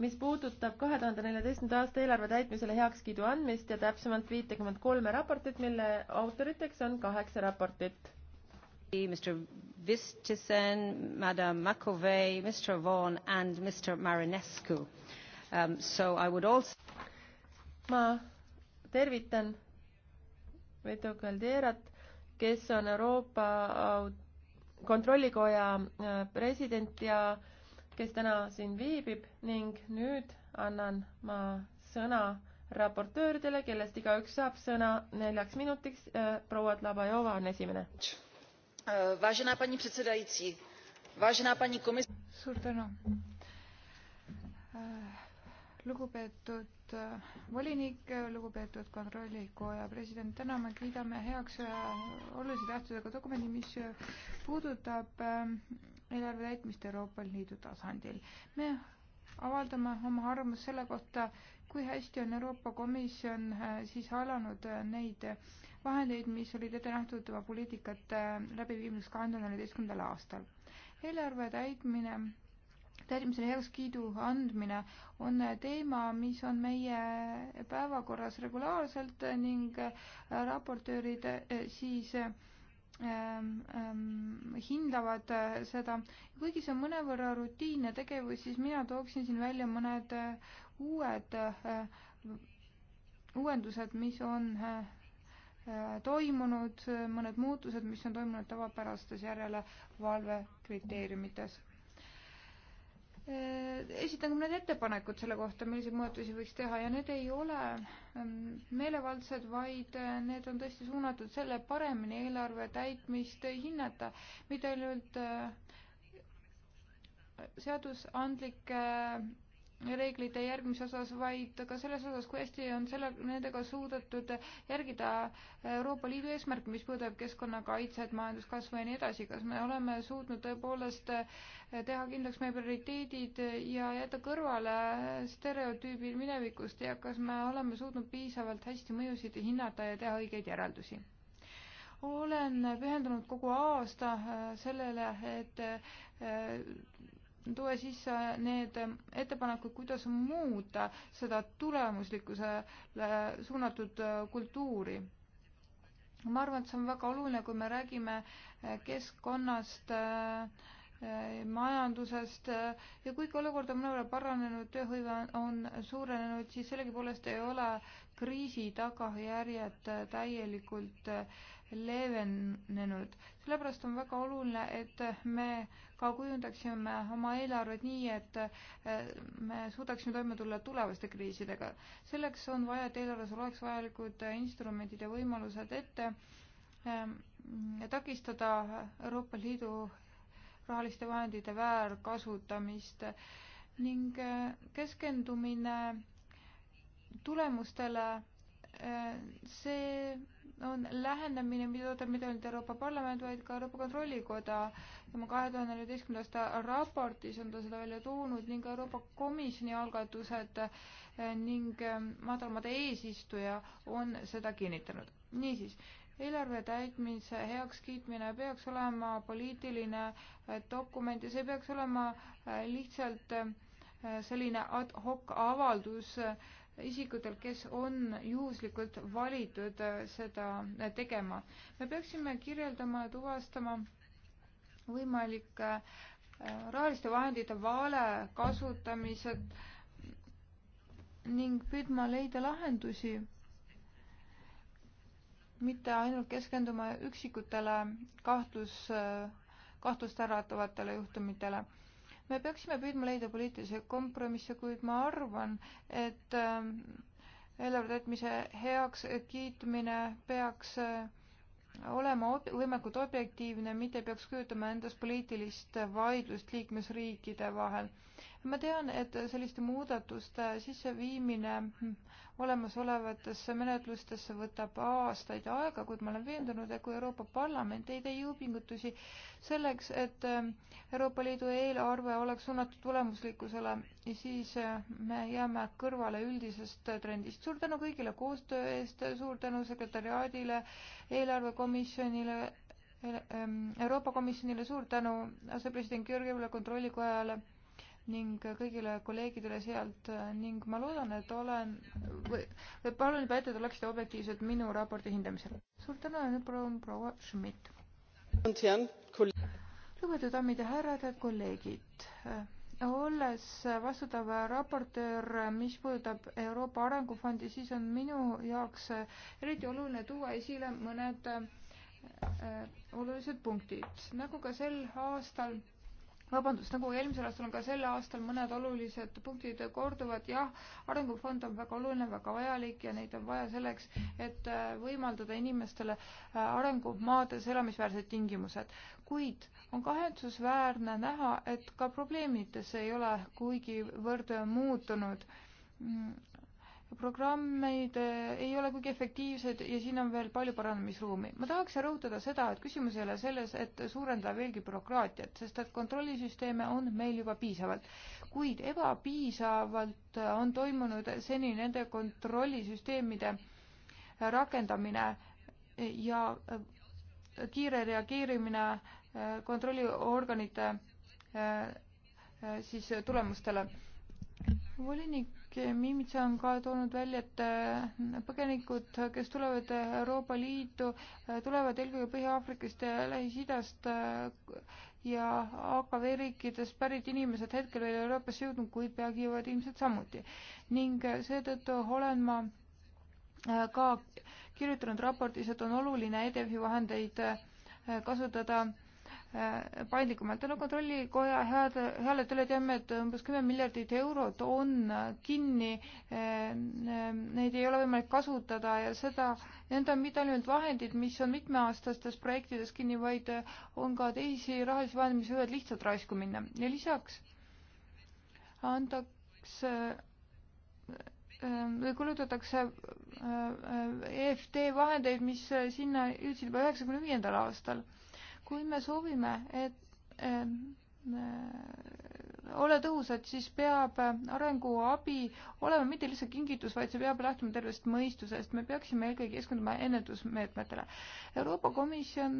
mis puudutab kahe tuhande neljateistkümnenda aasta eelarve täitmisele heakskiidu andmist ja täpsemalt viitekümmet kolme raportit, mille autoriteks on kaheksa raportit. Mr Vistisen, Madam McAvey, Mr Vaughan and Mr Marinescu um,. So I would also. ma tervitan Veto Calderat, kes on Euroopa Kontrollikoja äh, president ja äh, kes täna siin viibib ning nüüd annan ma sõna raportööridele, kellest igaüks saab sõna neljaks minutiks. Äh, proua Tlabajova on esimene. Äh, suur tänu. Äh, lugupeetud volinik, lugupeetud kontrollikoja president, täna me kiidame heaks olulise tähtsusega dokumendi, mis puudutab äh, eelarve täitmist Euroopa Liidu tasandil. me avaldame oma arvamust selle kohta, kui hästi on Euroopa Komisjon äh, siis hallanud äh, neid vahendeid, mis olid ette nähtud poliitikate äh, läbiviimiseks kahe tuhande neljateistkümnendal aastal. eelarve täitmine tervisele heakskiidu andmine on teema, mis on meie päevakorras regulaarselt ning raportöörid siis äh, Ähm, ähm, hindavad äh, seda. kuigi see on mõnevõrra rutiinne tegevus, siis mina tooksin siin välja mõned äh, uued äh, uuendused, mis on toimunud, mõned muutused, mis on toimunud tavapärastes järelevalve kriteeriumites Äh, esitan ka mõned ettepanekud selle kohta, milliseid muudatusi võiks teha ja need ei ole ähm, meelevaldsed, vaid äh, need on tõesti suunatud selle paremini eelarve täitmist hinnata, mitte ainult äh, seadusandlike reeglite järgmise osas, vaid ka selles osas, kui hästi on selle, nendega suudetud järgida Euroopa Liidu eesmärke, mis puudutab keskkonnakaitset, majanduskasvu ja nii edasi. kas me oleme suutnud tõepoolest teha kindlaks meie prioriteedid ja jätta kõrvale stereotüübid minevikust ja kas me oleme suutnud piisavalt hästi mõjusid hinnata ja teha õigeid järeldusi? olen pühendunud kogu aasta sellele, et tuua sisse need ettepanekud, kuidas muuta seda tulemuslikkusele suunatud kultuuri. ma arvan, et see on väga oluline, kui me räägime keskkonnast, majandusest ja kuigi olukord on mõnevõrra paranenud, tööhõive on suurenenud, siis sellegipoolest ei ole kriisi tagajärjed täielikult äh, leevenenud. sellepärast on väga oluline, et me ka kujundaksime oma eelarved nii, et eh, me suudaksime toime tulla tulevaste kriisidega. selleks on vaja, et eelarves oleks vajalikud instrumendid ja võimalused ette ehm, ja takistada Euroopa Liidu rahaliste vahendite väärkasutamist ning eh, keskendumine tulemustele, eh, see on lähenemine, mida ootab mitte ainult Euroopa Parlament, vaid ka Euroopa Kontrollikoda. tema kahe tuhande üheteistkümnenda aasta raportis on ta seda välja toonud ning Euroopa Komisjoni algatused eh, ning eh, madalamade eesistuja on seda kinnitanud. niisiis, eelarve täitmise heakskiitmine peaks olema poliitiline eh, dokument ja see peaks olema lihtsalt selline ad hoc avaldus äh, isikutel, kes on juhuslikult valitud äh, seda äh, tegema. me peaksime kirjeldama ja tuvastama võimalike äh, rahaliste vahendite vale kasutamised ning püüdma leida lahendusi, mitte ainult keskenduma üksikutele kahtlus, kahtlust äratavatele juhtumitele me peaksime püüdma leida poliitilisi kompromisse, kuid ma arvan, et ähm, eelarve täitmise heakskiitmine peaks äh, olema ob võimalikult objektiivne, mitte peaks kujutama endast poliitilist vaidlust liikmesriikide vahel ma tean, et selliste muudatuste sisseviimine olemasolevatesse menetlustesse võtab aastaid aega, kuid ma olen veendunud, et kui Euroopa Parlament ei tee jõupingutusi selleks, et Euroopa Liidu eelarve oleks suunatud tulemuslikkusele, siis me jääme kõrvale üldisest trendist. suur tänu kõigile koostöö eest, suur tänu sekretäriaadile, eelarvekomisjonile Euroopa Komisjonile suur tänu asepresident Georgievile kontrollikojale ning kõigile kolleegidele sealt ning ma loodan, et olen või, või palun juba ette, et oleksite objektiivsed minu raporti hindamisel. suur tänu ja nüüd palun proua Schmidt. lugupeetud daamid ja härrad, head kolleegid. olles vastutav raportöör, mis puudutab Euroopa Arengufondi, siis on minu jaoks eriti oluline tuua esile mõned äh, olulised punktid, nagu ka sel aastal vabandust, nagu eelmisel aastal on ka sel aastal mõned olulised punktid korduvad, jah, arengufond on väga oluline, väga vajalik ja neid on vaja selleks, et äh, võimaldada inimestele äh, arengumaades elamisväärsed tingimused. kuid on kahetsusväärne näha, et ka probleemides ei ole kuigivõrd muutunud mm, programmid ei ole kuigi efektiivsed ja siin on veel palju parandamisruumi. ma tahaks rõhutada seda, et küsimus ei ole selles, et suurendada veelgi bürokraatiat, sest et kontrollisüsteeme on meil juba piisavalt. kuid ebapiisavalt on toimunud seni nende kontrollisüsteemide rakendamine ja kiire reageerimine kontrolliorganite eh, eh, siis tulemustele. volinik Mimitsa on ka toonud välja, et äh, põgenikud, kes tulevad Euroopa Liitu, äh, tulevad eelkõige Põhja-Aafrikast ja Lähis-Idast äh, ja AKV riikidest pärit inimesed hetkel veel Euroopasse jõudnud, kuid peagi jõuavad ilmselt samuti. ning seetõttu olen ma ka kirjutanud raportis, et on oluline EDF-i vahendeid kasutada Äh, paindlikumalt. tänu Kontrollikoja heade, heale tööle teame, et umbes kümme miljardit eurot on äh, kinni, äh, neid ei ole võimalik kasutada ja seda, need on mitte ainult vahendid, mis on mitmeaastastes projektides kinni, vaid on ka teisi rahalisi vahendeid, mis võivad lihtsalt raisku minna. ja lisaks antakse või kulutatakse EFT vahendeid, mis sinna jõudsid juba üheksakümne viiendal aastal kui me soovime, et ähm, äh, ole tõhusad, siis peab äh, arenguabi olema mitte lihtsalt kingitus, vaid see peab lähtuma tervest mõistusest. me peaksime eelkõige keskenduma ennetusmeetmetele. Euroopa Komisjon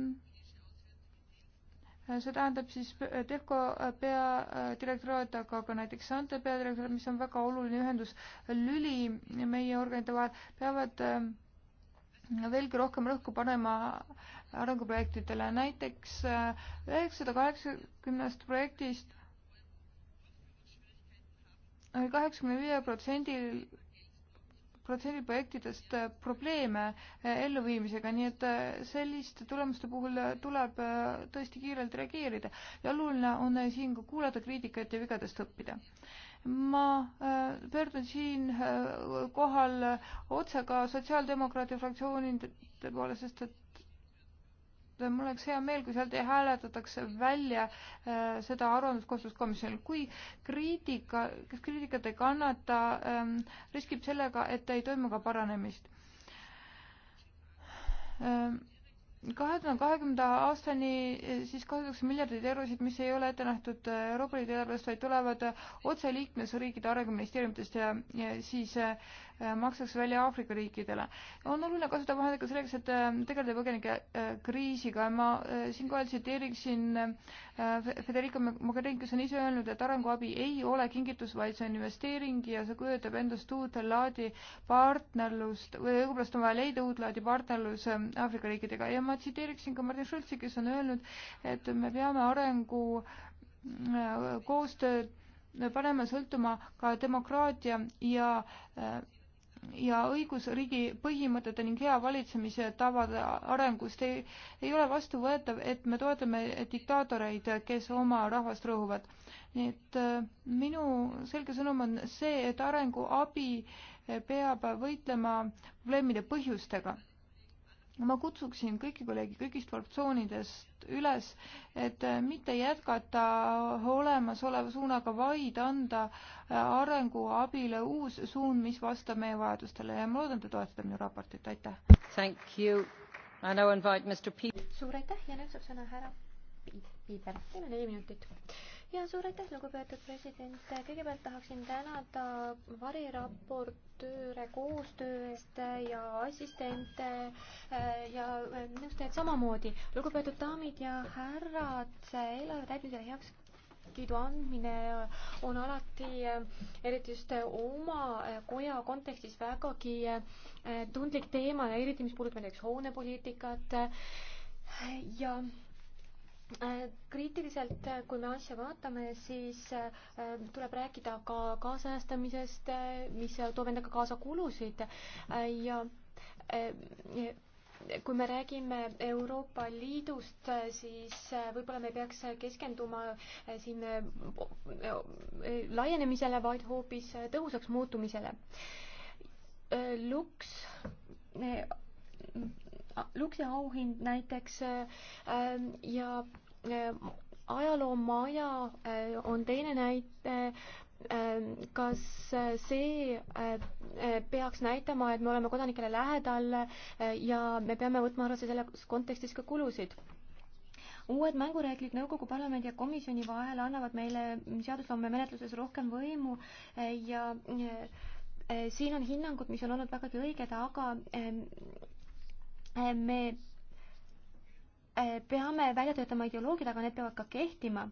äh, see tähendab siis Tehko äh, peadirektoraat, aga ka näiteks Sante peadirektoraat, mis on väga oluline ühenduslüli meie organite vahel, peavad veelgi rohkem rõhku panema äh, arenguprojektidele. näiteks äh, üheksasada kaheksakümnest projektist oli kaheksakümne viie protsendil protsendil projektidest äh, probleeme äh, elluviimisega, nii et selliste tulemuste puhul tuleb tõesti kiirelt reageerida ja oluline on siin ka kuulata kriitikat ja vigadest õppida. ma pöördun siin kohal otse ka Sotsiaaldemokraatia fraktsioonide poole, sest et mul oleks hea meel, kui sealt hääletatakse välja äh, seda arvamust kohtuskomisjonil. kui kriitika, kas kriitikat ei kannata ähm,, riskib sellega, et ei toimu ka paranemist ähm, kahe tuhande kahekümnenda aastani äh, siis kasutatakse miljardeid eurosid, mis ei ole ette nähtud äh, Euroopa Liidu eelarvest, vaid tulevad otse liikmesriikide arenguministeeriumitest ja, ja siis äh, Äh, makstakse välja Aafrika riikidele. on oluline kasutada vahendeid ka selleks, et äh, tegeleda põgenike äh, kriisiga ja ma siinkohal tsiteeriksin Federica Mogherini, kes on ise öelnud, et arenguabi ei ole kingitus, vaid see on investeering ja see kujutab endast uut laadi partnerlust või õigupoolest on vaja leida uut laadi partnerlus Aafrika riikidega ja ma tsiteeriksin ka Martin Schulzi, kes on öelnud, et me peame arengu koostööd paneme sõltuma ka demokraatia ja ja õigusriigi põhimõtete ning hea valitsemise tavade arengust ei, ei ole vastuvõetav, et me toetame diktaatoreid, kes oma rahvast rõhuvad. nii et äh, minu selge sõnum on see, et arenguabi peab võitlema probleemide põhjustega ma kutsuksin kõiki kolleege kõigist fraktsioonidest üles, et äh, mitte jätkata olemasoleva suunaga, vaid anda äh, arenguabile uus suund, mis vastab meie vajadustele ja ma loodan, te toetate minu raportit, aitäh. suur aitäh ja nüüd saab sõna härra Piiber, teil on neli minutit ja suur aitäh, lugupeetud president, kõigepealt tahaksin tänada variraportööre koostöö eest ja assistente äh, ja äh, nõustajaid samamoodi. lugupeetud daamid ja härrad, eelarve täitmisele heaks kiidu andmine on alati, äh, eriti just oma koja kontekstis vägagi tundlik teema ja eriti, mis puudutab näiteks hoonepoliitikat ja Äh, kriitiliselt, äh, kui me asja vaatame, siis äh, tuleb rääkida ka kaasajastamisest, mis toob endaga kaasa kulusid ja kui me räägime Euroopa Liidust, siis võib-olla me peaks keskenduma siin laienemisele, vaid hoopis tõhusaks muutumisele. Lux Luksi auhind näiteks ähm, ja äh, ajaloomaja äh, on teine näide ähm, kas see äh, peaks näitama, et me oleme kodanikele lähedal ja me peame võtma arvesse selles kontekstis ka kulusid? uued mängureeglid Nõukogu Parlamendi ja Komisjoni vahel annavad meile seadusloome menetluses rohkem võimu ja siin on hinnangud, mis on olnud vägagi õiged, aga ähm, Äh, me äh, peame välja töötama ideoloogiad, aga need peavad ka kehtima.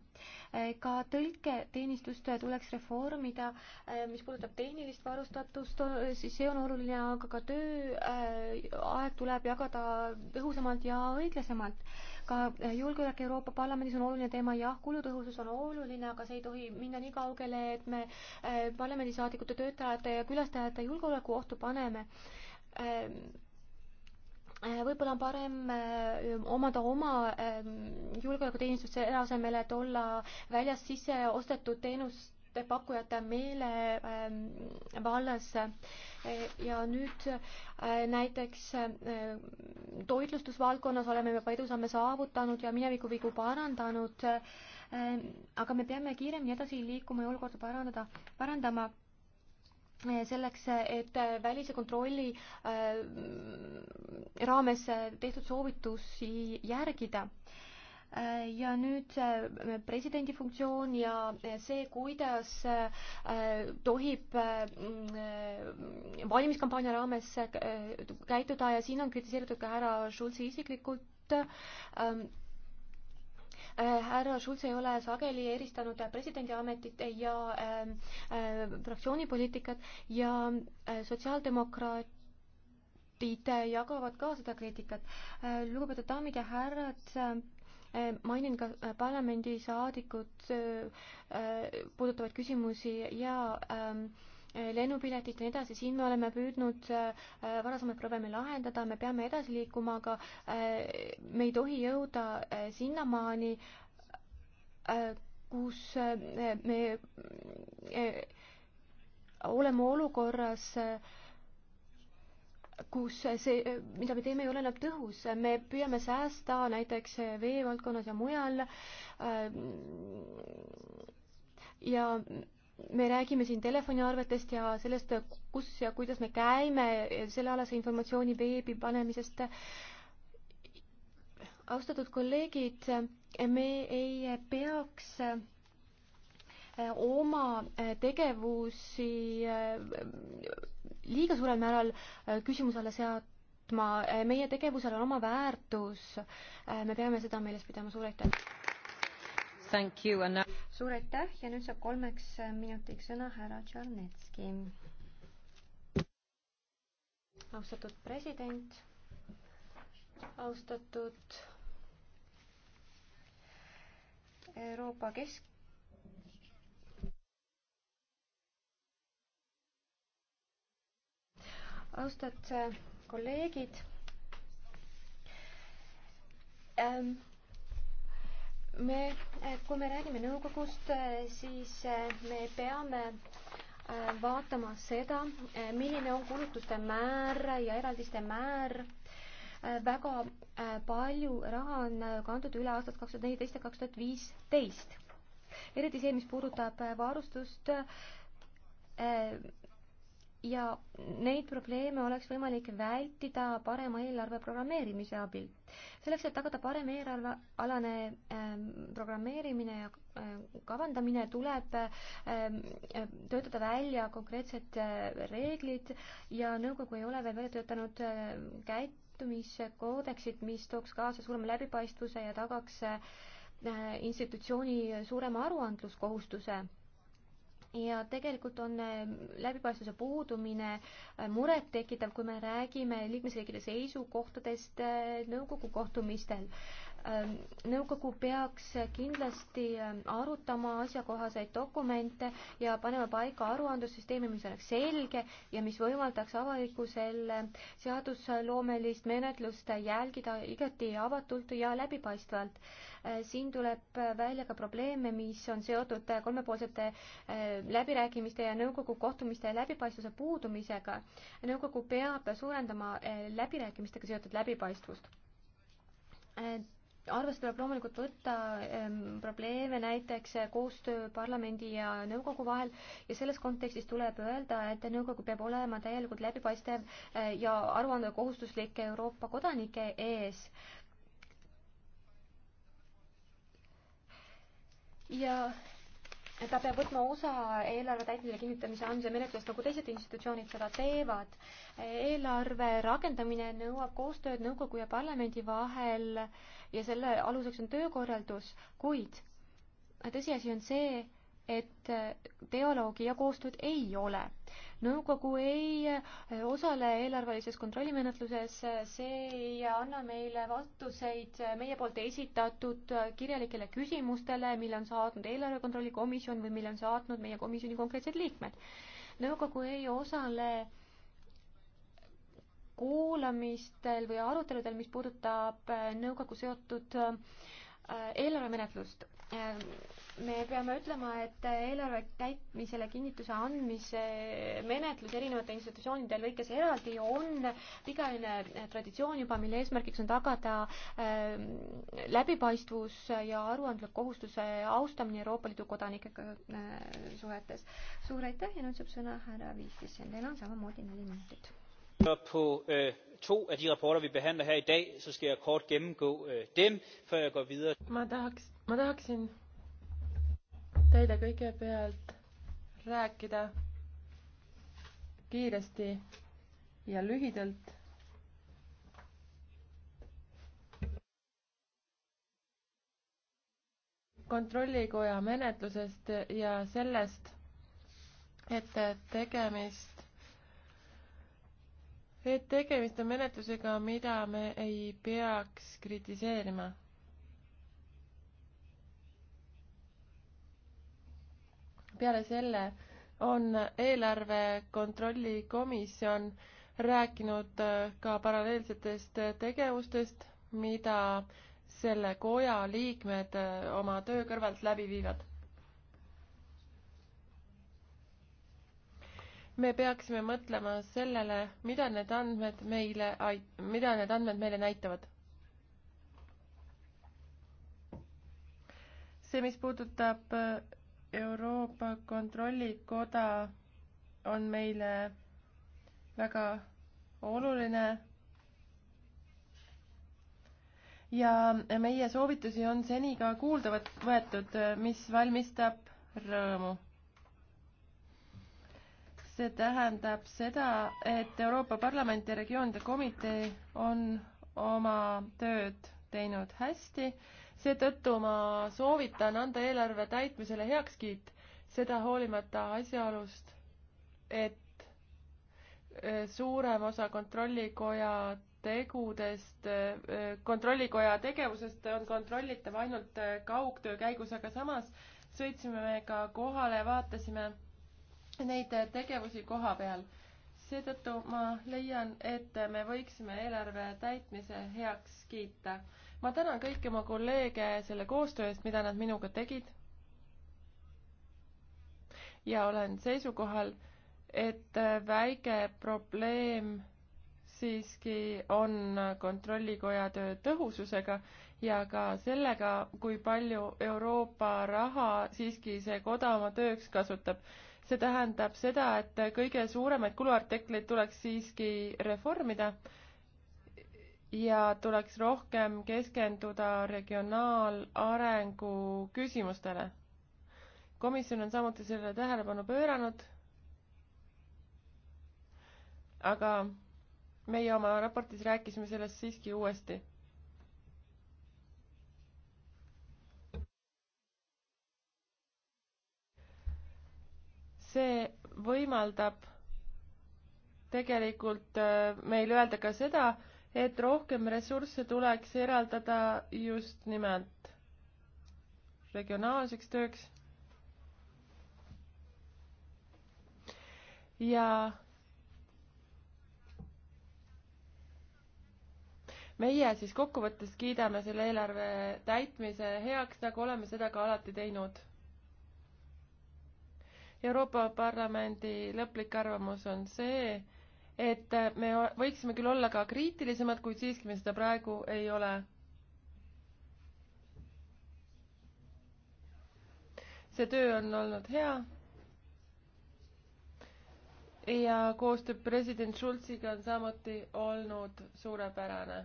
Äh, ka tõlketeenistust tuleks reformida, mis puudutab tehnilist varustatust, siis see on oluline, aga ka tööaeg tuleb jagada tõhusamalt ja õiglasemalt. ka julgeolek Euroopa Parlamendis on oluline teema, jah, kulutõhusus on oluline, aga see ei tohi minna nii kaugele, et me parlamendisaadikute, töötajate ja külastajate julgeolekuohtu paneme Äh, võib-olla on parem äh, omada oma ähm, julgeolekuteenistust selle asemel, et olla väljas sisse ostetud teenuste pakkujate meele ähm, vallas. Äh, ja nüüd näiteks toitlustusvaldkonnas oleme juba edusamme saavutanud ja minevikuvigu parandanud. aga me peame kiiremini edasi liikuma ja olukorda parandada, parandama selleks, et välise kontrolli äh, raames tehtud soovitusi järgida äh, ja nüüd äh, presidendi funktsioon ja see, kuidas tohib valimiskampaania raames käituda ja siin on kritiseeritud ka härra Schulzi isiklikult Äh, härra Schulz ei ole sageli eristanud presidendi ametit ja ähm, äh, fraktsioonipoliitikat ja äh, sotsiaaldemokraat partid jagavad ka seda kriitikat. lugupeetud daamid ja härrad, mainin ka parlamendisaadikud puudutavaid küsimusi ja ähm, Äh, lennupiletid ja nii edasi, siin me oleme püüdnud äh, äh, varasemaid probleeme lahendada, me peame edasi liikuma, aga me ei tohi jõuda sinnamaani, kus me oleme olukorras, kus see, mida me teeme, ei ole enam tõhus, me püüame säästa näiteks veevaldkonnas ja mujal ja me räägime siin telefoniarvetest ja sellest, kus ja kuidas me käime, sellealase informatsiooni veebi panemisest. austatud kolleegid, me ei peaks oma tegevusi liiga suurel määral küsimuse alla seadma, meie tegevusel on oma väärtus, me peame seda meeles pidama, suur aitäh! Now... suur aitäh ja nüüd saab kolmeks minutiks sõna härra Tšarnetski. austatud president, austatud Euroopa Kesk-, austatud kolleegid ähm, me, eh, kui me räägime nõukogust, eh, siis eh, me peame vaatama seda, milline on kulutuste määr ja eraldiste määr. väga palju raha on kantud üle aastast kaks tuhat neliteist ja kaks tuhat viisteist. eriti see, mis puudutab varustust ja neid probleeme oleks võimalik vältida parema eelarve programmeerimise abil. selleks, et tagada parem eelarvealane ähm, programmeerimine ja äh, kavandamine, tuleb ähm, töötada välja konkreetsed äh, reeglid ja nõukogu ei ole veel välja töötanud äh, käitumiskoodeksit, mis tooks kaasa suurema läbipaistvuse ja tagaks institutsiooni suurema aruandluskohustuse ja tegelikult on äh, läbipaistvuse puudumine äh, murettekitav, kui me räägime liikmesriikide seisukohtadest äh, nõukogu kohtumistel Ähm, nõukogu peaks kindlasti ähm, arutama asjakohaseid dokumente ja panema paika aruandlussüsteemi, mis oleks selge ja mis võimaldaks avalikkusel ähm, seadusloomelist menetlust jälgida igati avatult ja läbipaistvalt. Äh, siin tuleb äh, välja ka probleeme, mis on seotud äh, kolmepoolsete läbirääkimiste ja nõukogu kohtumiste läbipaistvuse puudumisega. nõukogu peab suurendama läbirääkimistega seotud läbipaistvust arvesse tuleb loomulikult võtta ehm, probleeme näiteks eh, koostöö parlamendi ja nõukogu vahel ja selles kontekstis tuleb öelda, et nõukogu peab olema täielikult läbipaistev eh, ja aruandva kohustuslik Euroopa kodanike ees. ja ta peab võtma osa eelarve täitmise kinnitamise andmise menetlusest, nagu teised institutsioonid seda teevad. eelarve rakendamine nõuab koostööd nõukogu ja parlamendi vahel ja selle aluseks on töökorraldus, kuid tõsiasi on see, et äh, dialoogi ja koostööd ei ole. nõukogu ei äh, osale eelarvelises kontrollimenetluses, äh, see ei anna meile vastuseid meie poolt esitatud kirjalikele küsimustele, mille on saatnud eelarve kontrolli komisjon või mille on saatnud meie komisjoni konkreetsed liikmed. nõukogu ei osale kuulamistel või aruteludel, mis puudutab nõukogu seotud eelarvemenetlust me peame ütlema, et eelarve täitmisele kinnituse andmise menetlus erinevate institutsioonide lõikes eraldi on pikaajaline traditsioon juba, mille eesmärgiks on tagada äh, läbipaistvus ja aruandluskohustuse austamine Euroopa Liidu kodanikega äh, suhetes. suur aitäh ja nüüd saab sõna härra Viistisen, teil on samamoodi neli minutit. På øh, to af de rapporter, vi behandler her i dag, så skal jeg kort gennemgå øh, dem, før jeg går videre. Ma tahaks, ma tahaksin teile kõigepealt rääkida kiiresti ja lühidalt kontrollikoja menetlusest ja sellest, et tegemist, et tegemist on menetlusega, mida me ei peaks kritiseerima peale selle on eelarve kontrolli komisjon rääkinud äh, ka paralleelsetest äh, tegevustest, mida selle koja liikmed äh, oma töö kõrvalt läbi viivad. me peaksime mõtlema sellele, mida need andmed meile, mida need andmed meile näitavad. see, mis puudutab Euroopa Kontrollikoda on meile väga oluline ja meie soovitusi on seni ka kuulda võetud, mis valmistab rõõmu. see tähendab seda, et Euroopa Parlament ja regioonide komitee on oma tööd teinud hästi seetõttu ma soovitan anda eelarve täitmisele heakskiit, seda hoolimata asjaolust, et e, suurem osa kontrollikoja tegudest, e, e, kontrollikoja tegevusest on kontrollitav ainult kaugtöö käigus, aga samas sõitsime me ka kohale ja vaatasime neid tegevusi koha peal. seetõttu ma leian, et me võiksime eelarve täitmise heaks kiita ma tänan kõiki oma kolleege selle koostöö eest, mida nad minuga tegid. ja olen seisukohal, et väike probleem siiski on kontrollikoja töö tõhususega ja ka sellega, kui palju Euroopa raha siiski see koda oma tööks kasutab. see tähendab seda, et kõige suuremaid kuluartikleid tuleks siiski reformida ja tuleks rohkem keskenduda regionaalarengu küsimustele. komisjon on samuti sellele tähelepanu pööranud, aga meie oma raportis rääkisime sellest siiski uuesti. see võimaldab tegelikult äh, meil öelda ka seda, et rohkem ressursse tuleks eraldada just nimelt regionaalseks tööks. ja meie siis kokkuvõttes kiidame selle eelarve täitmise heaks, nagu oleme seda ka alati teinud. Euroopa Parlamendi lõplik arvamus on see, et me võiksime küll olla ka kriitilisemad, kuid siiski me seda praegu ei ole. see töö on olnud hea. ja koostöö president Schulziga on samuti olnud suurepärane.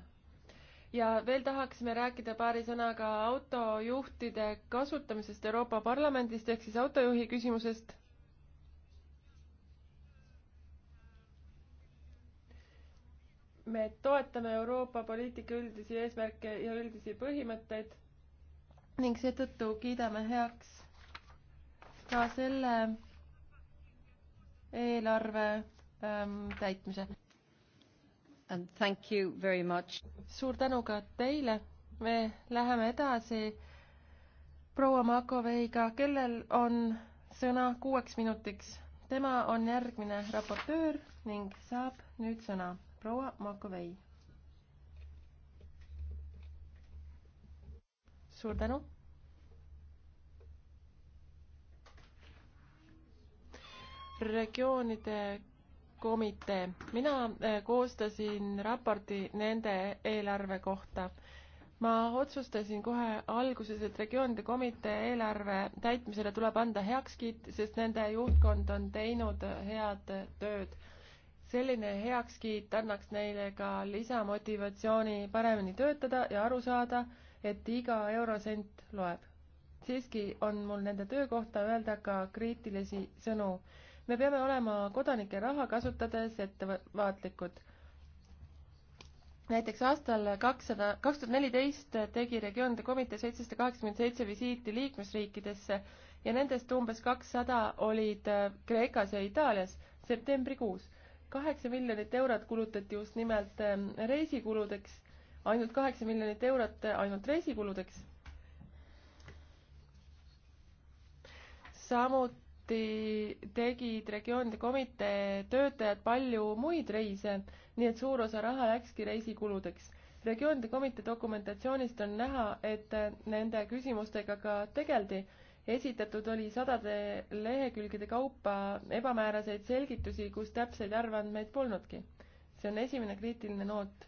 ja veel tahaksime rääkida paari sõnaga autojuhtide kasutamisest Euroopa Parlamendist ehk siis autojuhi küsimusest me toetame Euroopa poliitika üldisi eesmärke ja üldisi põhimõtteid ning seetõttu kiidame heaks ka selle eelarve ähm, täitmise. And thank you very much. suur tänu ka teile. me läheme edasi proua Makoveiga, kellel on sõna kuueks minutiks. tema on järgmine raportöör ning saab nüüd sõna proua Makovei. suur tänu. regioonide komitee, mina eh, koostasin raporti nende eelarve kohta ma otsustasin kohe alguses, et regioonide komitee eelarve täitmisele tuleb anda heakskiit, sest nende juhtkond on teinud head tööd selline heakskiit annaks neile ka lisamotivatsiooni paremini töötada ja aru saada, et iga eurosent loeb. siiski on mul nende töö kohta öelda ka kriitilisi sõnu. me peame olema kodanike raha kasutades ettevaatlikud. näiteks aastal kakssada, kaks tuhat neliteist tegi regioonide komitee seitsesada kaheksakümmend seitse visiiti liikmesriikidesse ja nendest umbes kakssada olid Kreekas ja Itaalias septembrikuus kaheksa miljonit eurot kulutati just nimelt ähm, reisikuludeks, ainult kaheksa miljonit eurot äh, ainult reisikuludeks. samuti tegid regioonide komitee töötajad palju muid reise, nii et suur osa raha läkski reisikuludeks. regioonide komitee dokumentatsioonist on näha, et äh, nende küsimustega ka tegeldi esitatud oli sadade lehekülgede kaupa ebamääraseid selgitusi, kus täpseid arvandmeid polnudki. see on esimene kriitiline noot.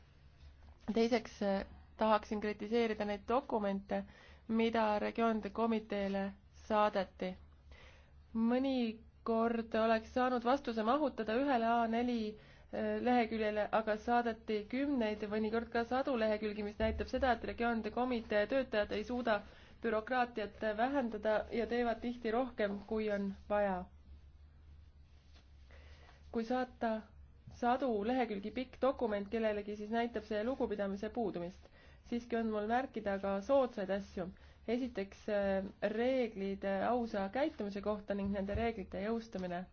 teiseks eh, tahaksin kritiseerida neid dokumente, mida regioonide komiteele saadeti. mõnikord oleks saanud vastuse mahutada ühele A4 eh, leheküljele, aga saadeti kümneid ja mõnikord ka sadu lehekülgi, mis näitab seda, et regioonide komitee töötajad ei suuda bürokraatiat vähendada ja teevad tihti rohkem, kui on vaja. kui saata sadu lehekülgi pikk dokument kellelegi, siis näitab see lugupidamise puudumist. siiski on mul märkida ka soodsaid asju. esiteks äh, reeglid äh, ausa käitumise kohta ning nende reeglite jõustamine.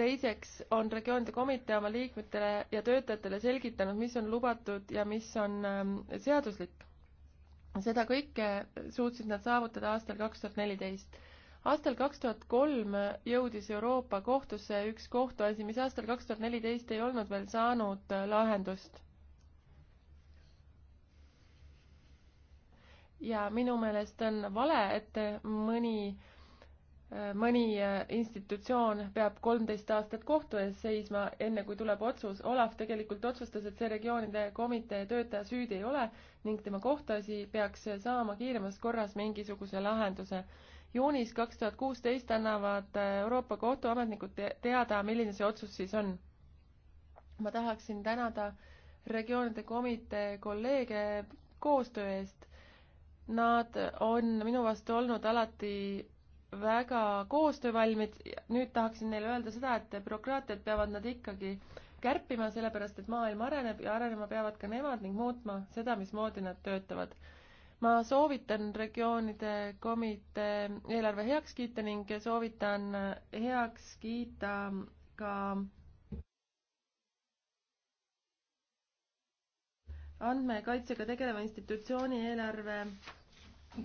teiseks on regioonide komitee oma liikmetele ja töötajatele selgitanud, mis on lubatud ja mis on ähm, seaduslik seda kõike suutsid nad saavutada aastal kaks tuhat neliteist. aastal kaks tuhat kolm jõudis Euroopa kohtusse üks kohtuasi, mis aastal kaks tuhat neliteist ei olnud veel saanud lahendust. ja minu meelest on vale, et mõni äh, mõni äh, institutsioon peab kolmteist aastat kohtu ees seisma, enne kui tuleb otsus. Olav tegelikult otsustas, et see regioonide komitee töötaja süüdi ei ole ning tema kohtuasi peaks saama kiiremas korras mingisuguse lahenduse. juunis kaks tuhat kuusteist annavad äh, Euroopa Kohtu ametnikud te teada, milline see otsus siis on. ma tahaksin tänada regioonide komitee kolleege koostöö eest. Nad on minu vastu olnud alati väga koostöövalmid, nüüd tahaksin neile öelda seda, et bürokraatiat peavad nad ikkagi kärpima, sellepärast et maailm areneb ja arenema peavad ka nemad ning muutma seda, mismoodi nad töötavad. ma soovitan regioonide komitee eelarve heaks kiita ning soovitan heaks kiita ka andmekaitsega tegeleva institutsiooni eelarve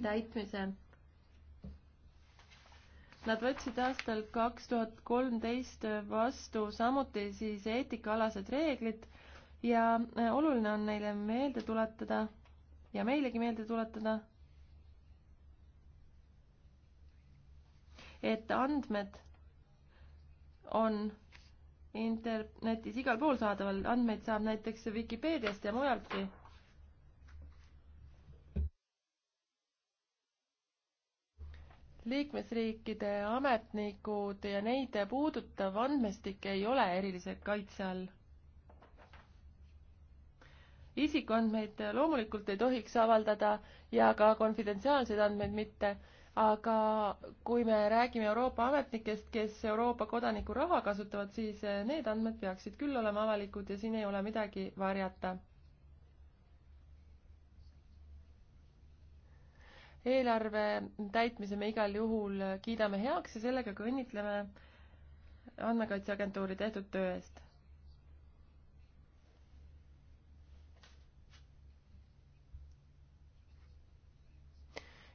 täitmise Nad võtsid aastal kaks tuhat kolmteist vastu samuti siis eetikaalased reeglid ja äh, oluline on neile meelde tuletada ja meilegi meelde tuletada, et andmed on internetis igal pool saadaval, andmeid saab näiteks Vikipeediast ja mujaltki liikmesriikide ametnikud ja neid puudutav andmestik ei ole eriliselt kaitse all. isikuandmeid loomulikult ei tohiks avaldada ja ka konfidentsiaalseid andmeid mitte, aga kui me räägime Euroopa ametnikest, kes Euroopa kodaniku raha kasutavad, siis need andmed peaksid küll olema avalikud ja siin ei ole midagi varjata eelarve täitmise me igal juhul kiidame heaks ja sellega ka õnnitleme andmekaitseagentuuri tehtud töö eest.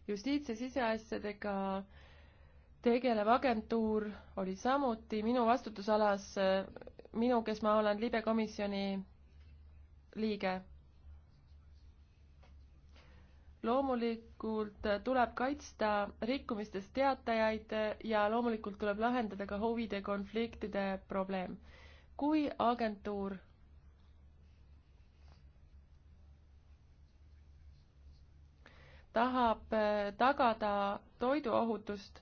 justiits- ja siseasjadega tegelev agentuur oli samuti minu vastutusalas, minu, kes ma olen libekomisjoni liige loomulikult tuleb kaitsta rikkumistest teatajaid ja loomulikult tuleb lahendada ka huvide konfliktide probleem. kui agentuur tahab äh, tagada toiduohutust,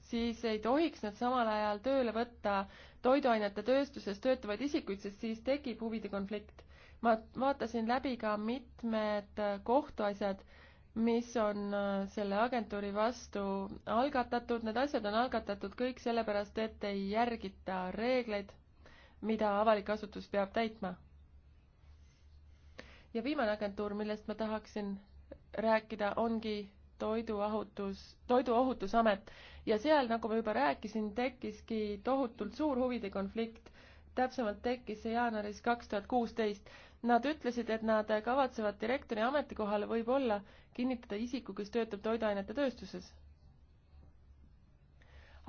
siis ei tohiks nad samal ajal tööle võtta toiduainete tööstuses töötavaid isikuid, sest siis tekib huvide konflikt. ma vaatasin läbi ka mitmed kohtuasjad mis on äh, selle agentuuri vastu algatatud, need asjad on algatatud kõik sellepärast, et ei järgita reegleid, mida avalik asutus peab täitma. ja viimane agentuur, millest ma tahaksin rääkida, ongi toiduohutus, Toiduohutusamet ja seal, nagu ma juba rääkisin, tekkiski tohutult suur huvide konflikt. täpsemalt tekkis see jaanuaris kaks tuhat kuusteist Nad ütlesid, et nad kavatsevad direktori ametikohale võib-olla kinnitada isiku, kes töötab toiduainete tööstuses.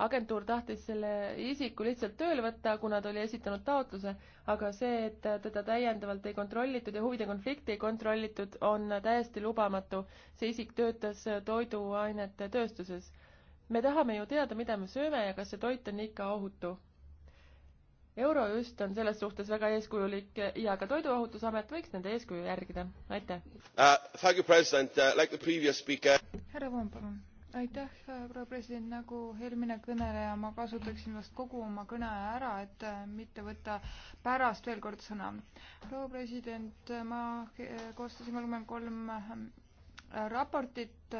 agentuur tahtis selle isiku lihtsalt tööle võtta, kuna ta oli esitanud taotluse, aga see, et teda täiendavalt ei kontrollitud ja huvide konflikti ei kontrollitud, on täiesti lubamatu. see isik töötas toiduainete tööstuses. me tahame ju teada, mida me sööme ja kas see toit on ikka ohutu Eurojust on selles suhtes väga eeskujulik ja ka Toiduohutusamet võiks nende eeskuju järgida. aitäh uh,! uh like speaker... härra Voon, palun. aitäh, uh, proua president, nagu eelmine kõneleja, ma kasutaksin vast kogu oma kõne ära, et uh, mitte võtta pärast veel kord sõna. proua president, ma koostasin kolmkümmend kolm raportit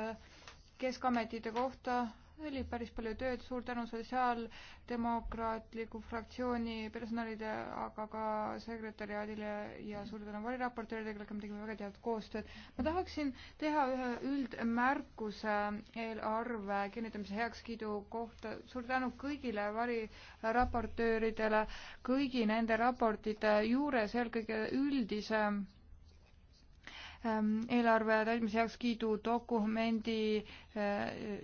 keskametite kohta oli päris palju tööd, suur tänu Sotsiaaldemokraatliku fraktsiooni personalide, aga ka sekretäriaadile ja suur tänu variraportööridele, kellega me tegime väga head koostööd. ma tahaksin teha ühe üldmärkuse eelarve kinnitamise heakskiidu kohta. suur tänu kõigile variraportööridele kõigi nende raportite juures, eelkõige üldisem Ähm, eelarve täitmise heakskiidu dokumendi äh,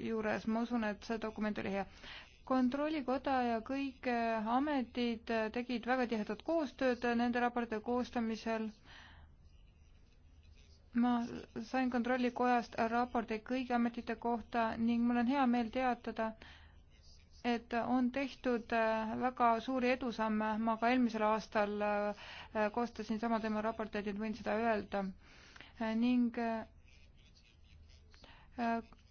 juures, ma usun, et see dokument oli hea. kontrollikoda ja kõik äh, ametid äh, tegid väga tihedat koostööd nende raportite koostamisel. ma sain kontrollikojast raporteid kõigi ametite kohta ning mul on hea meel teatada, et on tehtud väga suuri edusamme, ma ka eelmisel aastal koostasin sama teema raporteid, et võin seda öelda ning äh,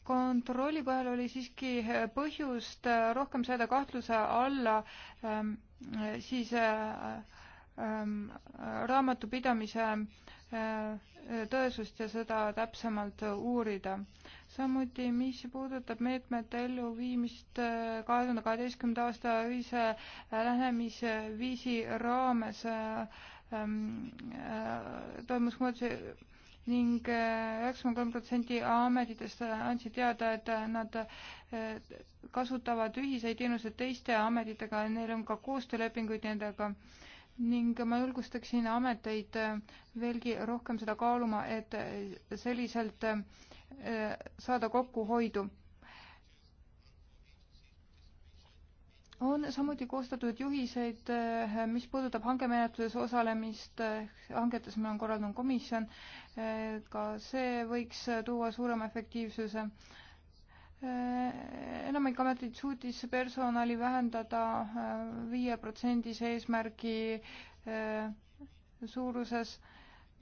kontrolli põhjal oli siiski põhjust rohkem seada kahtluse alla ähm, siis äh, ähm, raamatupidamise äh, tõesust ja seda täpsemalt uurida. samuti, mis puudutab meetmete elluviimist kahe tuhande kaheteistkümnenda aasta ühise lähenemisviisi raames, ähm, toimus muudatusi ning äh, üheksakümmend kolm protsenti ametitest äh, andsid teada, et äh, nad kasutavad ühiseid teenuseid teiste ametitega, neil on ka koostöölepinguid nendega ning ma julgustaksin ameteid veelgi rohkem seda kaaluma, et selliselt saada kokkuhoidu. on samuti koostatud juhiseid, eh, mis puudutab hankemenetluses osalemist, eh, hangetes meil on korraldanud komisjon, eh, ka see võiks tuua suurema efektiivsuse. enamik ameteid suutis personali vähendada viie protsendise eesmärgi suuruses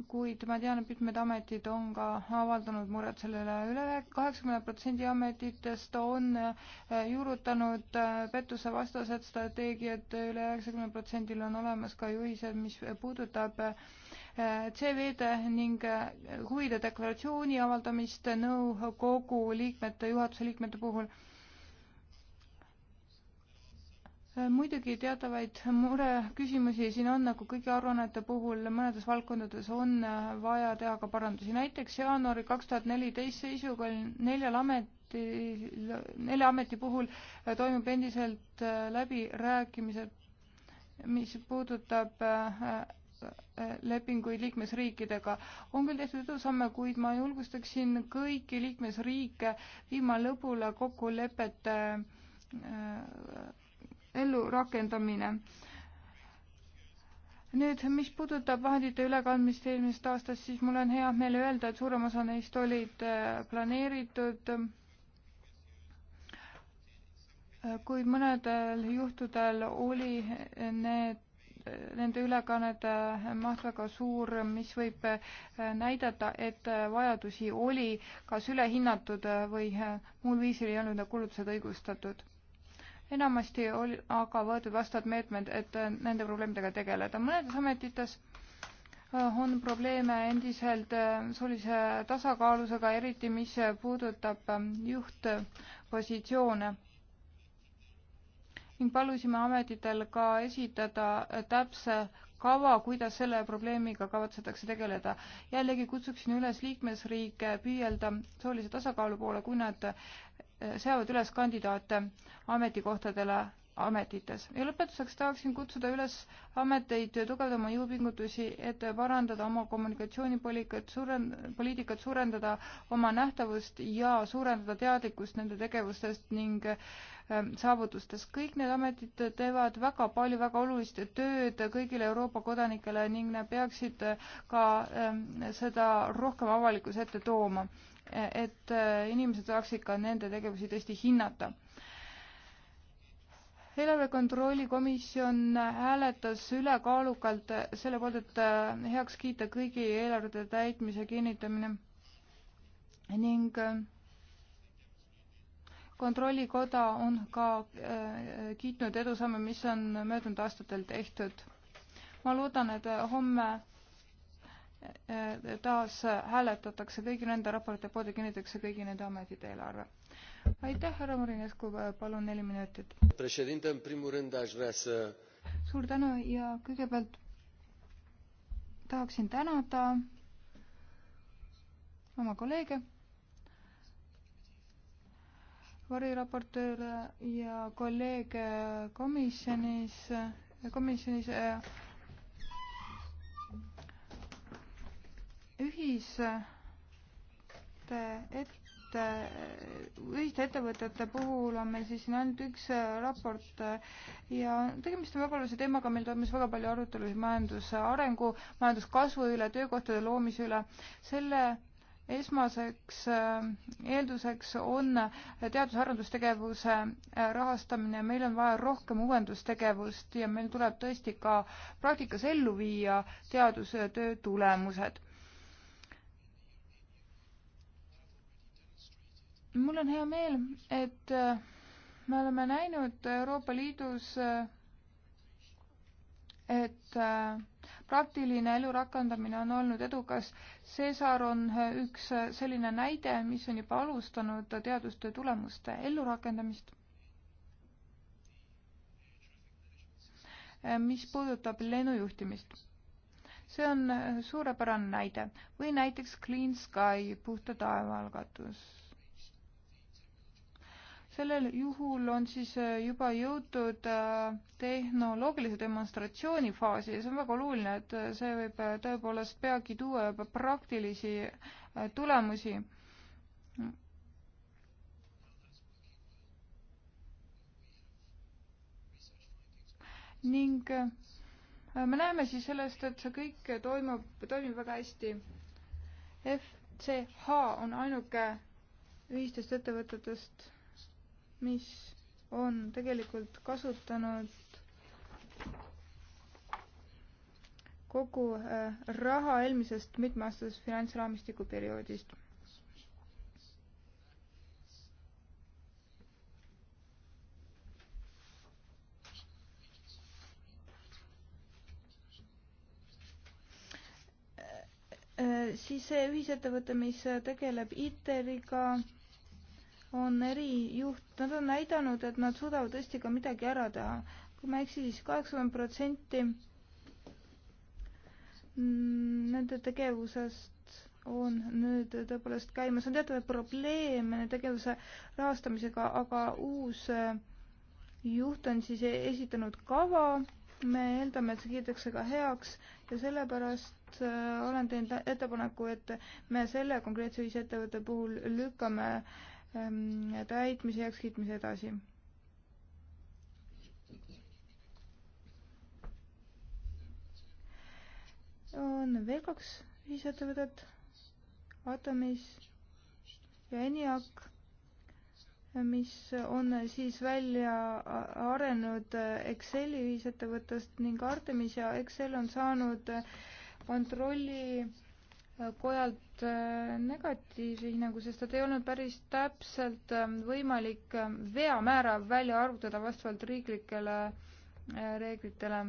kuid ma tean, et mitmed ametid on ka avaldanud muret selle üle üle. üle kaheksakümne protsendi ametitest on äh, juurutanud äh, pettusevastased strateegiad üle, üle üheksakümne protsendil on olemas ka juhised, mis puudutab äh, CV-de ning huvide deklaratsiooni avaldamist nõukogu liikmete, juhatuse liikmete puhul Äh, muidugi teatavaid mureküsimusi siin on, nagu kõigi aruannete puhul mõnedes valdkondades on äh, vaja teha ka parandusi. näiteks jaanuari kaks tuhat neliteist seisuga oli neljal ametil, nelja ameti puhul äh, toimub endiselt läbirääkimised, mis puudutab lepinguid liikmesriikidega. on küll tehtud edusamme, kuid ma julgustaksin kõiki liikmesriike viima lõpule kokkulepete ellurakendamine. nüüd, mis puudutab vahendite ülekandmist eelmisest aastast, siis mul on hea meel öelda, et suurem osa neist olid äh, planeeritud, kuid mõnedel juhtudel oli need nende ülekannete maht väga suur, mis võib äh, näidata, et äh, vajadusi oli kas ülehinnatud või muul viisil ei olnud need kulutused õigustatud enamasti oli aga võetud vastavad meetmed, et äh, nende probleemidega tegeleda. mõnedes ametites äh, on probleeme endiselt äh, soolise tasakaalusega, eriti mis puudutab juhtpositsioone. ning palusime ametitel ka esitada täpse kava, kuidas selle probleemiga kavatsetakse tegeleda. jällegi kutsuksin üles liikmesriike püüelda soolise tasakaalu poole, kui nad Äh, seavad üles kandidaate ametikohtadele ametites. ja lõpetuseks tahaksin kutsuda üles ameteid tugevdama jõupingutusi, et parandada oma kommunikatsioonipoliitikat, suuren-, poliitikat, suurendada oma nähtavust ja suurendada teadlikkust nende tegevustest ning äh, saavutustest. kõik need ametid teevad väga palju väga olulist tööd kõigile Euroopa kodanikele ning nad peaksid ka äh, seda rohkem avalikkuse ette tooma et äh, inimesed saaksid ka nende tegevusi tõesti hinnata. eelarve kontrolli komisjon hääletas ülekaalukalt selle poolt, et äh, heaks kiita kõigi eelarvete täitmise kinnitamine ning äh, kontrollikoda on ka kiitnud edusamme, mis on möödunud aastatel tehtud. ma loodan, et homme taas hääletatakse kõigi nende raportite poolt ja kinnitatakse kõigi nende ametite eelarve. aitäh, härra Marinescu, palun neli minutit. suur tänu ja kõigepealt tahaksin tänada oma kolleege, variraportööre ja kolleege komisjonis, komisjonis eh, ühiste ette, ühiste ettevõtete puhul on meil siis siin ainult üks äh, raport äh, ja tegemist on väga olulise teemaga, meil toimus väga palju arutelusid majanduse arengu, majanduskasvu üle, töökohtade loomise üle. selle esmaseks äh, eelduseks on teadus-arendustegevuse rahastamine, meil on vaja rohkem uuendustegevust ja meil tuleb tõesti ka praktikas ellu viia teadustöö tulemused. mul on hea meel, et äh, me oleme näinud Euroopa Liidus, äh, et äh, praktiline elu rakendamine on olnud edukas. Cesar on üks selline näide, mis on juba alustanud teadustöö tulemuste ellurakendamist. mis puudutab lennujuhtimist. see on suurepärane näide või näiteks Clean Sky puhta taeva algatus sellel juhul on siis äh, juba jõutud äh, tehnoloogilise demonstratsiooni faasi ja see on väga oluline, et äh, see võib tõepoolest peagi tuua juba praktilisi tulemusi. ning me näeme siis sellest, et see kõik toimub, toimib väga hästi. FCH on ainuke ühistest ettevõtetest mis on tegelikult kasutanud kogu äh, raha eelmisest mitmeaastasest finantsraamistiku perioodist. Äh, äh, siis see ühisettevõte, mis tegeleb ITER-iga on erijuht, nad on näidanud, et nad suudavad tõesti ka midagi ära teha. kui ma ei eksi, siis kaheksakümmend protsenti nende tegevusest on nüüd tõepoolest käimas, on teatavaid probleeme tegevuse rahastamisega, aga uus äh, juht on siis e-, esitanud kava, me eeldame, et see kiidetakse ka heaks ja sellepärast äh, olen teinud ettepaneku, et me selle konkreetse ühisettevõtte puhul lükkame äh, Ähm, täitmise heakskiitmise edasi. on veel kaks ühisettevõtet, Atomis ja ENIAC, mis on siis välja arenenud Exceli ühisettevõttest ning Artemis ja Excel on saanud kontrolli äh, kojalt äh, negatiivse hinnangu, sest et ei olnud päris täpselt ähm, võimalik ähm, veamäära välja arvutada vastavalt riiklikele äh, reeglitele.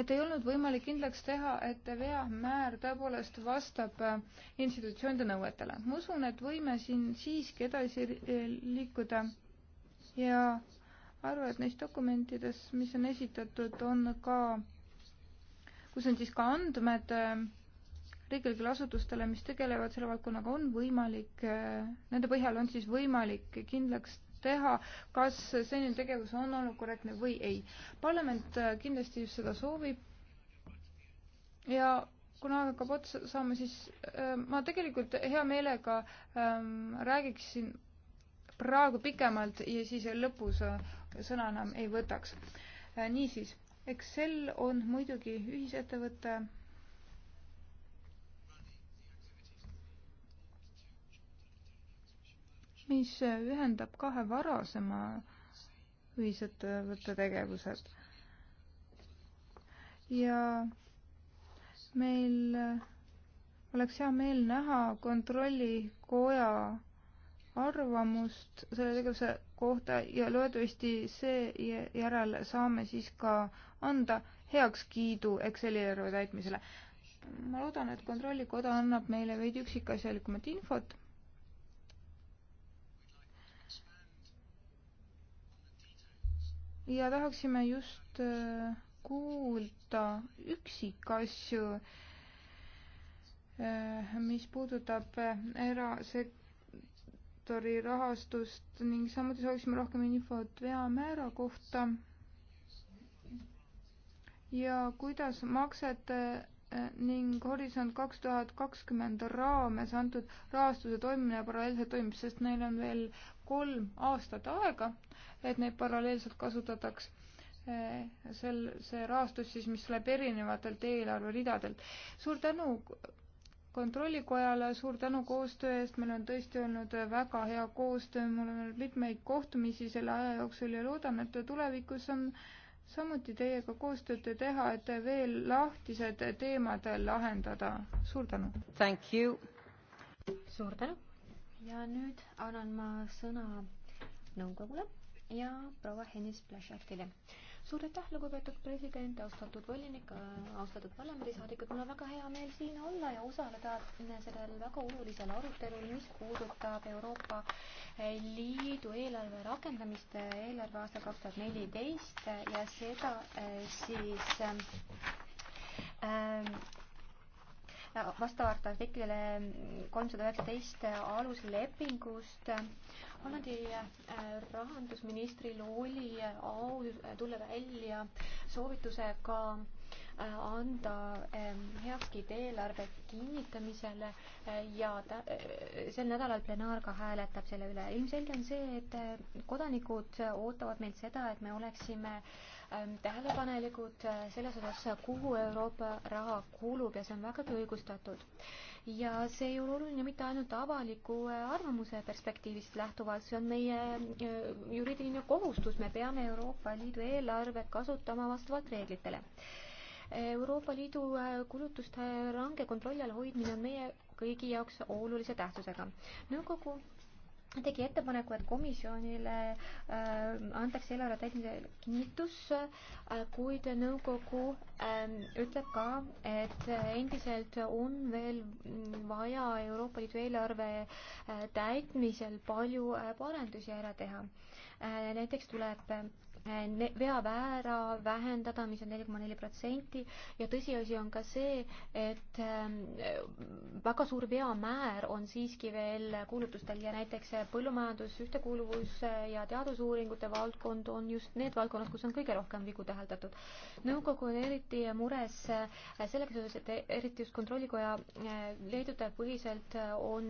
et ei olnud võimalik kindlaks teha, et veamäär tõepoolest vastab äh, institutsioonide nõuetele. ma usun, et võime siin siiski edasi liikuda ja aru, et neis dokumentides, mis on esitatud, on ka, kus on siis ka andmed äh, riiklikele asutustele, mis tegelevad selle valdkonnaga, on võimalik, äh, nende põhjal on siis võimalik kindlaks teha, kas senine tegevus on olnud korrektne või ei. parlament äh, kindlasti seda soovib ja kuna aeg hakkab otsa saama, siis äh, ma tegelikult hea meelega ähm, räägiksin praegu pikemalt ja siis lõpus äh, sõna enam ei võtaks. Äh, niisiis, Excel on muidugi ühisettevõte mis äh, ühendab kahe varasema ühisettevõtte tegevused. ja meil äh, oleks hea meel näha kontrollikoja arvamust selle tegevuse kohta ja loodetavasti seejärel saame siis ka anda heakskiidu Exceli eelarve täitmisele. ma loodan, et Kontrollikoda annab meile veidi üksikasjalikumat infot. ja tahaksime just äh, kuulda üksikasju, äh, mis puudutab äh, erasek-, sektori rahastust ning samuti sooviksime rohkem infot veamäära kohta ja kuidas maksete eh, ning Horisont kaks tuhat kakskümmend raames antud rahastuse toimimine paralleelselt toimib, sest neil on veel kolm aastat aega, et neid paralleelselt kasutataks. Eh, sel, see rahastus siis, mis läheb erinevatelt eelarveridadelt. suur tänu kontrollikojale suur tänu koostöö eest, meil on tõesti olnud väga hea koostöö, mul on olnud mitmeid kohtumisi selle aja jooksul ja loodan, et tulevikus on samuti teiega koostööd teha, et veel lahtised teemad lahendada. suur tänu! suur tänu! ja nüüd annan ma sõna nõukogule ja proua Hennis Plašatile suur aitäh, lugupeetud president, austatud volinik, äh, austatud parlamendisaadikud, mul on väga hea meel siin olla ja osaleda sellel väga olulisel arutelul, mis puudutab Euroopa Liidu eelarve rakendamist eelarveaasta kaks tuhat neliteist ja seda äh, siis ähm, vastavalt artiklile kolmsada üheksateist aluslepingust äh, Hollandi äh, rahandusministril oli au äh, tulla välja soovitusega äh, anda ähm, heakskiit eelarve kinnitamisele ja ta, sel nädalal plenaar ka hääletab selle üle. ilmselge on see, et kodanikud ootavad meilt seda, et me oleksime ähm, tähelepanelikud selles osas, kuhu Euroopa raha kulub ja see on vägagi õigustatud ja see ei ole oluline mitte ainult avaliku äh, arvamuse perspektiivist lähtuvalt, see on meie äh, juriidiline kohustus, me peame Euroopa Liidu eelarvet kasutama vastavalt reeglitele. Euroopa Liidu äh, kulutuste range kontrolli all hoidmine on meie kõigi jaoks olulise tähtsusega. nõukogu tegi ettepaneku, et komisjonile äh, antakse eelarve täitmisel kinnitus äh,, kuid nõukogu äh, ütleb ka, et endiselt on veel vaja Euroopa Liidu eelarve äh, täitmisel palju äh, parendusi ära teha äh,. näiteks tuleb äh, Äh, veamäära vähendada, mis on neli koma neli protsenti ja tõsiasi on ka see, et ähm, väga suur veamäär on siiski veel kuulutustel ja näiteks põllumajandus, ühtekuuluvus äh, ja teadusuuringute valdkond on just need valdkonnad, kus on kõige rohkem vigu täheldatud. nõukogu on eriti mures äh, sellega seoses, et eriti just Kontrollikoja leedutajapõhiselt on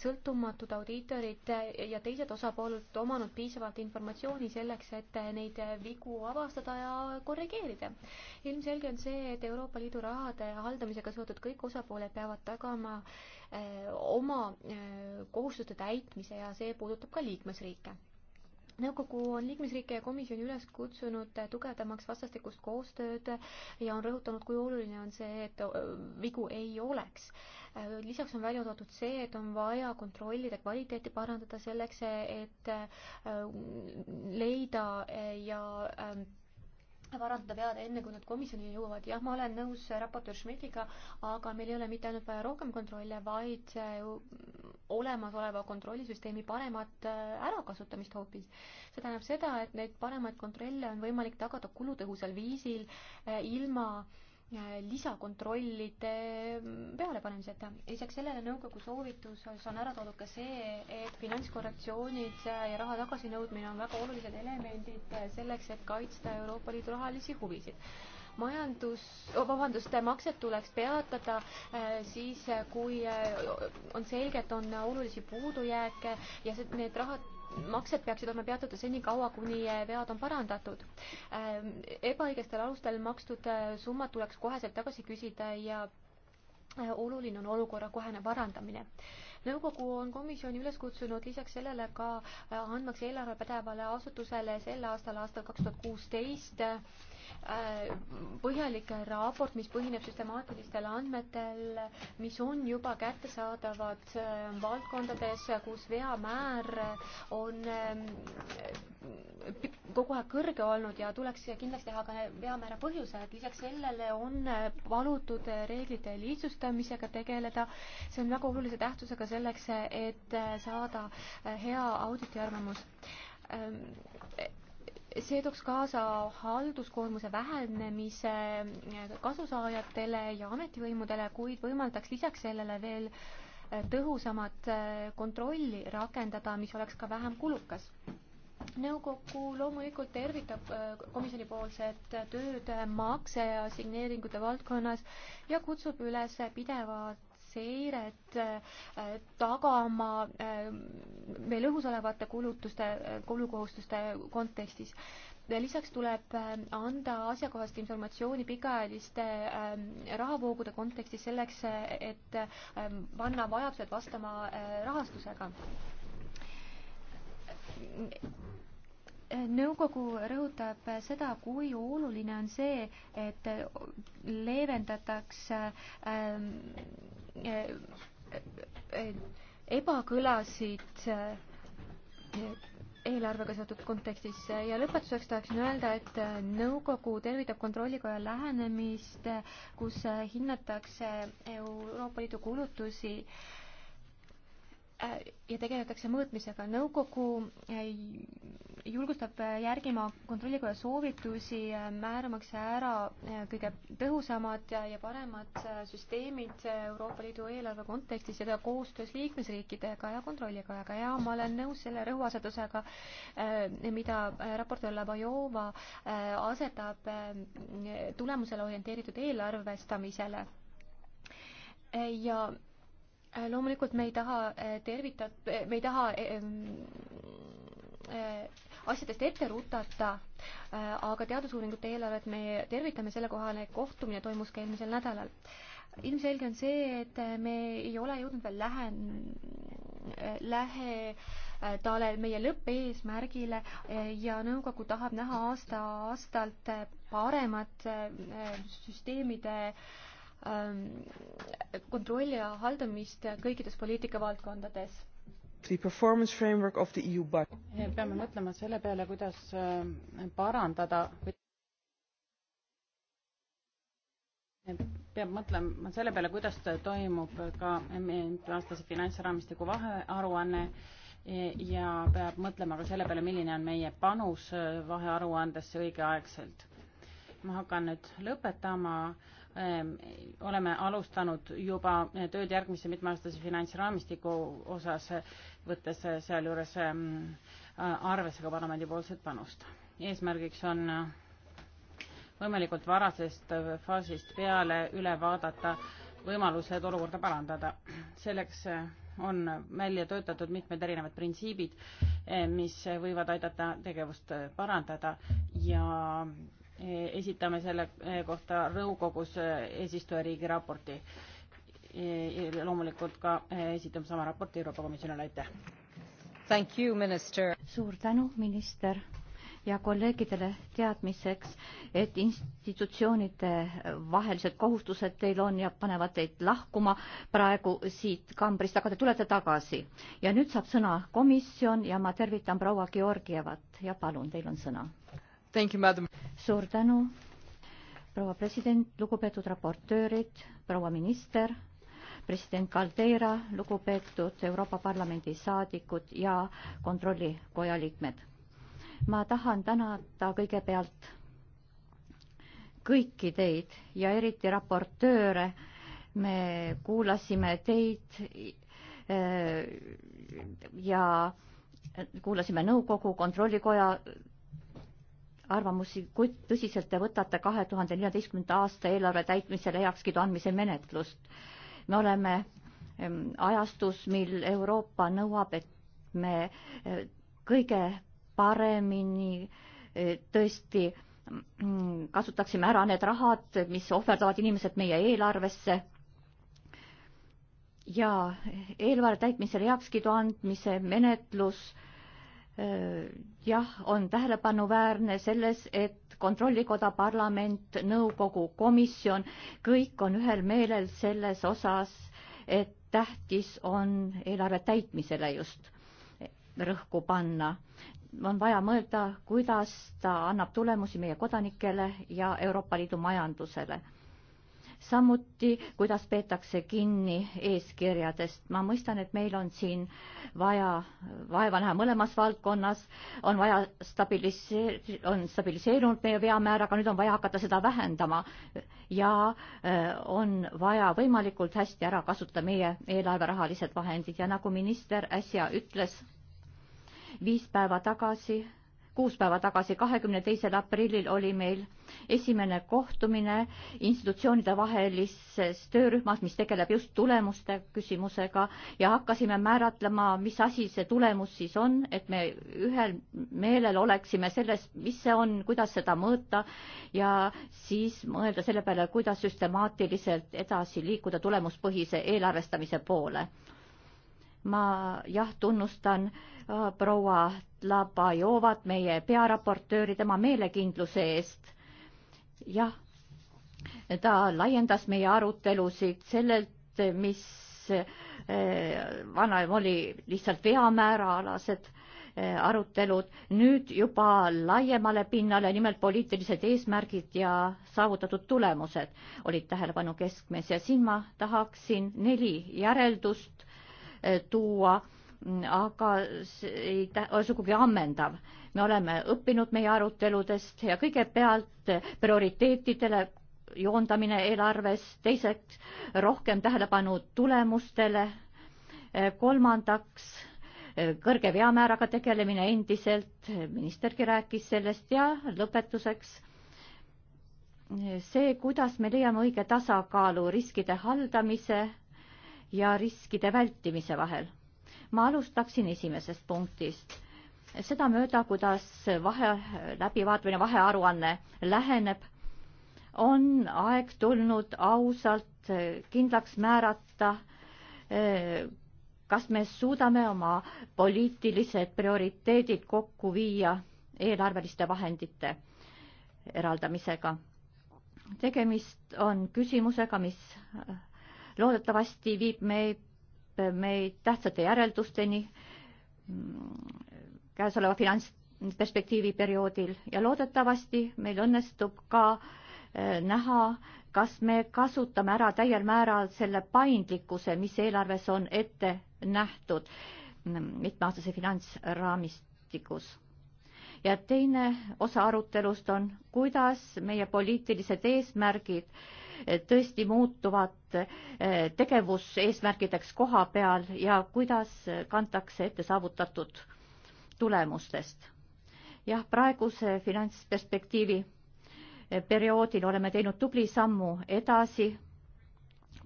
sõltumatud audiitorid ja teised osapooled omanud piisavalt informatsiooni selleks, et neid neid vigu avastada ja korrigeerida. ilmselge on see, et Euroopa Liidu rahade haldamisega seotud kõik osapooled peavad tagama öö, eh, oma öö, eh, kohustuste täitmise ja see puudutab ka liikmesriike nõukogu on liikmesriike ja komisjoni üles kutsunud tugevdamaks vastastikust koostööd ja on rõhutanud, kui oluline on see, et vigu ei oleks. lisaks on välja toodud see, et on vaja kontrollida kvaliteeti, parandada selleks, et leida ja ähm, parandada vead, enne kui nad komisjoni jõuavad. jah, ma olen nõus raportöör Schmidtiga, aga meil ei ole mitte ainult vaja rohkem kontrolle, vaid olemasoleva kontrollisüsteemi paremat äh, ärakasutamist hoopis. see tähendab seda, et neid paremaid kontrolle on võimalik tagada kulutõhusal viisil äh, ilma äh, lisakontrollide pealepanemiseta. lisaks sellele nõukogu soovituses on ära toodud ka see, et finantskorrektsioonid ja raha tagasinõudmine on väga olulised elemendid selleks, et kaitsta Euroopa Liidu rahalisi huvisid majandus, oh, vabandust, maksed tuleks peatada eh, siis, eh, kui eh, on selge, et on olulisi puudujääke ja need rahad maksed peaksid olema peatatud senikaua, kuni eh, vead on parandatud. Ähm, ebaõigestel alustel makstud eh, summad tuleks koheselt tagasi küsida ja eh, oluline on olukorra kohene parandamine. nõukogu on komisjoni üles kutsunud lisaks sellele ka andmaks eelarvepädevale asutusele sel aastal, aastal kaks tuhat kuusteist põhjalik raport, mis põhineb süstemaatilistel andmetel, mis on juba kättesaadavad ähm, valdkondades, kus veamäär on ähm, kogu aeg kõrge olnud ja tuleks kindlasti teha ka veamäära põhjused. lisaks sellele on äh, palutud reeglite lihtsustamisega tegeleda. see on väga olulise tähtsusega selleks, et äh, saada äh, hea auditi arvamus ähm, see tooks kaasa halduskoormuse vähenemise eh, kasusaajatele ja ametivõimudele, kuid võimaldaks lisaks sellele veel eh, tõhusamat eh, kontrolli rakendada, mis oleks ka vähem kulukas. nõukogu loomulikult tervitab komisjonipoolset tööd makse ja signeeringute valdkonnas ja kutsub üles pidevat seiret äh, tagama äh, meil õhus olevate kulutuste, kulukohustuste kontekstis lisaks tuleb äh, anda asjakohast informatsiooni pikaajaliste rahavoogude kontekstis selleks, et panna vajadused vastama rahastusega nõukogu rõhutab seda, kui oluline on see, et leevendatakse ähm, äh, ebakõlasid äh, eelarvega seotud kontekstis ja lõpetuseks tahaksin öelda, et nõukogu tervitab kontrollikoja lähenemist, kus hinnatakse Euroopa Liidu kulutusi äh, Äh, ja tegeletakse mõõtmisega. nõukogu äh, julgustab äh, järgima kontrollikoja soovitusi, määramaks ära kõige tõhusamad ja paremad süsteemid Euroopa Liidu eelarve kontekstis ja ka koostöös liikmesriikidega ja kontrollikojaga ja ma olen nõus selle rõhuasetusega, mida raportöör Labajova asetab tulemusele orienteeritud eelarvestamisele ja Äh, loomulikult me ei taha äh, tervita-, äh, me ei taha asjadest ette rutata, aga teadusuuringute eelarvet me tervitame, sellekohane kohtumine toimus ka eelmisel nädalal. ilmselge on see, et me ei ole jõudnud veel lähe, lähedale meie lõppeesmärgile ja nõukogu tahab näha aasta-aastalt paremat süsteemide äh, Ähm, kontrolli ja haldamist kõikides poliitikavaldkondades. The performance framework of the EU budget. peame mõtlema selle peale, kuidas äh, parandada peab mõtlema selle peale, kuidas toimub ka aastase finantsraamistiku vahearuanne e, ja peab mõtlema ka selle peale, milline on meie panus äh, vahearuandesse õigeaegselt. ma hakkan nüüd lõpetama Ehm, oleme alustanud juba tööd järgmise mitmeaastase finantsraamistiku osas, võttes sealjuures ehm, arvesse ka parlamendipoolset panust. eesmärgiks on võimalikult varasest faasist peale üle vaadata võimalused olukorda parandada. selleks on välja töötatud mitmed erinevad printsiibid, ehm, mis võivad aidata tegevust parandada ja Eh, esitame selle eh, kohta Nõukogus eh, eesistujariigi raporti. loomulikult ka esitame sama raporti Euroopa Komisjonile, aitäh! suur tänu, minister! ja kolleegidele teadmiseks, et institutsioonide vahelised kohustused teil on ja panevad teid lahkuma praegu siit kambrist, aga te tulete tagasi. ja nüüd saab sõna komisjon ja ma tervitan proua Georgievat ja palun, teil on sõna suur tänu, proua president, lugupeetud raportöörid, proua minister, president Caldeira, lugupeetud Euroopa Parlamendi saadikud ja kontrollikoja liikmed. ma tahan tänada kõigepealt kõiki teid ja eriti raportööre. me kuulasime teid äh, ja kuulasime nõukogu kontrollikoja arvamusi, kui tõsiselt te võtate kahe tuhande neljateistkümnenda aasta eelarve täitmisele heakskiidu andmise menetlust? me oleme ajastus, mil Euroopa nõuab, et me eh, kõige paremini eh, tõesti mm, kasutaksime ära need rahad, mis ohverdavad inimesed meie eelarvesse ja eelarve täitmisele heakskiidu andmise menetlus äh, Äh, jah, on tähelepanuväärne selles, et kontrollikoda, parlament, nõukogu, komisjon, kõik on ühel meelel selles osas, et tähtis on eelarve täitmisele just rõhku panna. on vaja mõelda, kuidas ta annab tulemusi meie kodanikele ja Euroopa Liidu majandusele samuti kuidas peetakse kinni eeskirjadest. ma mõistan, et meil on siin vaja vaeva näha mõlemas valdkonnas, on vaja stabiliseer-, on stabiliseerunud meie veamäär, aga nüüd on vaja hakata seda vähendama ja äh, on vaja võimalikult hästi ära kasutada meie eelarve rahalised vahendid ja nagu minister äsja ütles, viis päeva tagasi kuus päeva tagasi, kahekümne teisel aprillil oli meil esimene kohtumine institutsioonide vahelises töörühmas, mis tegeleb just tulemuste küsimusega ja hakkasime määratlema, mis asi see tulemus siis on, et me ühel meelel oleksime selles, mis see on, kuidas seda mõõta ja siis mõelda selle peale, kuidas süstemaatiliselt edasi liikuda tulemuspõhise eelarvestamise poole ma jah, tunnustan äh, proua Labajovat, meie pearaportööri, tema meelekindluse eest. jah, ta laiendas meie arutelusid sellelt, mis äh, vanaema oli lihtsalt veamääraalased äh, arutelud, nüüd juba laiemale pinnale, nimelt poliitilised eesmärgid ja saavutatud tulemused olid tähelepanu keskmes ja siin ma tahaksin neli järeldust Äh, tuua, mm, aga see ei ole sugugi ammendav. me oleme õppinud meie aruteludest ja kõigepealt äh, prioriteetidele joondamine eelarves, teiseks rohkem tähelepanu tulemustele, äh, kolmandaks kõrge veamääraga tegelemine endiselt, ministergi rääkis sellest ja lõpetuseks see, kuidas me leiame õige tasakaalu riskide haldamise ja riskide vältimise vahel. ma alustaksin esimesest punktist. sedamööda, kuidas vahe, läbivaatamine, vahearuanne läheneb, on aeg tulnud ausalt kindlaks määrata, kas me suudame oma poliitilised prioriteedid kokku viia eelarveliste vahendite eraldamisega. tegemist on küsimusega, mis loodetavasti viib meid, meid tähtsate järeldusteni käesoleva finantsperspektiivi perioodil ja loodetavasti meil õnnestub ka eh, näha, kas me kasutame ära täiel määral selle paindlikkuse, mis eelarves on ette nähtud mitmeaastase finantsraamistikus. ja teine osa arutelust on, kuidas meie poliitilised eesmärgid äh, tõesti muutuvad eh, tegevuseesmärkideks koha peal ja kuidas kantakse ette saavutatud tulemustest. jah, praeguse finantsperspektiivi eh, perioodil oleme teinud tubli sammu edasi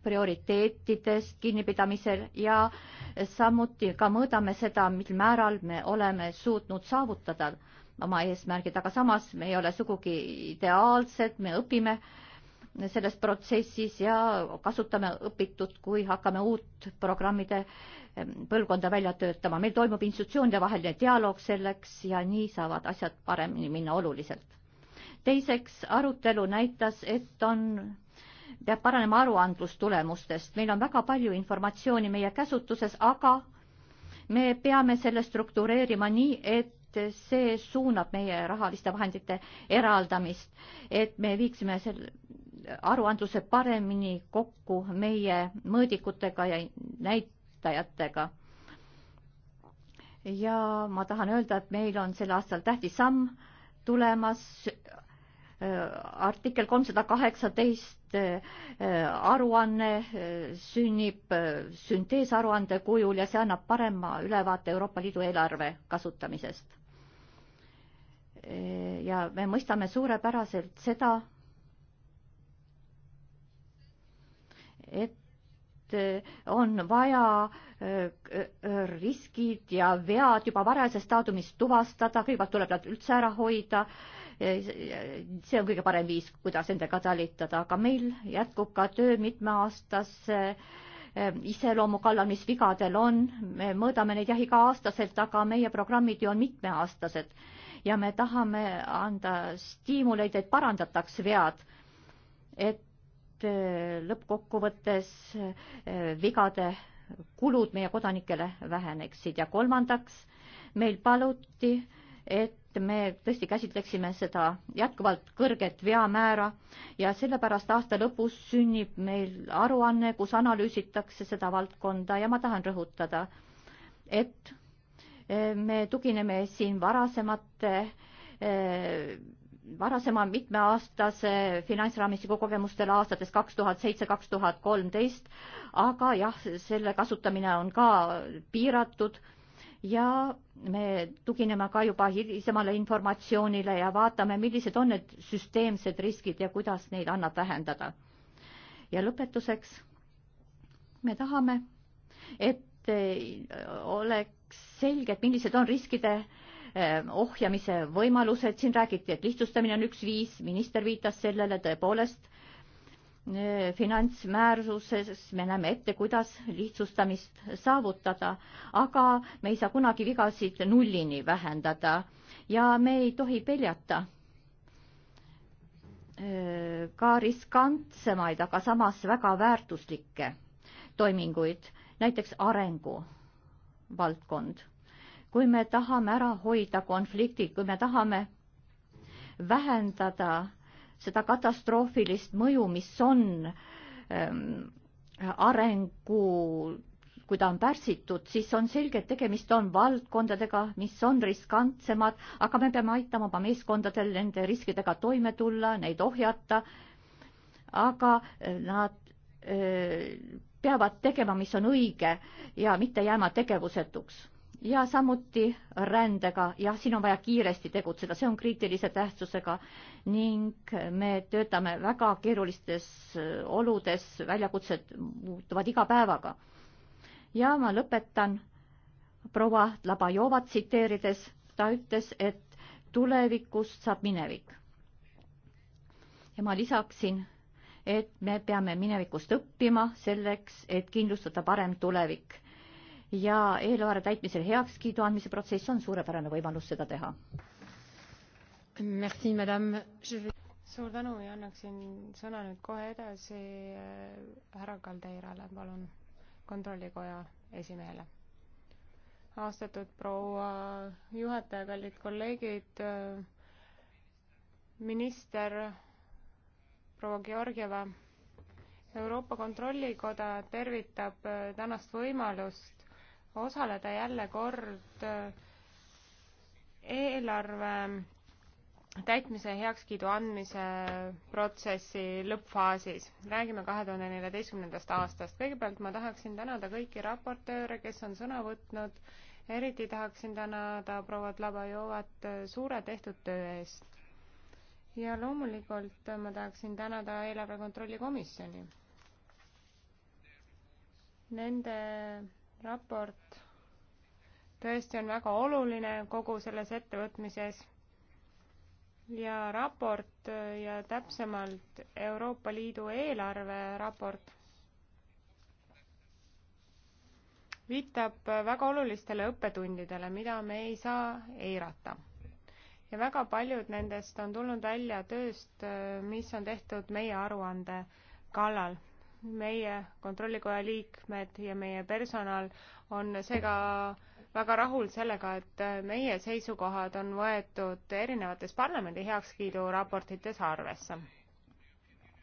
prioriteetidest kinnipidamisel ja samuti ka mõõdame seda, mil määral me oleme suutnud saavutada oma eesmärgid, aga samas me ei ole sugugi ideaalsed, me õpime äh, selles protsessis ja kasutame õpitut, kui hakkame uut programmide põlvkonda välja töötama. meil toimub institutsioonide vaheline dialoog selleks ja nii saavad asjad paremini minna oluliselt. teiseks, arutelu näitas, et on peab paranema aruandlus tulemustest, meil on väga palju informatsiooni meie käsutuses, aga me peame selle struktureerima nii, et see suunab meie rahaliste vahendite eraldamist, et me viiksime selle aruandluse paremini kokku meie mõõdikutega ja näitajatega. ja ma tahan öelda, et meil on sel aastal tähtis samm tulemas äh, artikkel kolmsada kaheksateist äh, aruanne äh, sünnib sünteesaruande kujul ja see annab parema ülevaate Euroopa Liidu eelarve kasutamisest. ja me mõistame suurepäraselt seda, et eh, on vaja eh, eh, riskid ja vead juba varajases staadiumis tuvastada, kõigepealt tuleb nad üldse ära hoida. see on kõige parem viis, kuidas nendega talitada, aga meil jätkub ka töö mitmeaastase iseloomu kallal, mis vigadel on, me mõõdame neid jah iga-aastaselt, aga meie programmid ju on mitmeaastased ja me tahame anda stiimuleid, et parandataks vead. et et äh, lõppkokkuvõttes äh, vigade kulud meie kodanikele väheneksid ja kolmandaks, meil paluti, et me tõesti käsitleksime seda jätkuvalt kõrget veamäära ja sellepärast aasta lõpus sünnib meil aruanne, kus analüüsitakse seda valdkonda ja ma tahan rõhutada, et äh, me tugineme siin varasemate varasema mitmeaastase finantsraamistiku kogemustel aastates kaks tuhat seitse, kaks tuhat kolmteist, aga jah, selle kasutamine on ka piiratud ja me tugineme ka juba hilisemale informatsioonile ja vaatame, millised on need süsteemsed riskid ja kuidas neid annab vähendada. ja lõpetuseks me tahame, et oleks selge, et millised on riskide äh, Ehm, ohjamise võimalused, siin räägiti, et lihtsustamine on üks viis, minister viitas sellele tõepoolest ehm, finantsmääruses me näeme ette, kuidas lihtsustamist saavutada, aga me ei saa kunagi vigasid nullini vähendada ja me ei tohi peljata ehm, ka riskantsemaid, aga samas väga väärtuslikke toiminguid, näiteks arengu valdkond kui me tahame ära hoida konfliktid, kui me tahame vähendada seda katastroofilist mõju, mis on ähm, arengu, kui ta on pärsitud, siis on selge, et tegemist on valdkondadega, mis on riskantsemad, aga me peame aitama oma meeskondadel nende riskidega toime tulla, neid ohjata. aga äh, nad öö, äh, peavad tegema, mis on õige ja mitte jääma tegevusetuks ja samuti rändega, jah, siin on vaja kiiresti tegutseda, see on kriitilise tähtsusega ning me töötame väga keerulistes äh, oludes, väljakutsed muutuvad iga päevaga. ja ma lõpetan proua Labajova tsiteerides, ta ütles, et tulevikust saab minevik. ja ma lisaksin, et me peame minevikust õppima selleks, et kindlustada parem tulevik ja eelarve täitmisel heakskiidu andmise protsess on suurepärane võimalus seda teha. Merci, madame. suur tänu ja annaksin sõna nüüd kohe edasi äh, härra Kaldeirale, palun, kontrollikoja esimehele. austatud proua juhataja, kallid kolleegid, äh, minister proua Georgieva Euroopa Kontrollikoda tervitab äh, tänast võimalust osaleda jälle kord äh, eelarve täitmise heakskiidu andmise protsessi lõppfaasis. räägime kahe tuhande neljateistkümnendast aastast. kõigepealt ma tahaksin tänada kõiki raportööre, kes on sõna võtnud. eriti tahaksin tänada proua Tlabajovat suure tehtud töö eest. ja loomulikult ma tahaksin tänada eelarve kontrolli komisjoni. Nende raport tõesti on väga oluline kogu selles ettevõtmises ja raport ja täpsemalt Euroopa Liidu eelarve raport viitab väga olulistele õppetundidele, mida me ei saa eirata. ja väga paljud nendest on tulnud välja tööst, mis on tehtud meie aruande kallal meie kontrollikoja liikmed ja meie personal on seega väga rahul sellega, et meie seisukohad on võetud erinevates parlamendi heakskiidu raportites arvesse.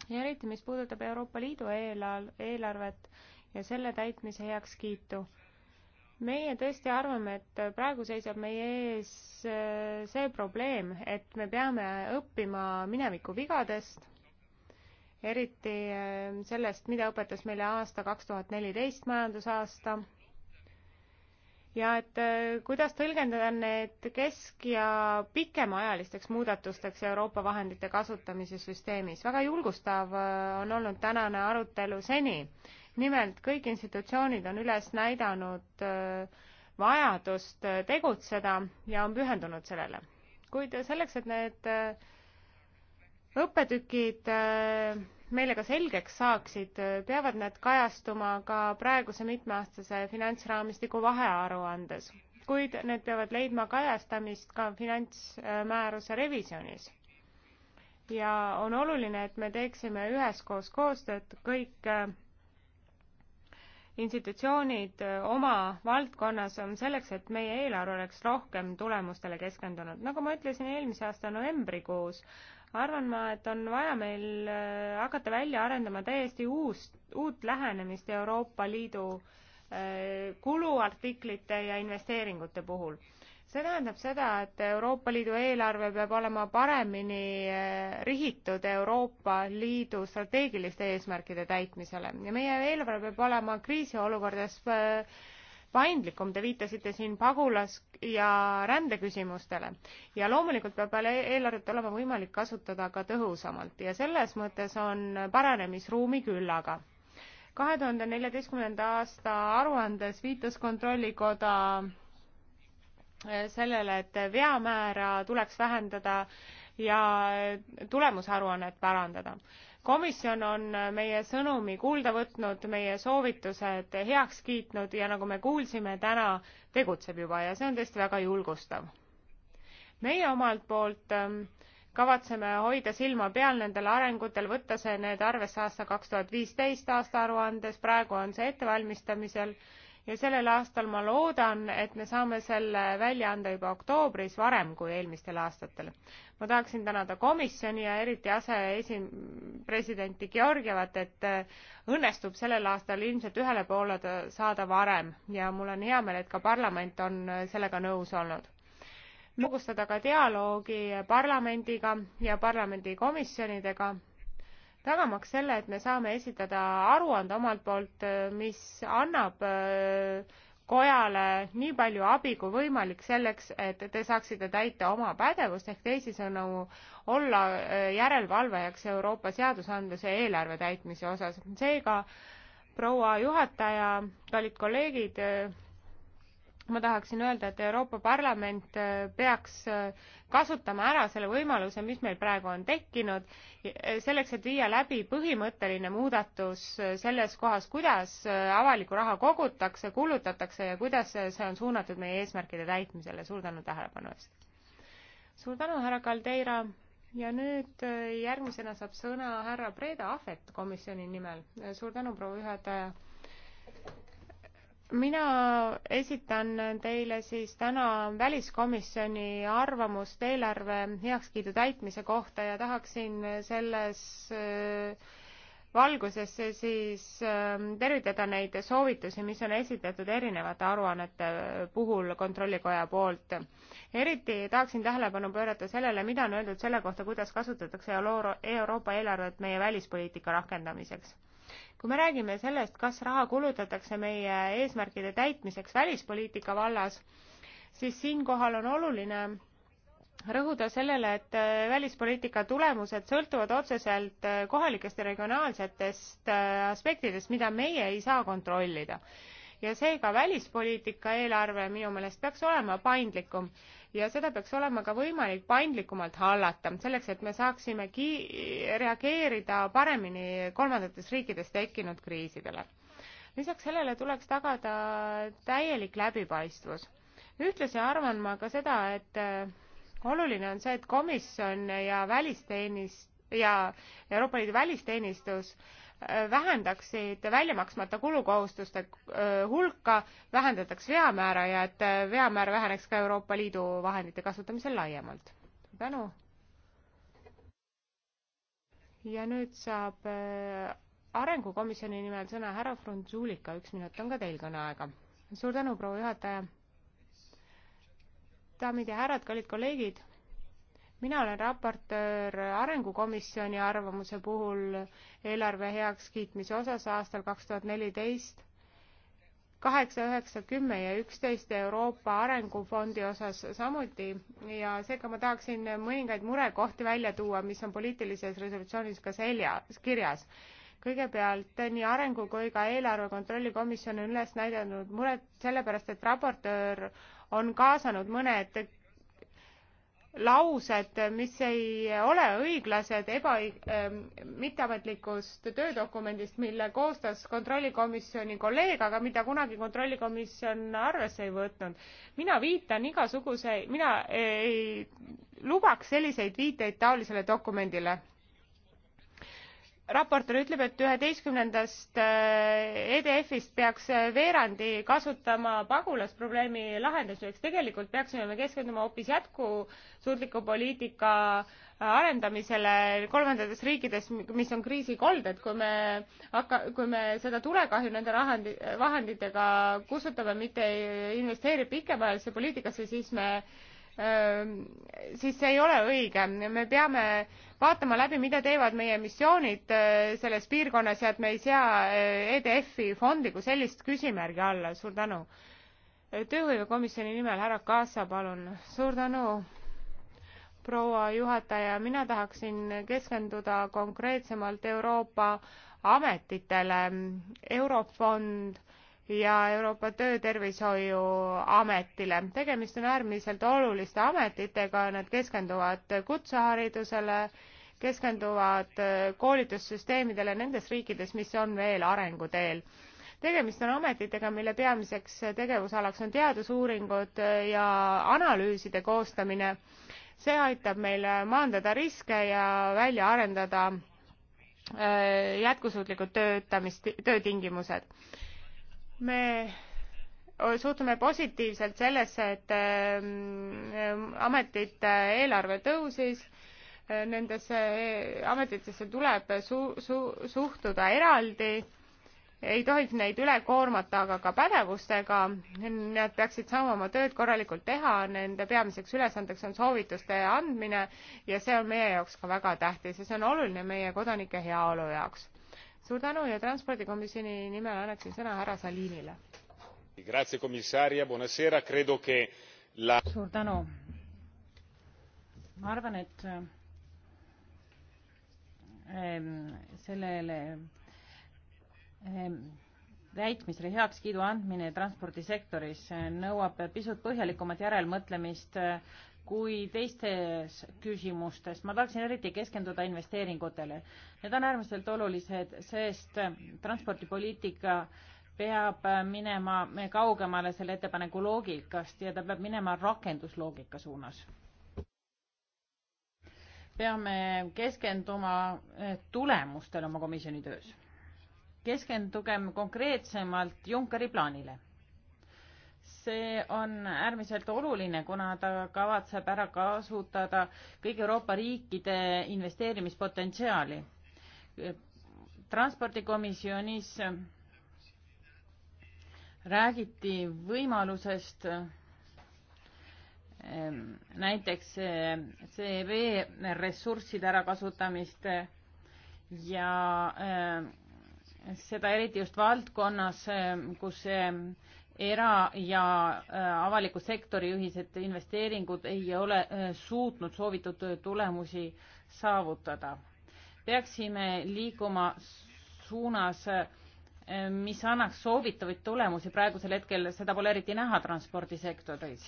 ja eriti, mis puudutab Euroopa Liidu eelal-, eelarvet ja selle täitmise heakskiitu, meie tõesti arvame, et praegu seisab meie ees see probleem, et me peame õppima mineviku vigadest eriti ehm, sellest, mida õpetas meile aasta kaks tuhat neliteist majandusaasta ja et ehm, kuidas tõlgendada need kesk- ja pikemaajalisteks muudatusteks Euroopa vahendite kasutamise süsteemis. väga julgustav ehm, on olnud tänane arutelu seni. nimelt kõik institutsioonid on üles näidanud vajadust tegutseda ja on pühendunud sellele. kuid selleks, et need õppetükid meile ka selgeks saaksid, peavad need kajastuma ka praeguse mitmeaastase finantsraamistiku vahearuandes, kuid need peavad leidma kajastamist ka finantsmääruse revisjonis. ja on oluline, et me teeksime üheskoos koostööd kõik äh, institutsioonid oma valdkonnas on selleks, et meie eelarve oleks rohkem tulemustele keskendunud. nagu ma ütlesin eelmise aasta novembrikuus, arvan ma, et on vaja meil äh, hakata välja arendama täiesti uus, uut lähenemist Euroopa Liidu äh, kuluartiklite ja investeeringute puhul. see tähendab seda, et Euroopa Liidu eelarve peab olema paremini äh, rihitud Euroopa Liidu strateegiliste eesmärkide täitmisele ja meie eelarve peab olema kriisiolukordades paindlikum, te viitasite siin pagulas- ja rändeküsimustele. ja loomulikult peab eelarvet olema võimalik kasutada ka tõhusamalt ja selles mõttes on paranemisruumi küllaga. kahe tuhande neljateistkümnenda aasta aruandes viitas Kontrollikoda eh, sellele, et veamäära tuleks vähendada ja tulemusaruannet parandada komisjon on äh, meie sõnumi kuulda võtnud, meie soovitused heaks kiitnud ja nagu me kuulsime, täna tegutseb juba ja see on tõesti väga julgustav. meie omalt poolt ähm, kavatseme hoida silma peal nendel arengutel, võtta see, need arvesse aasta kaks tuhat viisteist aasta aruandes, praegu on see ettevalmistamisel ja sellel aastal ma loodan, et me saame selle välja anda juba oktoobris, varem kui eelmistel aastatel. ma tahaksin tänada komisjoni ja eriti aseesi-, presidenti Georgievat, et äh, õnnestub sellel aastal ilmselt ühele poole saada varem ja mul on hea meel, et ka parlament on äh, sellega nõus olnud lugustada ka dialoogi parlamendiga ja parlamendikomisjonidega tagamaks selle, et me saame esitada aruande omalt poolt, mis annab äh, kojale nii palju abi kui võimalik selleks, et te saaksite täita oma pädevust ehk teisisõnu olla äh, järelevalvajaks Euroopa seadusandluse eelarve täitmise osas. seega proua juhataja, kallid kolleegid, äh, ma tahaksin öelda, et Euroopa Parlament äh, peaks äh, kasutama ära selle võimaluse, mis meil praegu on tekkinud, äh, selleks, et viia läbi põhimõtteline muudatus selles kohas, kuidas avalikku raha kogutakse, kulutatakse ja kuidas see on suunatud meie eesmärkide täitmisele. suur tänu tähelepanu eest! suur tänu, härra Kaldeira! ja nüüd järgmisena saab sõna härra Breda Ahvet komisjoni nimel. suur tänu, proua juhataja! mina esitan teile siis täna väliskomisjoni arvamust eelarve heakskiidu täitmise kohta ja tahaksin selles äh, valguses siis ähm, tervitada neid soovitusi, mis on esitatud erinevate aruannete puhul Kontrollikoja poolt. eriti tahaksin tähelepanu pöörata sellele, mida on öeldud selle kohta, kuidas kasutatakse Euroopa eelarvet meie välispoliitika rakendamiseks kui me räägime sellest, kas raha kulutatakse meie eesmärkide täitmiseks välispoliitika vallas, siis siinkohal on oluline rõhuda sellele, et äh, välispoliitika tulemused sõltuvad otseselt äh, kohalikest ja regionaalsetest äh, aspektidest, mida meie ei saa kontrollida ja seega välispoliitika eelarve minu meelest peaks olema paindlikum ja seda peaks olema ka võimalik paindlikumalt hallata, selleks et me saaksime ki-, reageerida paremini kolmandates riikides tekkinud kriisidele. lisaks sellele tuleks tagada täielik läbipaistvus. ühtlasi arvan ma ka seda, et äh, oluline on see, et komisjon ja välisteenist- ja Euroopa Liidu välisteenistus äh, vähendaksid väljamaksmata kulukohustuste äh, hulka, vähendataks veamäära ja et äh, veamäär väheneks ka Euroopa Liidu vahendite kasutamisel laiemalt. tänu. ja nüüd saab äh, arengukomisjoni nimel sõna härra Frunzulika, üks minut on ka teil kõneaega. suur tänu, proua juhataja. daamid ja härrad, kallid kolleegid mina olen raportöör Arengukomisjoni arvamuse puhul eelarve heakskiitmise osas aastal kaks tuhat neliteist, kaheksa, üheksa, kümme ja üksteist Euroopa Arengufondi osas samuti ja seega ma tahaksin mõningaid murekohti välja tuua, mis on poliitilises resolutsioonis ka selja, kirjas kõigepealt nii arengu kui ka eelarve kontrolli komisjon on üles näidanud muret sellepärast, et raportöör on kaasanud mõned laused, mis ei ole õiglased eba- äh,, mitteametlikust töödokumendist, mille koostas kontrollikomisjoni kolleeg, aga mida kunagi kontrollikomisjon arvesse ei võtnud. mina viitan igasuguse, mina ei lubaks selliseid viiteid taolisele dokumendile raportöör ütleb et üheteistkümnendast äh, edfist peaks äh, veerandi kasutama pagulasprobleemi lahendamiseks tegelikult peaksime me keskenduma hoopis jätkusuutliku poliitika äh, arendamisele kolmandates riikides mis on kriisikolded kui me hakka- kui me seda tulekahju nende rahandi- vahenditega kustutame mitte ei investeeri pikemaajalisse poliitikasse siis me siis see ei ole õige. me peame vaatama läbi, mida teevad meie missioonid selles piirkonnas ja et me ei sea EDF-i fondi kui sellist küsimärgi alla. suur tänu. tööhõivekomisjoni nimel härra Kaasa, palun. suur tänu, proua juhataja. mina tahaksin keskenduda konkreetsemalt Euroopa ametitele. Eurofond ja Euroopa Töötervishoiuametile. tegemist on äärmiselt oluliste ametitega, nad keskenduvad kutseharidusele, keskenduvad koolitussüsteemidele nendes riikides, mis on veel arenguteel. tegemist on ametitega, mille peamiseks tegevusalaks on teadusuuringud ja analüüside koostamine. see aitab meil maandada riske ja välja arendada äh, jätkusuutlikud töötamist, töötingimused me suhtume positiivselt sellesse, et ähm, ametite eelarve tõusis, äh, nendesse äh, ametitesse tuleb su-, su-, suhtuda eraldi, ei tohiks neid üle koormata aga ka pädevustega, nad peaksid saama oma tööd korralikult teha, nende peamiseks ülesandeks on soovituste andmine ja see on meie jaoks ka väga tähtis ja see on oluline meie kodanike heaolu jaoks suur tänu ja transpordikomisjoni nimel annaksin sõna härra Salinile. La... suur tänu. ma arvan, et ehm, sellele ehm, täitmisele heakskiidu andmine transpordisektoris nõuab pisut põhjalikumat järelmõtlemist kui teistes küsimustes. ma tahaksin eriti keskenduda investeeringutele. Need on äärmiselt olulised, sest transpordipoliitika peab minema kaugemale selle ettepaneku loogikast ja ta peab minema rakendusloogika suunas. peame keskenduma eh, tulemustele oma komisjoni töös. keskendugem konkreetsemalt Junckeri plaanile see on äärmiselt oluline, kuna ta kavatseb ära kasutada kõigi Euroopa riikide investeerimispotentsiaali. transpordikomisjonis räägiti võimalusest ehm, näiteks eh, CEV ressursside ärakasutamist ja ehm, seda eriti just valdkonnas, eh, kus eh, era- ja äh, avaliku sektori ühised investeeringud ei ole äh, suutnud soovitud äh, tulemusi saavutada. peaksime liikuma suunas, mis annaks soovitavaid tulemusi, praegusel hetkel seda pole eriti näha transpordisektoris.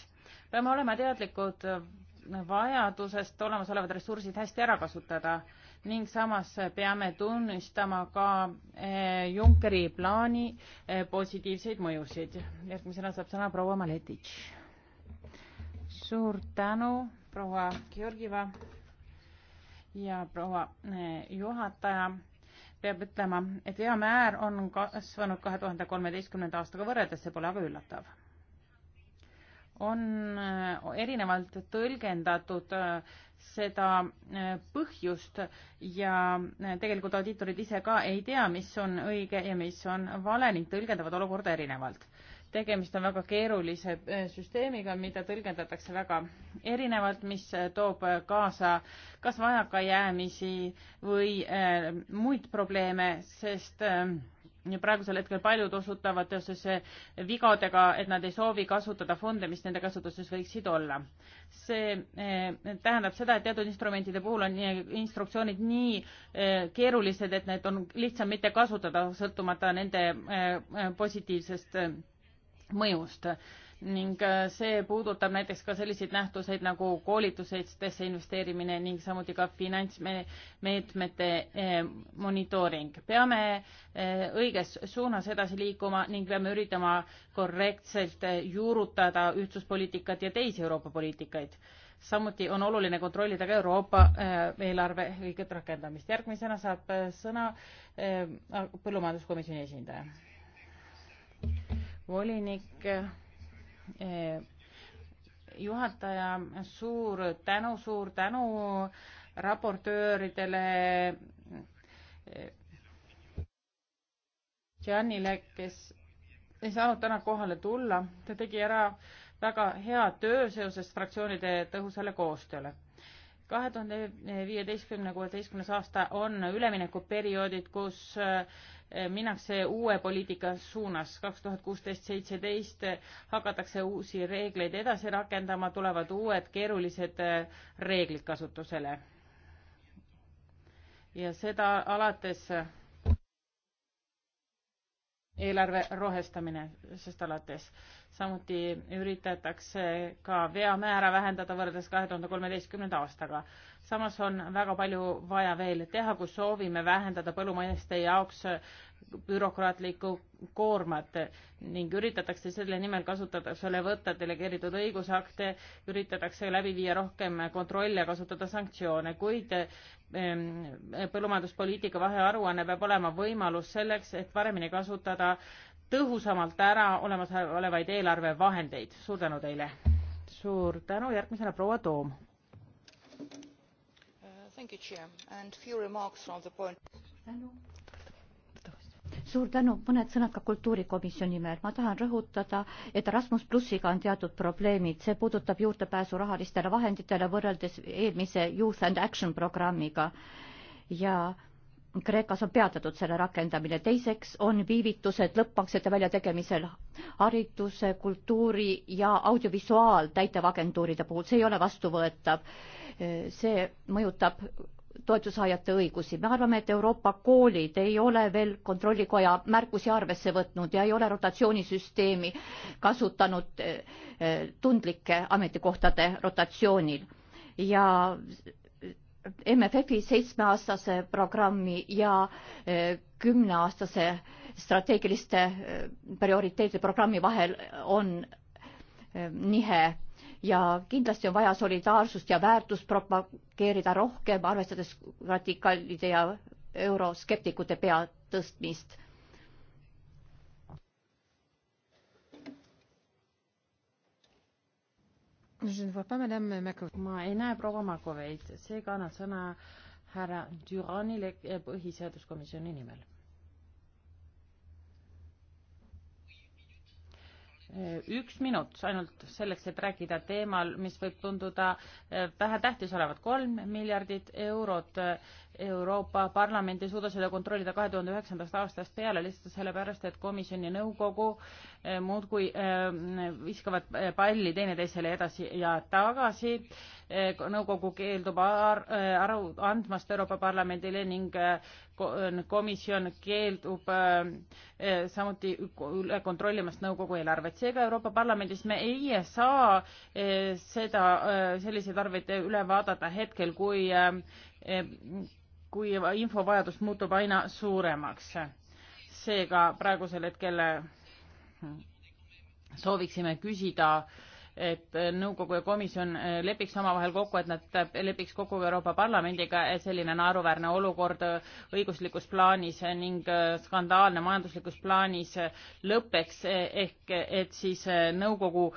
peame olema teadlikud vajadusest olemasolevad ressursid hästi ära kasutada ning samas peame tunnistama ka eh, Junckeri plaani eh, positiivseid mõjusid. järgmisena saab sõna proua Maletitš. suur tänu, proua Georgieva ja proua eh, juhataja peab ütlema, et veamäär on kasvanud kahe tuhande kolmeteistkümnenda aastaga võrreldes, see pole aga üllatav. on erinevalt tõlgendatud äh, seda äh, põhjust ja äh, tegelikult audiitorid ise ka ei tea, mis on õige ja mis on vale ning tõlgendavad olukorda erinevalt. tegemist on väga keerulise äh, süsteemiga, mida tõlgendatakse väga erinevalt, mis toob kaasa kas vajakajäämisi või muid probleeme, sest äh, praegusel hetkel paljud osutavad seoses vigadega, et nad ei soovi kasutada fonde, mis nende kasutuses võiksid olla. see eh, tähendab seda, et teatud instrumentide puhul on instruktsioonid nii eh, keerulised, et need on lihtsam mitte kasutada, sõltumata nende eh, positiivsest mõjust ning äh, see puudutab näiteks ka selliseid nähtuseid nagu koolitusesse investeerimine ning samuti ka finantsmeetmete äh, monitooring. peame äh, õiges suunas edasi liikuma ning peame üritama korrektselt juurutada ühtsuspoliitikat ja teisi Euroopa poliitikaid. samuti on oluline kontrollida ka Euroopa eelarve õiget rakendamist. järgmisena saab sõna põllumajanduskomisjoni esindaja. volinik Eh, juhataja, suur tänu, suur tänu raportööridele eh, Janile, kes ei saanud täna kohale tulla, ta tegi ära väga hea töö seoses fraktsioonide tõhusale koostööle. kahe tuhande viieteistkümne, kuueteistkümnes aasta on üleminekuperioodid, kus eh, Eh, minnakse uue poliitika suunas. kaks tuhat kuusteist, seitseteist hakatakse uusi reegleid edasi rakendama, tulevad uued keerulised eh, reeglid kasutusele. ja seda alates eelarve rohestamine, sest alates samuti üritatakse ka veamäära vähendada võrreldes kahe tuhande kolmeteistkümnenda aastaga. samas on väga palju vaja veel teha, kui soovime vähendada põllumeeste jaoks bürokraatlikku koormat ning üritatakse selle nimel kasutada, selle võtta delegeeritud õigusakte, üritatakse läbi viia rohkem kontrolle, kasutada sanktsioone, kuid ehm, põllumajanduspoliitika vahearuanne peab olema võimalus selleks, et paremini kasutada tõhusamalt ära olemasolevaid eelarvevahendeid. suur tänu teile. suur tänu, järgmisena proua Toom. suur tänu, mõned sõnad ka kultuurikomisjoni nimel. ma tahan rõhutada, et Rasmus Plussiga on teatud probleemid, see puudutab juurdepääsu rahalistele vahenditele võrreldes eelmise Youth and Action programmiga ja äh, Kreekas on peatatud selle rakendamine, teiseks on viivitused lõppmaksete väljategemisel hariduse, kultuuri ja audiovisuaal täitevagentuuride puhul, see ei ole vastuvõetav. see mõjutab toetusaajate õigusi. me arvame, et Euroopa koolid ei ole veel Kontrollikoja märkusi arvesse võtnud ja ei ole rotatsioonisüsteemi kasutanud eh, eh, tundlike ametikohtade rotatsioonil ja MFF-i seitsmeaastase programmi ja e, kümneaastase strateegiliste e, prioriteetide programmi vahel on e, nihe ja kindlasti on vaja solidaarsust ja väärtust propageerida rohkem, arvestades radikalide ja euroskeptikute peatõstmist ma ei näe proua Makoveid, seega annan sõna härra Düranile eh, põhiseaduskomisjoni nimel. Eh, üks minut ainult selleks, et rääkida teemal, mis võib tunduda eh, vähetähtis olevat, kolm miljardit eurot Euroopa Parlament ei suuda seda kontrollida kahe tuhande üheksandast aastast peale lihtsalt sellepärast, et komisjon ja nõukogu eh, muudkui eh, viskavad eh, palli teineteisele edasi ja tagasi. nõukogu keeldub aru andmast Euroopa Parlamendile ning komisjon keeldub samuti üle kontrollimast nõukogu eelarvet. seega Euroopa Parlamendis me ei saa seda, selliseid arveid üle vaadata hetkel, kui kui infovajadus muutub aina suuremaks. seega praegusel hetkel hmm, sooviksime küsida äh, et äh, nõukogu ja komisjon äh, lepiks omavahel kokku, et nad äh, lepiks kokku Euroopa Parlamendiga, et selline naeruväärne olukord õiguslikus plaanis ning skandaalne majanduslikus plaanis lõpeks, ehk et siis nõukogu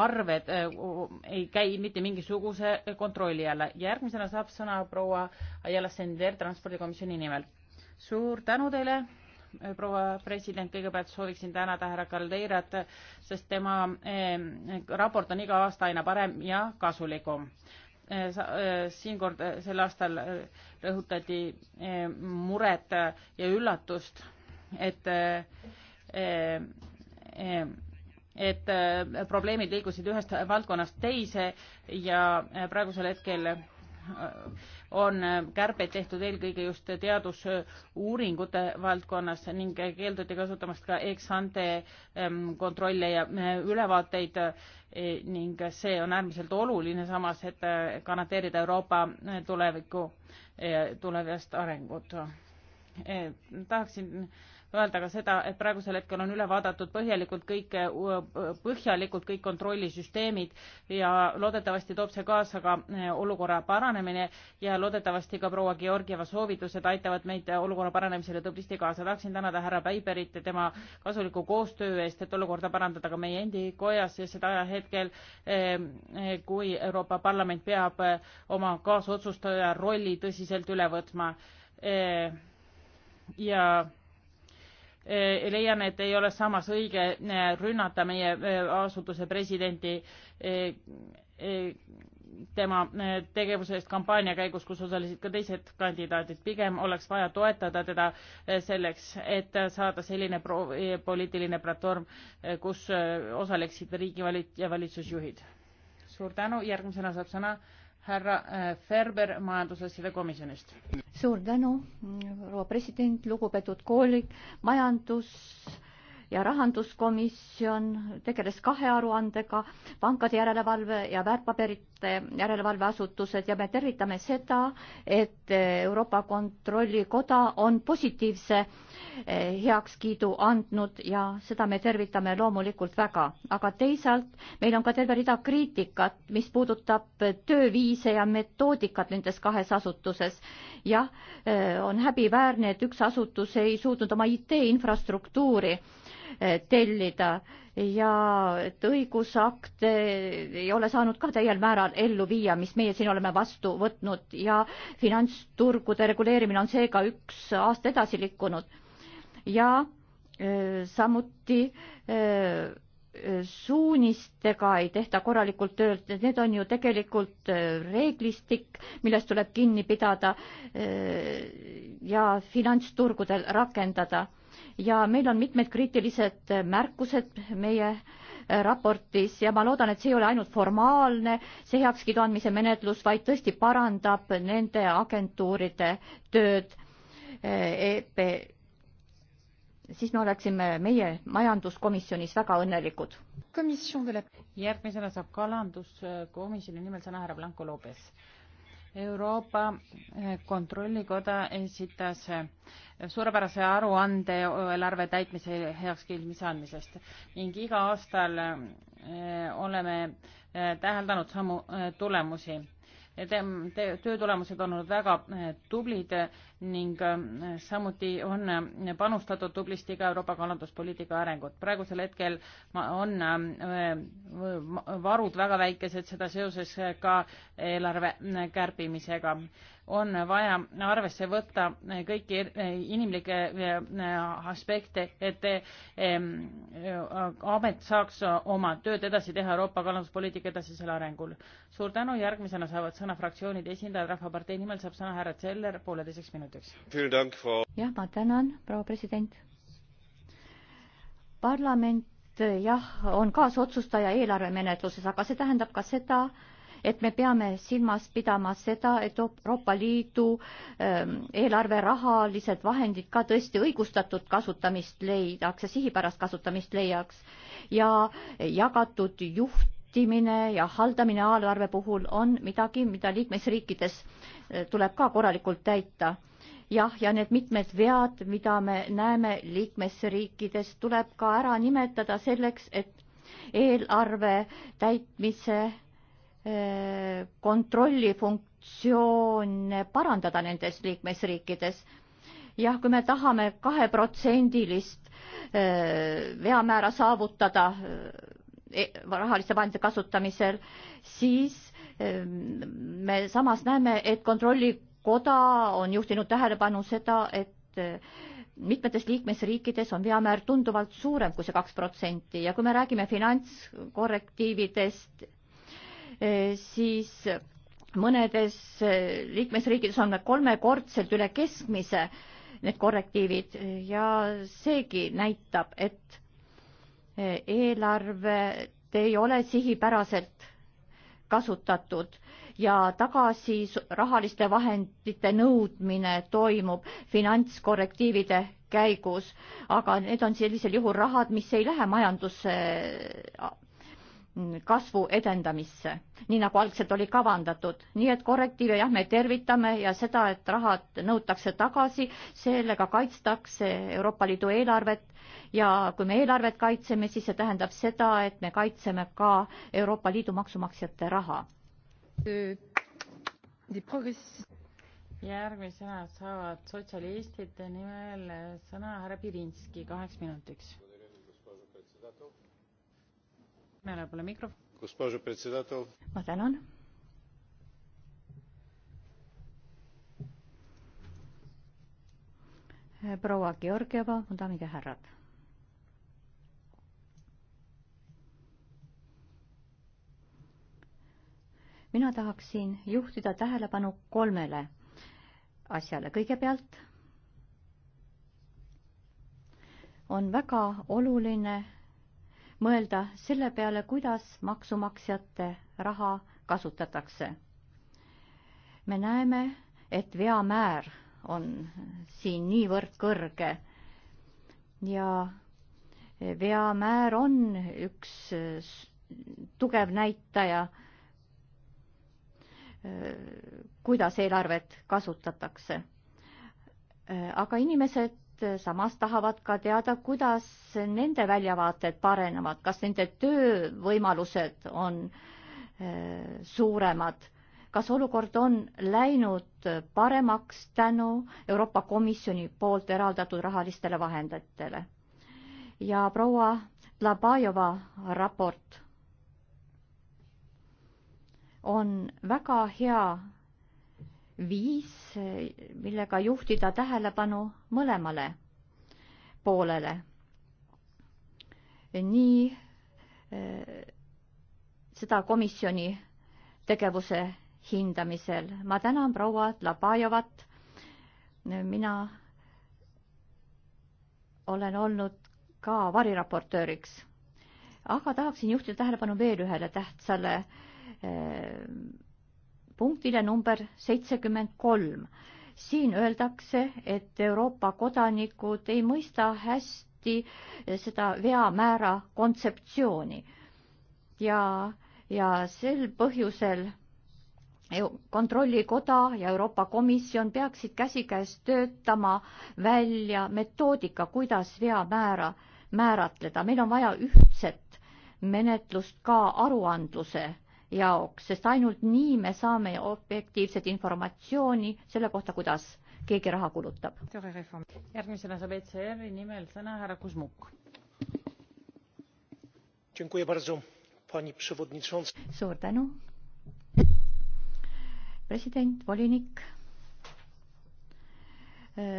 arved ei käi mitte mingisuguse kontrolli alla. järgmisena saab sõna proua Ayala Sender transpordikomisjoni nimel. suur tänu teile Äh, proua president, kõigepealt sooviksin tänada härra Kaldeirat, sest tema ähm, raport on iga aasta aina parem ja kasulikum. Äh, äh, siinkord sel aastal rõhutati muret ja üllatust, et et probleemid liigusid ühest valdkonnast teise ja praegusel hetkel on äh, kärbeid tehtud eelkõige just teadusuuringute valdkonnas ning keelduti kasutamast ka ex-ante ähm, kontrolle ja äh, ülevaateid äh, ning see on äärmiselt oluline samas, et garanteerida Euroopa tuleviku, tulevast arengut. tahaksin öelda ka seda, et praegusel hetkel on üle vaadatud põhjalikult kõik, äh, põhjalikult kõik kontrollisüsteemid ja loodetavasti toob see kaasa ka äh, olukorra paranemine ja loodetavasti ka proua Georgieva soovitused aitavad meid äh, olukorra paranemisele tublisti kaasa. tahaksin tänada härra Päiberit tema kasuliku koostöö eest, et olukorda parandada ka meie endi kojas ja seda ajahetkel, kui Euroopa Parlament peab oma kaasotsustaja rolli tõsiselt üle võtma ja Eh, leian, et ei ole samas õige eh, rünnata meie eh, asutuse presidenti tema tegevuse eest kampaania käigus, kus osalesid ka teised kandidaadid. pigem oleks vaja toetada teda selleks, et saada selline pro-, poliitiline platvorm, kus osaleksid riigivalit- ja valitsusjuhid. suur tänu, järgmisena saab sõna härra äh, Ferber majandusasjade komisjonist. suur tänu, proua president, lugupeetud koolid, majandus ja rahanduskomisjon tegeles kahe aruandega, pankade järelevalve ja väärtpaberite järelevalveasutused ja me tervitame seda, et Euroopa Kontrollikoda on positiivse Eh, heakskiidu andnud ja seda me tervitame loomulikult väga. aga teisalt meil on ka terve rida kriitikat, mis puudutab tööviise ja metoodikat nendes kahes asutuses. jah, eh, on häbiväärne, et üks asutus ei suutnud oma IT-infrastruktuuri eh, tellida ja et õigusakte ei ole saanud ka täiel määral ellu viia, mis meie siin oleme vastu võtnud ja finantsturgude reguleerimine on seega üks aasta edasi lükkunud ja samuti suunistega ei tehta korralikult tööd, need on ju tegelikult reeglistik, millest tuleb kinni pidada ja finantsturgudel rakendada. ja meil on mitmed kriitilised märkused meie raportis ja ma loodan, et see ei ole ainult formaalne, see heakskiidu andmise menetlus, vaid tõesti parandab nende agentuuride tööd. E siis me oleksime meie majanduskomisjonis väga õnnelikud. järgmisena saab kalanduskomisjoni nimel sõna härra Blanco Lopez. Euroopa eh, Kontrollikoda esitas eh, suurepärase aruande eelarve täitmise heakskiitmise andmisest ning iga aastal eh, oleme täheldanud samu tulemusi töö tulemused on olnud väga eh, tublid eh, ning eh, samuti on panustatud tublisti ka Euroopa kalanduspoliitika arengut. praegusel hetkel on varud väga väikesed, seda seoses ka eelarve kärpimisega on vaja arvesse võtta kõiki er-, inimlikke äh, aspekte, et ähm, amet saaks oma tööd edasi teha Euroopa kalanduspoliitika edasisel arengul. suur tänu, järgmisena saavad sõna fraktsioonide esindajad, Rahvapartei nimel saab sõna härra Zeller pooleteiseks minutiks. jah, ma tänan, proua president. parlament jah, on kaasotsustaja eelarvemenetluses, aga see tähendab ka seda, et me peame silmas pidama seda, et Euroopa Liidu ähm, eelarve rahalised vahendid ka tõesti õigustatud kasutamist leidaks ja sihipärast kasutamist leiaks ja jagatud juhtimine ja haldamine eelarve puhul on midagi, mida liikmesriikides äh, tuleb ka korralikult täita jah, ja need mitmed vead, mida me näeme liikmesriikides, tuleb ka ära nimetada selleks, et eelarve täitmise kontrollifunktsioone parandada nendes liikmesriikides. jah, kui me tahame kaheprotsendilist äh, veamäära saavutada äh, e, rahaliste vahendite kasutamisel, siis ähm, me samas näeme, et kontrollikoda on juhtinud tähelepanu seda, et äh, mitmetes liikmesriikides on veamäär tunduvalt suurem kui see kaks protsenti ja kui me räägime finantskorrektiividest Eh, siis mõnedes eh, liikmesriikides on nad kolmekordselt üle keskmise, need korrektiivid ja seegi näitab, et eh, eelarvet ei ole sihipäraselt kasutatud ja tagasi rahaliste vahendite nõudmine toimub finantskorrektiivide käigus, aga need on sellisel juhul rahad, mis ei lähe majandusse kasvu edendamisse, nii nagu algselt oli kavandatud. nii et korrektiive jah, me tervitame ja seda, et rahad nõutakse tagasi, sellega kaitstakse Euroopa Liidu eelarvet ja kui me eelarvet kaitseme, siis see tähendab seda, et me kaitseme ka Euroopa Liidu maksumaksjate raha. järgmisena saavad sotsialistide nimel sõna härra Pirinski kaheks minutiks kõnele pole mikrofon. ma tänan. proua Georgieva, mu daamid ja härrad. mina tahaksin juhtida tähelepanu kolmele asjale. kõigepealt on väga oluline mõelda selle peale, kuidas maksumaksjate raha kasutatakse. me näeme, et veamäär on siin niivõrd kõrge ja veamäär on üks tugev näitaja, kuidas eelarvet kasutatakse. aga inimesed samas tahavad ka teada, kuidas nende väljavaated parenevad, kas nende töövõimalused on eh, suuremad, kas olukord on läinud paremaks tänu Euroopa Komisjoni poolt eraldatud rahalistele vahenditele. ja proua Labajova raport on väga hea viis, millega juhtida tähelepanu mõlemale poolele. nii eh, seda komisjoni tegevuse hindamisel. ma tänan proua Labajovat. mina olen olnud ka variraportööriks, aga tahaksin juhtida tähelepanu veel ühele tähtsale eh, punktile number seitsekümmend kolm. siin öeldakse, et Euroopa kodanikud ei mõista hästi seda veamäära kontseptsiooni ja, ja sel põhjusel e kontrollikoda ja Euroopa Komisjon peaksid käsikäes töötama välja metoodika, kuidas veamäära määratleda. meil on vaja ühtset menetlust ka aruandluse jaoks, sest ainult nii me saame objektiivset informatsiooni selle kohta, kuidas keegi raha kulutab. järgmisena saab ECR-i nimel sõna härra Kuzmuk. suur tänu. president, volinik,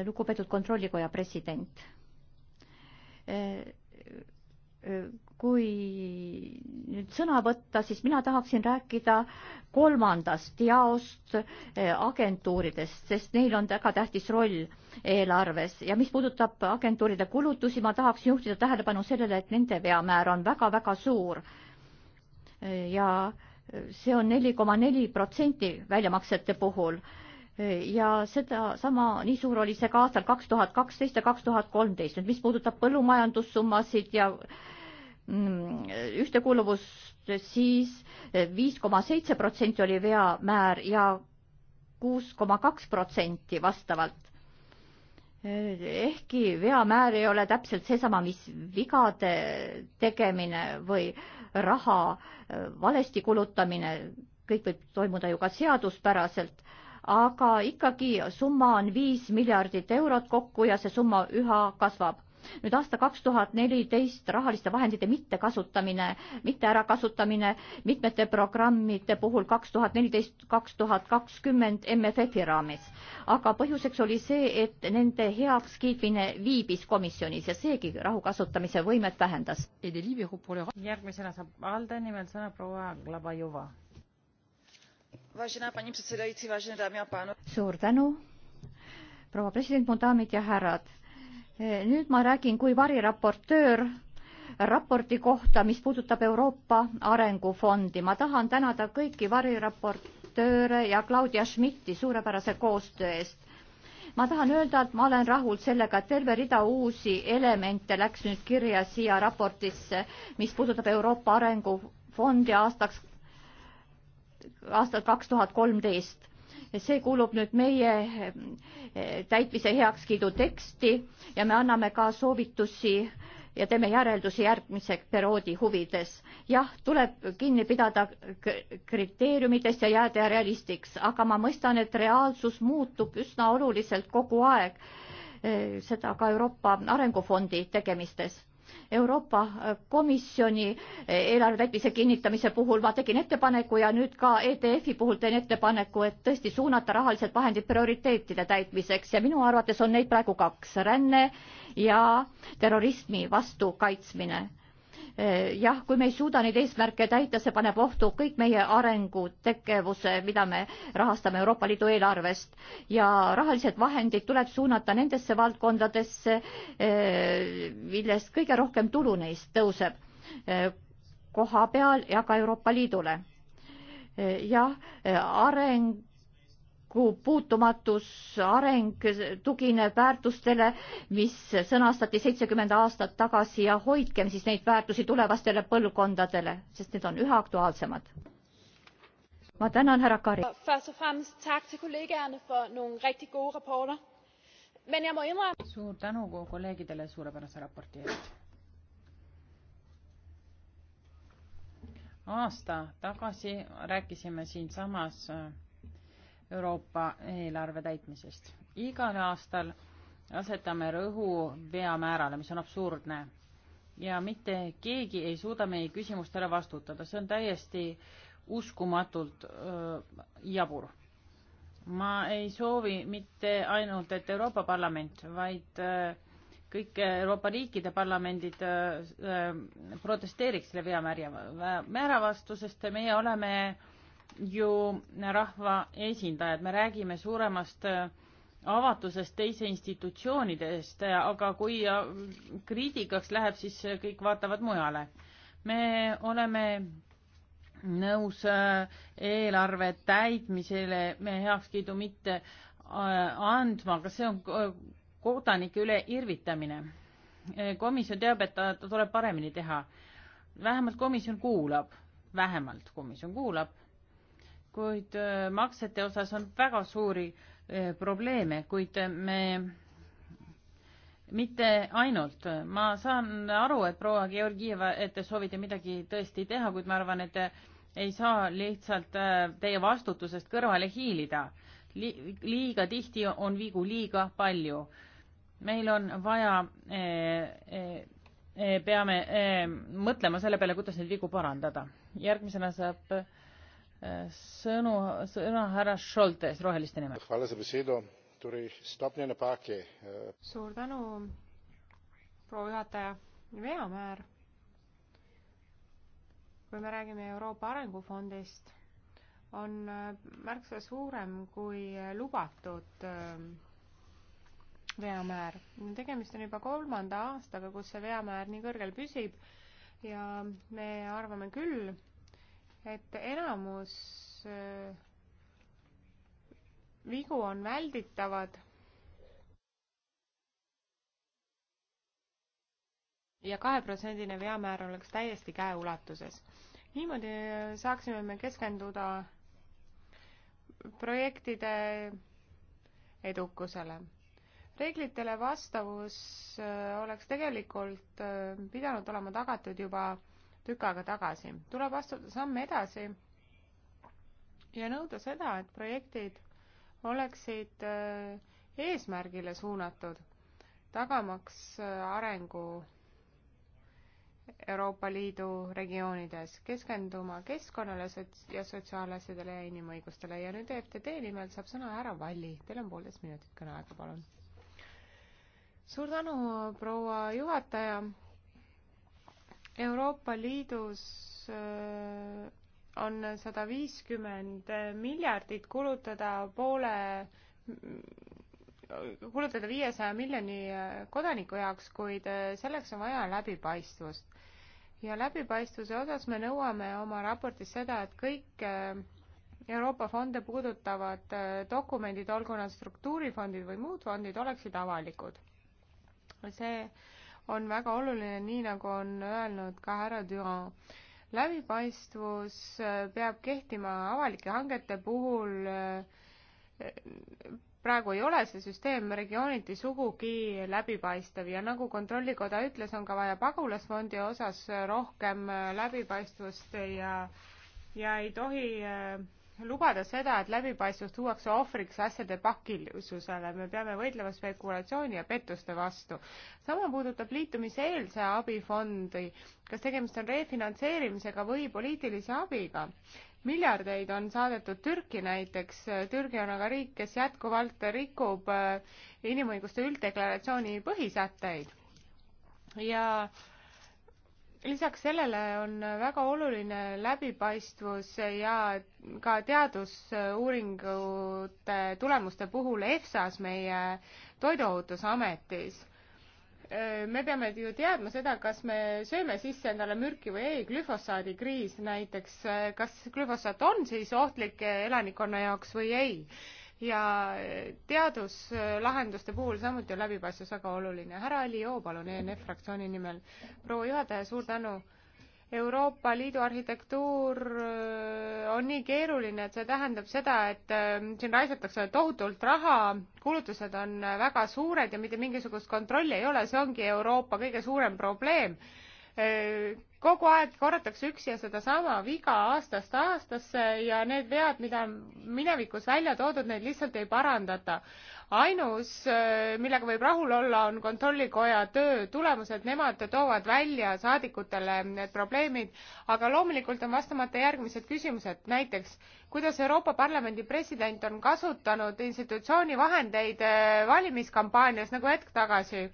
lugupeetud kontrollikoja president kui nüüd sõna võtta, siis mina tahaksin rääkida kolmandast jaost eh, agentuuridest, sest neil on väga tähtis roll eelarves ja mis puudutab agentuuride kulutusi, ma tahaks juhtida tähelepanu sellele, et nende veamäär on väga-väga suur. Eh, ja see on neli koma neli protsenti väljamaksete puhul ja sedasama, nii suur oli see ka aastal kaks tuhat kaksteist ja kaks tuhat kolmteist. nüüd mis puudutab põllumajandussummasid ja mm, ühtekuuluvust, siis viis koma seitse protsenti oli veamäär ja kuus koma kaks protsenti vastavalt. ehkki veamäär ei ole täpselt seesama, mis vigade tegemine või raha valesti kulutamine, kõik võib toimuda ju ka seaduspäraselt aga ikkagi summa on viis miljardit eurot kokku ja see summa üha kasvab nüüd aasta kaks tuhat neliteist rahaliste vahendite mittekasutamine, mitte ärakasutamine mitmete programmide puhul kaks tuhat neliteist, kaks tuhat kakskümmend MFF-i raames. aga põhjuseks oli see, et nende heakskiitmine viibis komisjonis ja seegi rahu kasutamise võimet vähendas. järgmisena saab Alde nimel sõna proua Glabajova suur tänu, proua president, mu daamid ja härrad. Eh, nüüd ma räägin kui variraportöör raporti kohta, mis puudutab Euroopa Arengufondi. ma tahan tänada kõiki variraportööre ja Claudia Schmidti suurepärase koostöö eest ma tahan öelda, et ma olen rahul sellega, et terve rida uusi elemente läks nüüd kirja siia raportisse, mis puudutab Euroopa Arengufondi aastaks aastal kaks tuhat kolmteist. see kuulub nüüd meie eh, täitmise heakskiidu teksti ja me anname ka soovitusi ja teeme järeldusi järgmise perioodi huvides. jah, tuleb kinni pidada kriteeriumitest ja jääda realistiks, aga ma mõistan, et reaalsus muutub üsna oluliselt kogu aeg, eh, seda ka Euroopa Arengufondi tegemistes Euroopa äh, Komisjoni äh, eelarve täitmise kinnitamise puhul ma tegin ettepaneku ja nüüd ka ETF-i puhul teen ettepaneku, et tõesti suunata rahalised vahendid prioriteetide täitmiseks ja minu arvates on neid praegu kaks, ränne ja terrorismi vastu kaitsmine Eh, jah, kui me ei suuda neid eesmärke täita, see paneb ohtu kõik meie arengutegevuse, mida me rahastame Euroopa Liidu eelarvest ja rahalised vahendid tuleb suunata nendesse valdkondadesse, eh, millest kõige rohkem tulu neist tõuseb eh, koha peal ja ka Euroopa Liidule. jah, areng isiku puutumatus, areng tugineb väärtustele, mis sõnastati seitsekümmend aastat tagasi ja hoidkem siis neid väärtusi tulevastele põlvkondadele, sest need on üha aktuaalsemad. ma tänan, härra Kari. suur tänu kolleegidele suurepärase raporti eest. aasta tagasi rääkisime siinsamas äh, Euroopa eelarve täitmisest. igal aastal asetame rõhu veamäärale, mis on absurdne ja mitte keegi ei suuda meie küsimustele vastutada, see on täiesti uskumatult öö, jabur. ma ei soovi mitte ainult, et Euroopa Parlament, vaid öö, kõik Euroopa riikide parlamendid öö, protesteeriks selle veamärja, määra vastu, sest meie oleme öö, ju rahvaesindajad, me räägime suuremast äh, avatusest teise institutsioonidest, äh, aga kui äh, kriitikaks läheb, siis kõik vaatavad mujale. me oleme nõus eelarve täitmisele me heakskiidu mitte andma, aga see on kodanike üle irvitamine. komisjon teab, et ta, ta tuleb paremini teha. vähemalt komisjon kuulab, vähemalt komisjon kuulab kuid äh, maksete osas on väga suuri äh, probleeme, kuid äh, me mitte ainult, ma saan aru, et proua Georgieva, et te soovite midagi tõesti teha, kuid ma arvan, et ei saa lihtsalt teie vastutusest kõrvale hiilida. liiga tihti on vigu liiga palju. meil on vaja, peame mõtlema selle peale, kuidas neid vigu parandada. järgmisena saab sõnu, sõna härra Šoltes Roheliste nimel. Eh, suur tänu, proua juhataja. veamäär. kui me räägime Euroopa Arengufondist, on eh, märksa suurem kui eh, lubatud veamäär. tegemist on juba kolmanda aastaga, kus see veamäär nii kõrgel püsib ja me arvame küll, et enamus äh, vigu on välditavad ja kaheprotsendine veamäär oleks täiesti käeulatuses. niimoodi äh, saaksime me keskenduda projektide edukusele. reeglitele vastavus äh, oleks tegelikult pidanud olema tagatud juba tükk aega tagasi. tuleb astuda samm edasi ja nõuda seda, et projektid oleksid äh, eesmärgile suunatud, tagamaks äh, arengu Euroopa Liidu regioonides, keskenduma keskkonnale sots- ja sotsiaalasjadele ja inimõigustele ja nüüd EFTD nimel saab sõna härra Valli, teil on poolteist minutit kõneaega, palun. suur tänu, proua juhataja, Euroopa Liidus äh, on sada viiskümmend miljardit kulutada poole, kulutada viiesaja miljoni äh, kodaniku jaoks, kuid äh, selleks on vaja läbipaistvust. ja läbipaistvuse osas me nõuame oma raportis seda, et kõik Euroopa fonde puudutavad dokumendid, olgu nad struktuurifondid või muud fondid, oleksid avalikud. see on väga oluline, nii nagu on öelnud ka härra Düran. läbipaistvus äh, peab kehtima avalike hangete puhul äh, praegu ei ole see süsteem regiooniti sugugi läbipaistev ja nagu Kontrollikoda ütles, on ka vaja pagulasfondi osas rohkem äh, läbipaistvust ja, ja ei tohi äh, lubada seda, et läbipaistvus tuuakse ohvriks asjade pakilisusele, me peame võitlema spekulatsiooni ja pettuste vastu. sama puudutab liitumiseelse abifondi, kas tegemist on refinantseerimisega või poliitilise abiga. miljardeid on saadetud Türki näiteks, Türgi on aga riik, kes jätkuvalt rikub äh, inimõiguste ülddeklaratsiooni põhisätteid ja äh, lisaks sellele on väga oluline läbipaistvus ja ka teadusuuringute tulemuste puhul EFSA-s, meie Toiduohutusametis. me peame ju teadma seda, kas me sööme sisse endale mürki või ei, glüfosaadi kriis näiteks, kas glüfosaat on siis ohtlik elanikkonna jaoks või ei ja teaduslahenduste puhul samuti on läbipaistvus väga oluline. härra Ali Joo, palun, ENF fraktsiooni nimel. proua juhataja, suur tänu Euroopa Liidu arhitektuur äh, on nii keeruline, et see tähendab seda, et äh, siin raisatakse tohutult raha, kulutused on väga suured ja mitte mingisugust kontrolli ei ole, see ongi Euroopa kõige suurem probleem kogu aeg korratakse üks ja sedasama viga aastast aastasse ja need vead, mida minevikus välja toodud, neid lihtsalt ei parandata. ainus, millega võib rahul olla, on Kontrollikoja töö tulemused, nemad toovad välja saadikutele need probleemid, aga loomulikult on vastamata järgmised küsimused, näiteks kuidas Euroopa Parlamendi president on kasutanud institutsiooni vahendeid eh, valimiskampaanias nagu hetk tagasi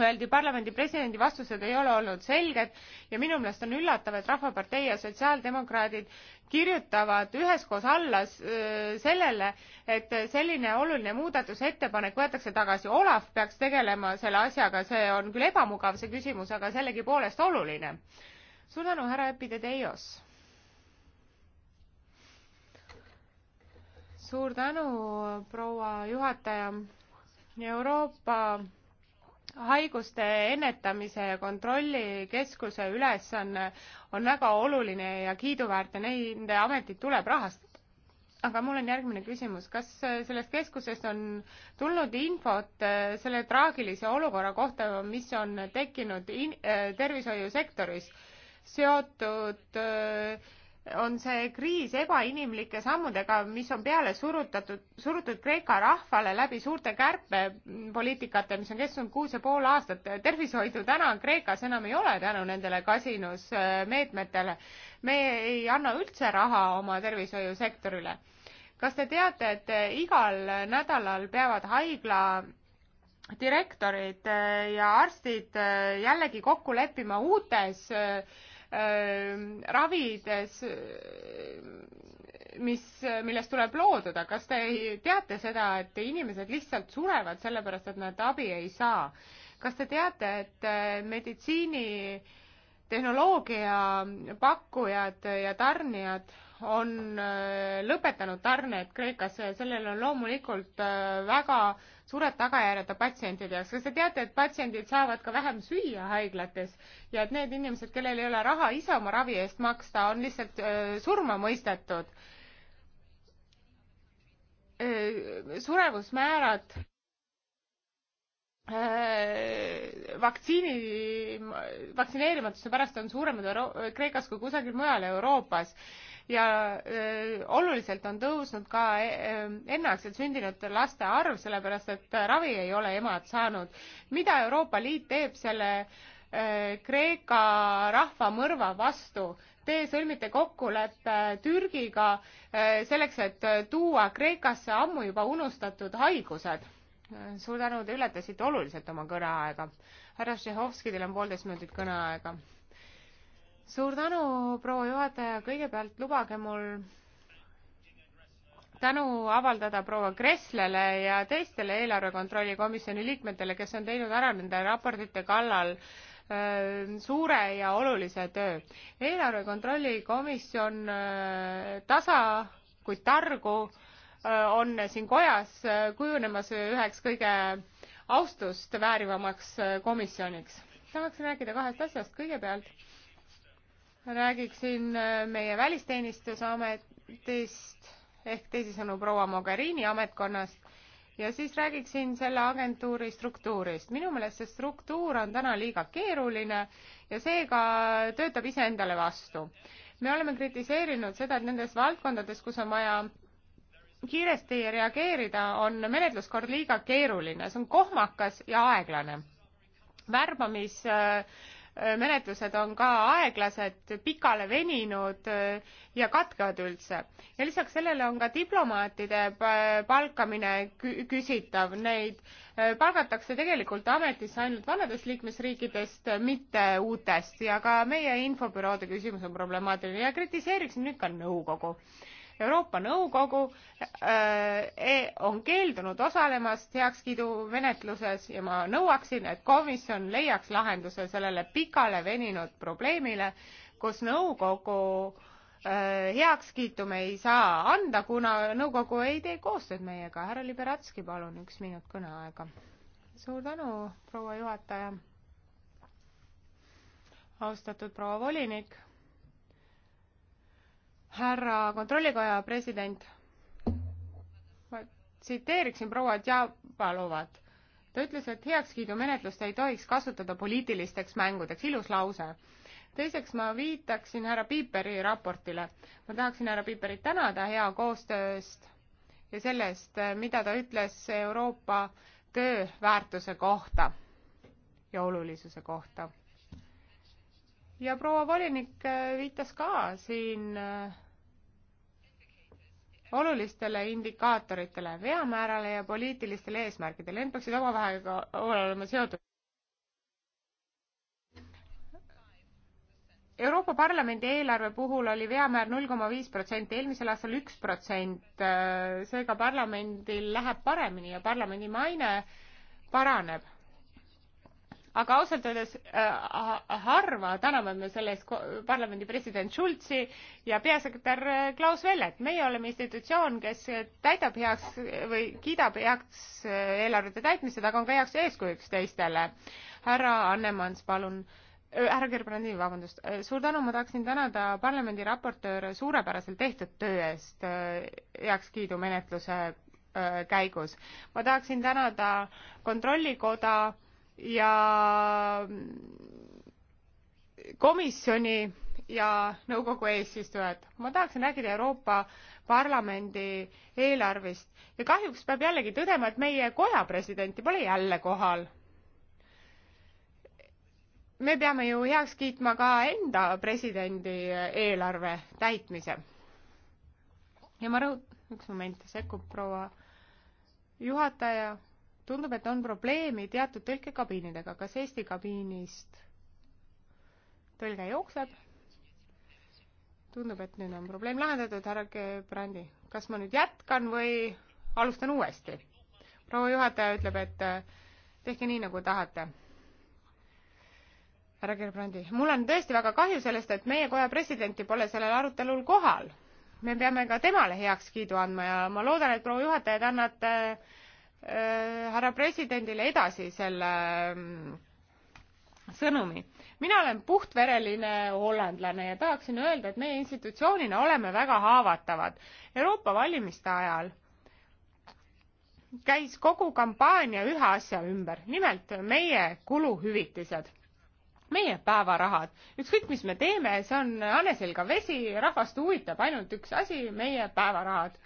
öeldi, parlamendi presidendi vastused ei ole olnud selged ja minu meelest on üllatav, et Rahvapartei ja sotsiaaldemokraadid kirjutavad üheskoos alla äh, sellele, et selline oluline muudatusettepanek võetakse tagasi. Olav peaks tegelema selle asjaga, see on küll ebamugav, see küsimus, aga sellegipoolest oluline. suur tänu, härra Epideteios. suur tänu, proua juhataja. Euroopa haiguste ennetamise ja kontrolli keskuse ülesanne on väga oluline ja kiiduväärt ja nende ametit tuleb rahastada. aga mul on järgmine küsimus, kas sellest keskusest on tulnud infot äh, selle traagilise olukorra kohta, mis on tekkinud in-, äh, tervishoiusektoris seotud äh, on see kriis ebainimlike sammudega, mis on peale surutatud, surutud Kreeka rahvale läbi suurte kärpepoliitikate, mis on kestnud kuus ja pool aastat. tervishoidu täna Kreekas enam ei ole tänu nendele kasinusmeetmetele. me ei anna üldse raha oma tervishoiusektorile. kas te teate, et igal nädalal peavad haigla direktorid ja arstid jällegi kokku leppima uutes Ähm, ravides, äh, mis, millest tuleb looduda. kas te teate seda, et inimesed lihtsalt surevad sellepärast, et nad abi ei saa? kas te teate, et äh, meditsiinitehnoloogia pakkujad ja tarnijad on äh, lõpetanud tarned Kreekasse ja sellel on loomulikult väga suured tagajärjed patsientide jaoks. kas te teate, et patsiendid saavad ka vähem süüa haiglates ja et need inimesed, kellel ei ole raha ise oma ravi eest maksta, on lihtsalt surma mõistetud? surevusmäärad vaktsiini, vaktsineerimatuse pärast on suuremad Euro Kreekas kui kusagil mujal Euroopas ja öö, oluliselt on tõusnud ka enneaegselt sündinud laste arv, sellepärast et ravi ei ole emad saanud. mida Euroopa Liit teeb selle öö, Kreeka rahvamõrva vastu? Te sõlmite kokkuleppe Türgiga öö, selleks, et tuua Kreekasse ammu juba unustatud haigused. suur tänu, te ületasite oluliselt oma kõneaega. härra Šehovski, teil on poolteist minutit kõneaega suur tänu, proua juhataja, kõigepealt lubage mul tänu avaldada proua Kresslele ja teistele eelarve kontrolli komisjoni liikmetele, kes on teinud ära nende raportite kallal suure ja olulise töö. eelarve kontrolli komisjon tasa kuid targu on siin kojas kujunemas üheks kõige austust väärivamaks komisjoniks. tahaksin rääkida kahest asjast. kõigepealt räägiksin äh, meie välisteenistusametist ehk teisisõnu proua Mogherini ametkonnast ja siis räägiksin selle agentuuri struktuurist. minu meelest see struktuur on täna liiga keeruline ja seega töötab iseendale vastu. me oleme kritiseerinud seda, et nendes valdkondades, kus on vaja kiiresti reageerida, on menetluskord liiga keeruline, see on kohmakas ja aeglane. värbamis äh, menetlused on ka aeglased, pikale veninud äh, ja katkevad üldse. ja lisaks sellele on ka diplomaatide palkamine küsitav, neid äh, palgatakse tegelikult ametisse ainult vanadest liikmesriikidest, mitte uutest ja ka meie infobüroode küsimus on problemaatiline ja kritiseeriksin nüüd ka nõukogu no Euroopa Nõukogu äh, e, on keeldunud osalemast heakskiidumenetluses ja ma nõuaksin, et komisjon leiaks lahenduse sellele pikale veninud probleemile, kus nõukogu äh, heakskiitu me ei saa anda, kuna nõukogu ei tee koostööd meiega. härra Liberatski, palun, üks minut kõneaega. suur tänu, proua juhataja. austatud proua volinik härra Kontrollikoja president, ma tsiteeriksin proua Djabalovat. ta ütles, et heakskiidumenetlust ei tohiks kasutada poliitilisteks mängudeks, ilus lause. teiseks ma viitaksin härra Piiperi raportile. ma tahaksin härra Piiperit tänada hea koostöö eest ja selle eest, mida ta ütles Euroopa töö väärtuse kohta ja olulisuse kohta ja proua volinik äh, viitas ka siin äh, olulistele indikaatoritele, veamäärale ja poliitilistele eesmärkidele, need peaksid omavahel ka olema seotud. Euroopa Parlamendi eelarve puhul oli veamäär null koma viis protsenti, eelmisel aastal üks protsent, äh, seega parlamendil läheb paremini ja parlamendi maine paraneb aga ausalt öeldes äh, harva täname me selle eest parlamendi president Schulzi ja peasekretär äh, Klaus Vellet. meie oleme institutsioon, kes täidab heaks või kiidab heaks äh, eelarvete täitmised, aga on ka heaks eeskujuks teistele. härra Annemans, palun äh,, härra Gerbrandi, vabandust, äh, suur tänu, ma tahaksin tänada parlamendi raportööre suurepäraselt tehtud töö eest heakskiidumenetluse äh, käigus. ma tahaksin tänada Kontrollikoda äh, ja komisjoni ja nõukogu eesistujad. ma tahaksin rääkida Euroopa Parlamendi eelarvest ja kahjuks peab jällegi tõdema, et meie koja presidenti pole jälle kohal. me peame ju heaks kiitma ka enda presidendi eelarve täitmise. ja ma rõhut-, üks moment, sekkub proua juhataja tundub, et on probleemi teatud tõlkekabiinidega, kas Eesti kabiinist tõlge jookseb? tundub, et nüüd on probleem lahendatud, härra Brandi, kas ma nüüd jätkan või alustan uuesti? proua juhataja ütleb, et äh, tehke nii, nagu tahate. härra Gerbrandi, mul on tõesti väga kahju sellest, et meie koja presidenti pole sellel arutelul kohal. me peame ka temale heakskiidu andma ja ma loodan, et proua juhataja, te annate äh, Äh, härra presidendile edasi selle mm, sõnumi. mina olen puhtvereline hollandlane ja tahaksin öelda, et meie institutsioonina oleme väga haavatavad. Euroopa valimiste ajal käis kogu kampaania ühe asja ümber, nimelt meie kuluhüvitised meie päevarahad, ükskõik mis me teeme, see on hane selga vesi, rahvast huvitab ainult üks asi, meie päevarahad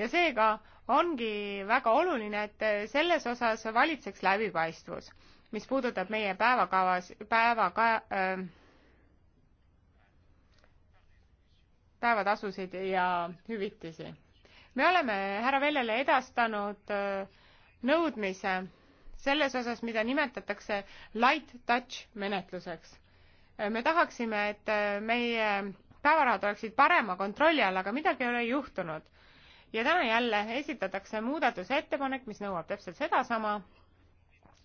ja seega ongi väga oluline, et selles osas valitseks läbipaistvus, mis puudutab meie päevakavas, päevaka- äh,, päevatasusid ja hüvitisi. me oleme härra Vellele edastanud äh, nõudmise selles osas, mida nimetatakse light touch menetluseks. Äh, me tahaksime, et äh, meie päevarahad oleksid parema kontrolli all, aga midagi ei ole juhtunud ja täna jälle esitatakse muudatusettepanek, mis nõuab täpselt sedasama.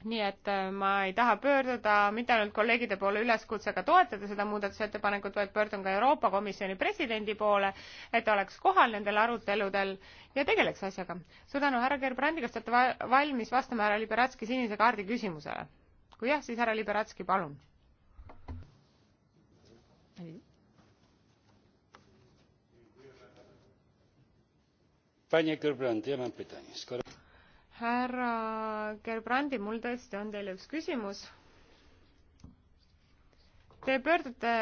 nii et äh, ma ei taha pöörduda mitte ainult kolleegide poole üleskutsega toetada seda muudatusettepanekut, vaid pöördun ka Euroopa Komisjoni presidendi poole, et ta oleks kohal nendel aruteludel ja tegeleks asjaga. suur tänu, härra Gerbrandi, kas te olete valmis vastama härra Liberatski sinise kaardi küsimusele? kui jah, siis härra Liberatski, palun. härra Gerbrandi, mul tõesti on teile üks küsimus. Te pöördute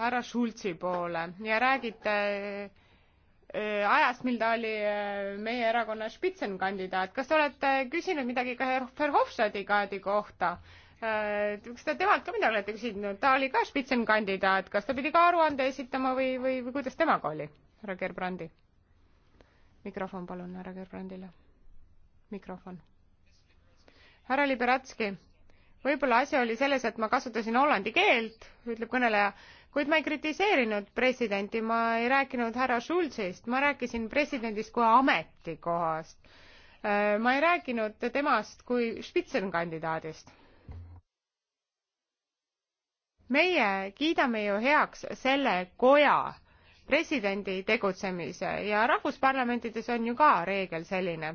härra Schulzi poole ja räägite äh, ajast, mil ta oli äh, meie erakonna spitsenkandidaat. kas te olete küsinud midagi ka Verhofstadti kaadi kohta? Äh, kas te temalt ka midagi olete küsinud? ta oli ka spitsenkandidaat, kas ta pidi ka aruande esitama või, või, või kuidas temaga oli, härra Gerbrandi? mikrofon palun härra Gerbrandile. mikrofon. härra Liberatski, võib-olla asi oli selles, et ma kasutasin hollandi keelt, ütleb kõneleja, kuid ma ei kritiseerinud presidenti, ma ei rääkinud härra Schulzist, ma rääkisin presidendist kui ametikohast. Äh, ma ei rääkinud temast kui spitsenkandidaadist meie kiidame ju heaks selle koja presidendi tegutsemise ja rahvusparlamentides on ju ka reegel selline,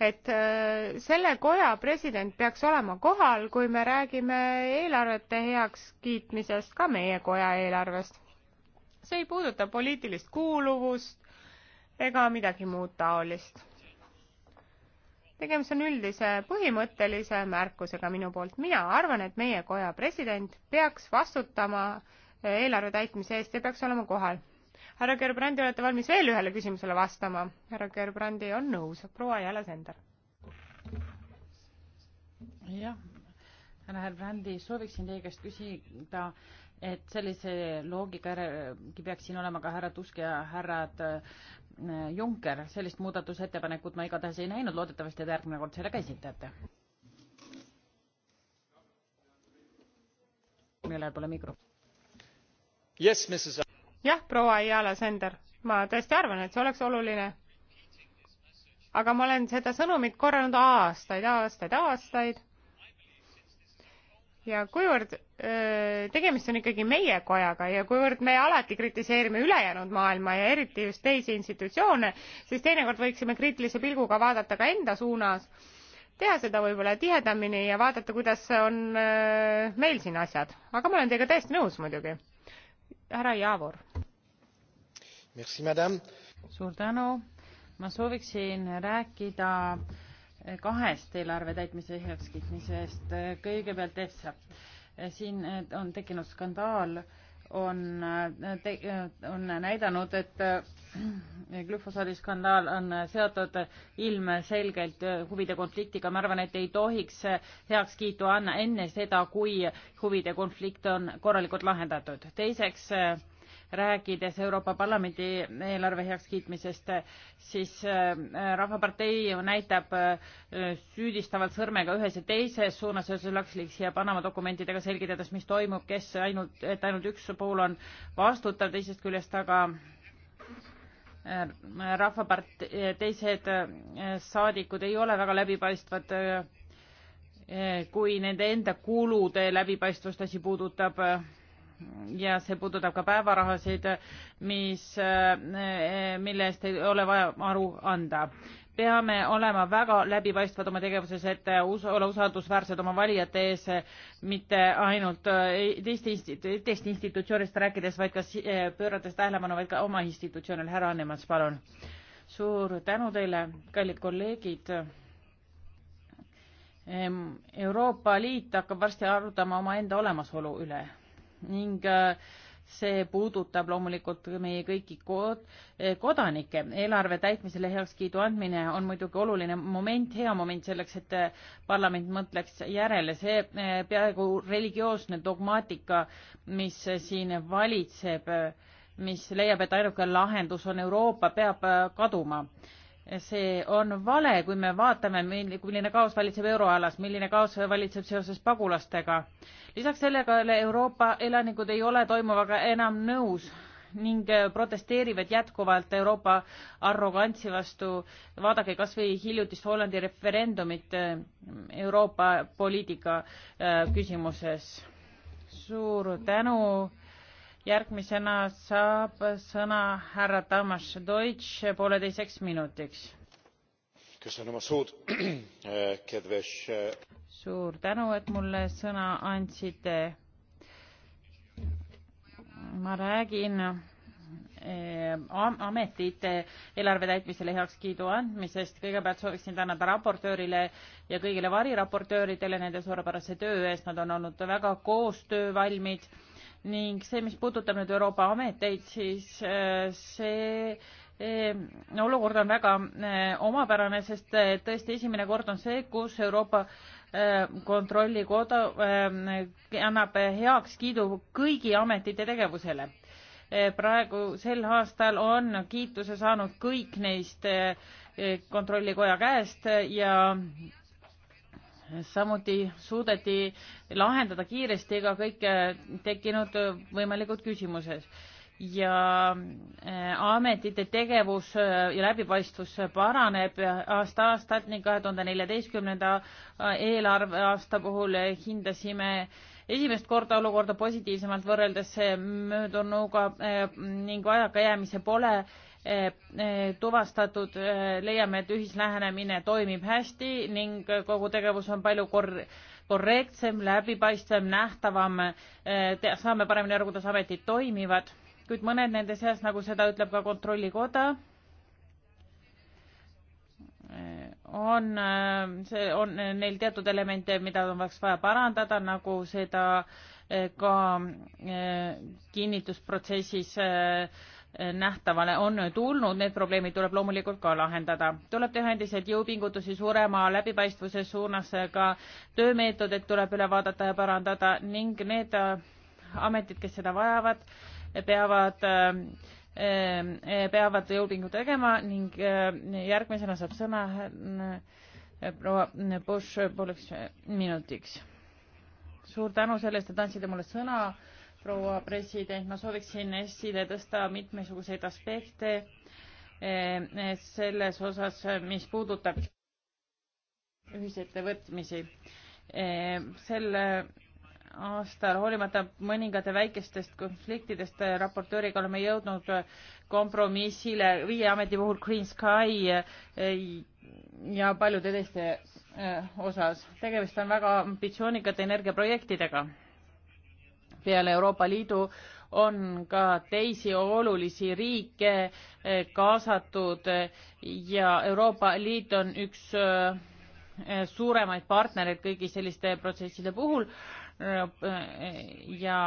et äh, selle koja president peaks olema kohal, kui me räägime eelarvete heakskiitmisest, ka meie koja eelarvest. see ei puuduta poliitilist kuuluvust ega midagi muud taolist. tegemist on üldise põhimõttelise märkusega minu poolt. mina arvan, et meie koja president peaks vastutama äh, eelarve täitmise eest ja peaks olema kohal härra Gerbrandi, olete valmis veel ühele küsimusele vastama? härra Gerbrandi on nõus, proua Jala Sender. jah, härra Gerbrandi, sooviksin teie käest küsida, et sellise loogika järgi peaks siin olema ka härra Tusk ja härrad äh, Juncker, sellist muudatusettepanekut ma igatahes ei näinud, loodetavasti te järgmine kord selle ka esitate. millal pole mikro? Yes, Mrs jah, proua Ayala Sender, ma tõesti arvan, et see oleks oluline. aga ma olen seda sõnumit korranud aastaid, aastaid, aastaid. ja kuivõrd öö, tegemist on ikkagi meie kojaga ja kuivõrd me alati kritiseerime ülejäänud maailma ja eriti just teisi institutsioone, siis teinekord võiksime kriitilise pilguga vaadata ka enda suunas teha seda võib-olla tihedamini ja vaadata, kuidas on meil siin asjad. aga ma olen teiega täiesti nõus muidugi. härra Javor suur tänu. ma sooviksin rääkida kahest eelarve täitmise heakskiitmisest. kõigepealt EFSA. siin on tekkinud skandaal, on, on näidanud, et glüfosaadi skandaal on seotud ilmselgelt huvide konfliktiga. ma arvan, et ei tohiks heakskiitu anda enne seda, kui huvide konflikt on korralikult lahendatud. teiseks rääkides Euroopa Parlamendi eelarve heakskiitmisest, siis äh, Rahvapartei näitab äh, süüdistavalt sõrmega ühes ja teises suunas seoses Luxleaks ja Panama dokumentidega selgitades, mis toimub, kes ainult, et ainult üks pool on vastutav, teisest küljest aga äh, rahvapart-, teised saadikud ei ole väga läbipaistvad, kui nende enda kulude läbipaistvust asi puudutab ja see puudutab ka päevarahasid, mis, mille eest ei ole vaja aru anda. peame olema väga läbipaistvad oma tegevuses, et us-, olla usaldusväärsed oma valijate ees, mitte ainult teiste insti-, teist institutsioonist rääkides, vaid ka pöörates tähelepanu vaid ka oma institutsioonile. härra Annemans, palun. suur tänu teile, kallid kolleegid ehm, Euroopa Liit hakkab varsti arutama omaenda olemasolu üle ning äh, see puudutab loomulikult meie kõiki kod-, eh, kodanikke. eelarve täitmisele heakskiidu andmine on muidugi oluline moment, hea moment selleks, et äh, parlament mõtleks järele. see äh, peaaegu religioosne dogmaatika, mis siin valitseb, mis leiab, et ainuke lahendus on Euroopa, peab kaduma see on vale, kui me vaatame, milline kaos valitseb euroalas, milline kaos valitseb seoses pagulastega. lisaks sellega Euroopa elanikud ei ole toimuvaga enam nõus ning äh, protesteerivad jätkuvalt Euroopa arrogantsi vastu. vaadake kas või hiljutist Hollandi referendumit äh, Euroopa poliitika äh, küsimuses. suur tänu järgmisena saab sõna härra Tamas Deutsch pooleteiseks minutiks. Eh, suur tänu, et mulle sõna andsite. ma räägin eh, ametite eelarve täitmisele heakskiidu andmisest. kõigepealt sooviksin tänada raportöörile ja kõigile variraportööridele nende suurepärase töö eest, nad on olnud väga koostöövalmid ning see, mis puudutab nüüd Euroopa ameteid, siis äh, see äh, olukord on väga äh, omapärane, sest tõesti esimene kord on see, kus Euroopa kontrollikoda annab heakskiidu kõigi ametite tegevusele. praegu sel aastal on kiituse saanud kõik neist kontrollikoja käest ja samuti suudeti lahendada kiiresti ka kõik eh, tekkinud võimalikud küsimused ja eh, ametite tegevus eh, ja läbipaistvus paraneb aasta-aastalt ning kahe tuhande neljateistkümnenda eelarveaasta puhul hindasime esimest korda olukorda positiivsemalt võrreldes möödunuga ning vajakajäämise pole Eh, eh, tuvastatud, eh, leiame, et ühislähenemine toimib hästi ning kogu tegevus on palju kor-, korrektsem, läbipaistvam, nähtavam, saame paremini aru, kuidas ametid toimivad, kuid mõned nende seas, nagu seda ütleb ka Kontrollikoda, on, see on neil teatud elemente, mida oleks vaja parandada, nagu seda ka kinnitusprotsessis äh, nähtavale on tulnud, need probleemid tuleb loomulikult ka lahendada. tuleb teha endiselt jõupingutusi suurema läbipaistvuse suunas, ka töömeetodid tuleb üle vaadata ja parandada ning need äh, ametid, kes seda vajavad, peavad äh, äh, peavad jõupingu tegema ning järgmisena saab sõna proua Bush pooleks minutiks. suur tänu selle eest, et andsite mulle sõna proua president, ma sooviksin esile tõsta mitmesuguseid aspekte eh, selles osas, mis puudutab ühisettevõtmisi. Eh, sel aastal, hoolimata mõningate väikestest konfliktidest raportööriga, oleme jõudnud kompromissile viie ameti puhul Green Sky eh, ja paljude teiste osas. tegemist on väga ambitsioonikate energiaprojektidega peale Euroopa Liidu on ka teisi olulisi riike eh, kaasatud ja Euroopa Liit on üks eh, suuremaid partnereid kõigi selliste protsesside puhul ja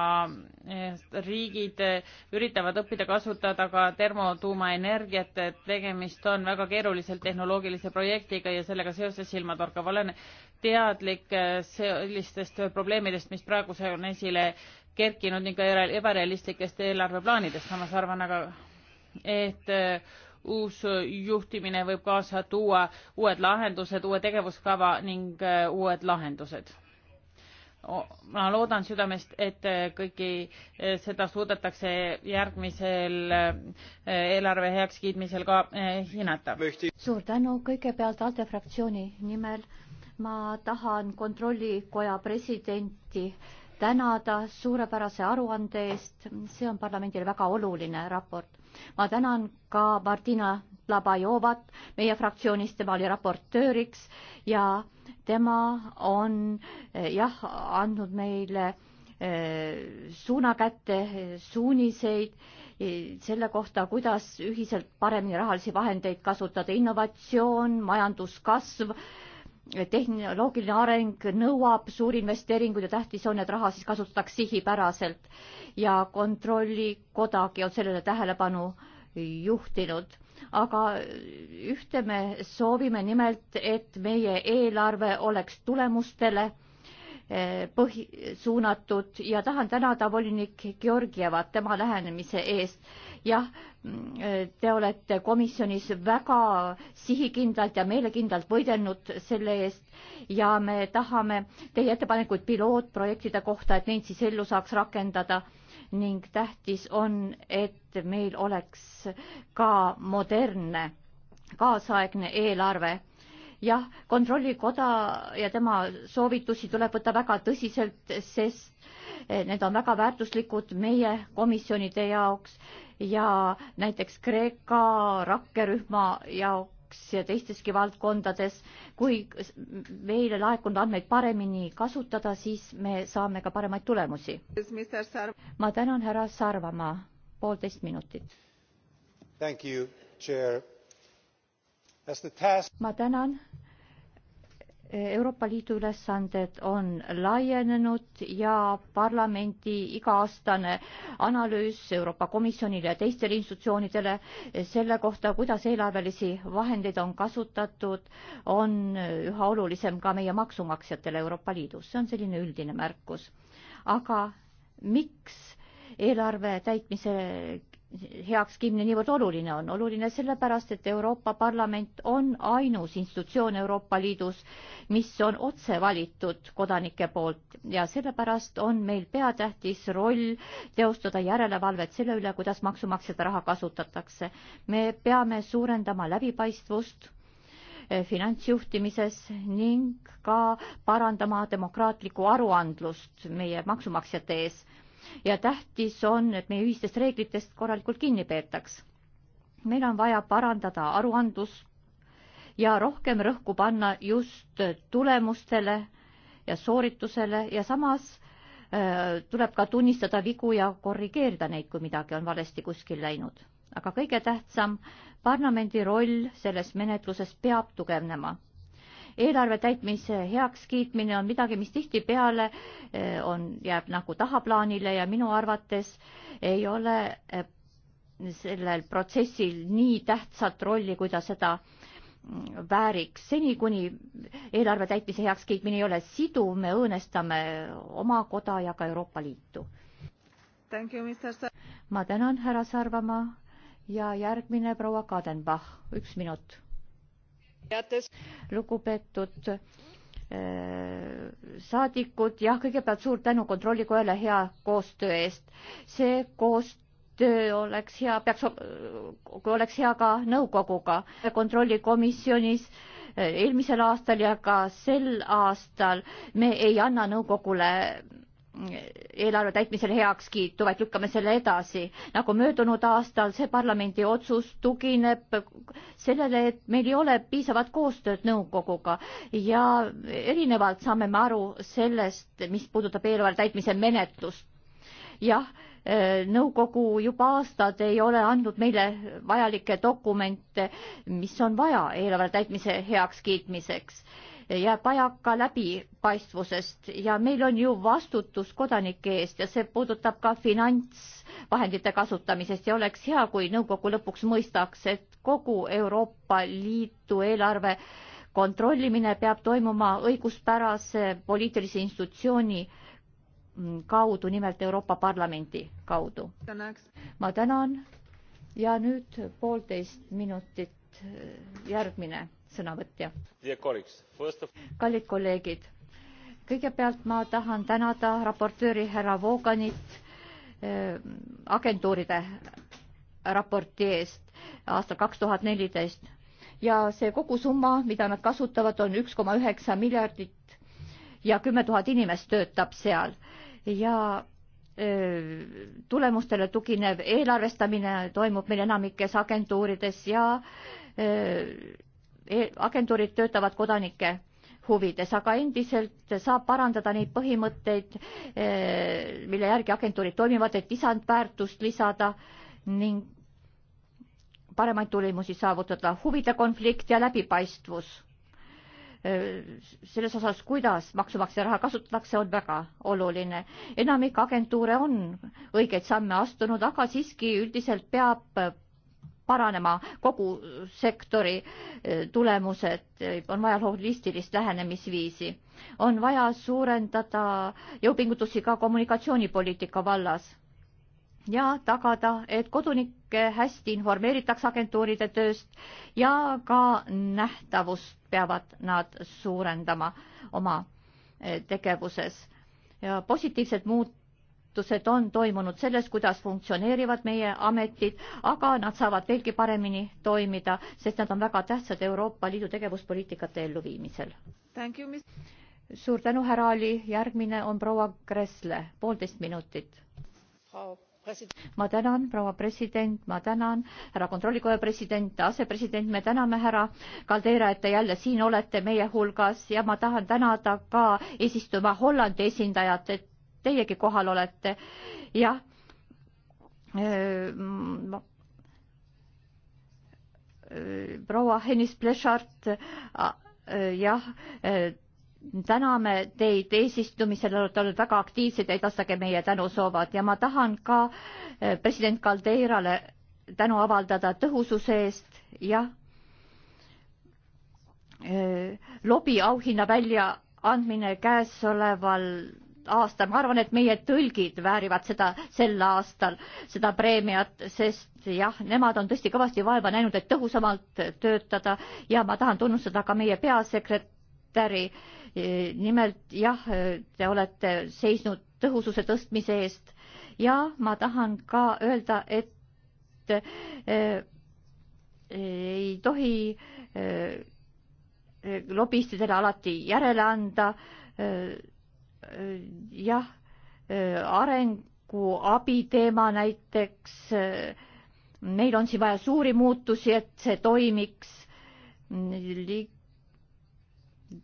eh, riigid üritavad õppida kasutada ka termotuumaenergiat, et tegemist on väga keeruliselt tehnoloogilise projektiga ja sellega seoses silmatorkav. olen teadlik sellistest probleemidest, mis praegu on esile kerkinud ning ka ebarealistlikest eelarveplaanidest. samas arvan aga, et äh, uus juhtimine võib kaasa tuua uued lahendused, uue tegevuskava ning äh, uued lahendused. ma loodan südamest, et äh, kõiki seda suudetakse järgmisel eelarve heakskiitmisel ka hinnata. suur tänu, kõigepealt ALDE fraktsiooni nimel ma tahan kontrollikoja presidenti tänada suurepärase aruande eest, see on parlamendile väga oluline raport. ma tänan ka Martina Labajovat meie fraktsioonist, tema oli raportööriks ja tema on eh, jah, andnud meile eh, suuna kätte suuniseid eh, selle kohta, kuidas ühiselt paremini rahalisi vahendeid kasutada, innovatsioon, majanduskasv tehnoloogiline areng nõuab suurinvesteeringuid ja tähtis on, et raha siis kasutatakse sihipäraselt ja kontrollikodagi on sellele tähelepanu juhtinud. aga ühte me soovime nimelt, et meie eelarve oleks tulemustele Eh, põhi, suunatud ja tahan tänada volinik Georgievat tema lähenemise eest. jah, mm, eh, te olete komisjonis väga sihikindlalt ja meelekindlalt võidelnud selle eest ja me tahame teie ettepanekuid pilootprojektide kohta, et neid siis ellu saaks rakendada ning tähtis on, et meil oleks ka modernne kaasaegne eelarve jah, kontrollikoda ja tema soovitusi tuleb võtta väga tõsiselt, sest eh, need on väga väärtuslikud meie komisjonide jaoks ja näiteks Kreeka rakkerühma jaoks ja teisteski valdkondades, kui meile laekunud andmeid paremini kasutada, siis me saame ka paremaid tulemusi. ma tänan härra Sarvamaa, poolteist minutit. Thank you, chair ma tänan. Euroopa Liidu ülesanded on laienenud ja parlamendi iga-aastane analüüs Euroopa Komisjonile ja teistele institutsioonidele selle kohta, kuidas eelarvelisi vahendeid on kasutatud, on üha olulisem ka meie maksumaksjatele Euroopa Liidus, see on selline üldine märkus. aga miks eelarve täitmise heaks kiimine niivõrd oluline on. oluline sellepärast, et Euroopa Parlament on ainus institutsioon Euroopa Liidus, mis on otse valitud kodanike poolt ja sellepärast on meil peatähtis roll teostada järelevalvet selle üle, kuidas maksumaksjate raha kasutatakse. me peame suurendama läbipaistvust eh, finantsjuhtimises ning ka parandama demokraatlikku aruandlust meie maksumaksjate ees ja tähtis on, et meie ühistest reeglitest korralikult kinni peetaks. meil on vaja parandada aruandlus ja rohkem rõhku panna just tulemustele ja sooritusele ja samas äh, tuleb ka tunnistada vigu ja korrigeerida neid, kui midagi on valesti kuskil läinud. aga kõige tähtsam, parlamendi roll selles menetluses peab tugevnema eelarve täitmise heakskiitmine on midagi, mis tihtipeale eh, on, jääb nagu tahaplaanile ja minu arvates ei ole eh, sellel protsessil nii tähtsat rolli, kui ta seda mm, vääriks. seni, kuni eelarve täitmise heakskiitmine ei ole siduv, me õõnestame oma koda ja ka Euroopa Liitu. ma tänan, härra Sarvamaa ja järgmine proua Kadenbach, üks minut lugupeetud äh, saadikud, jah, kõigepealt suur tänu Kontrollikojale hea koostöö eest. see koostöö oleks hea, peaks, kui äh, oleks hea ka nõukoguga kontrollikomisjonis äh, eelmisel aastal ja ka sel aastal me ei anna nõukogule eelarve täitmisel heakskiitu, vaid lükkame selle edasi. nagu möödunud aastal, see parlamendi otsus tugineb sellele, et meil ei ole piisavat koostööd nõukoguga ja erinevalt saame me aru sellest, mis puudutab eelarve täitmise menetlust. jah, nõukogu juba aastad ei ole andnud meile vajalikke dokumente, mis on vaja eelarve täitmise heakskiitmiseks jääb vajaka läbipaistvusest ja meil on ju vastutus kodanike eest ja see puudutab ka finantsvahendite kasutamisest ja oleks hea, kui nõukogu lõpuks mõistaks, et kogu Euroopa Liidu eelarve kontrollimine peab toimuma õiguspärase poliitilise institutsiooni kaudu, nimelt Euroopa Parlamendi kaudu. ma tänan ja nüüd poolteist minutit järgmine sõnavõtja. kallid kolleegid, kõigepealt ma tahan tänada raportööri härra Vooganit äh, agentuuride raporti eest aastal kaks tuhat neliteist ja see kogusumma, mida nad kasutavad, on üks koma üheksa miljardit ja kümme tuhat inimest töötab seal ja äh, tulemustele tuginev eelarvestamine toimub meil enamikes agentuurides ja äh, E-, agentuurid töötavad kodanike huvides, aga endiselt saab parandada neid põhimõtteid, e, mille järgi agentuurid toimivad, et lisandväärtust lisada ning paremaid tulemusi saavutada, huvide konflikt ja läbipaistvus e, selles osas, kuidas maksumaksja raha kasutatakse, on väga oluline. enamik agentuure on õigeid samme astunud, aga siiski üldiselt peab paranema kogu sektori e, tulemused, on vaja holistilist lähenemisviisi. on vaja suurendada jõupingutusi ka kommunikatsioonipoliitika vallas ja tagada, et kodunikke hästi informeeritakse agentuuride tööst ja ka nähtavust peavad nad suurendama oma e, tegevuses. ja positiivsed muud muutused on toimunud selles, kuidas funktsioneerivad meie ametid, aga nad saavad veelgi paremini toimida, sest nad on väga tähtsad Euroopa Liidu tegevuspoliitikate elluviimisel. suur tänu, härra Ali, järgmine on proua Kressle, poolteist minutit. ma tänan, proua president, ma tänan, härra kontrollikoja president, asepresident, me täname härra Kaldeira, et te jälle siin olete meie hulgas ja ma tahan tänada ka eesistuma Hollandi esindajat, et teiegi kohal olete. jah. Äh, äh, proua Hennis Plešart, äh, jah, täname teid eesistumisel, olete olnud väga aktiivsed ja edastage meie tänusoovad ja ma tahan ka president Caldeirale tänu avaldada tõhususe eest, jah lobiauhinna väljaandmine käesoleval aastal, ma arvan, et meie tõlgid väärivad seda sel aastal, seda preemiat, sest jah, nemad on tõesti kõvasti vaeva näinud, et tõhusamalt töötada ja ma tahan tunnustada ka meie peasekretäri. nimelt jah, te olete seisnud tõhususe tõstmise eest ja ma tahan ka öelda, et eh, ei tohi eh, lobistidele alati järele anda eh, Äh, jah, äh, arenguabi teema näiteks, äh, meil on siin vaja suuri muutusi, et see toimiks.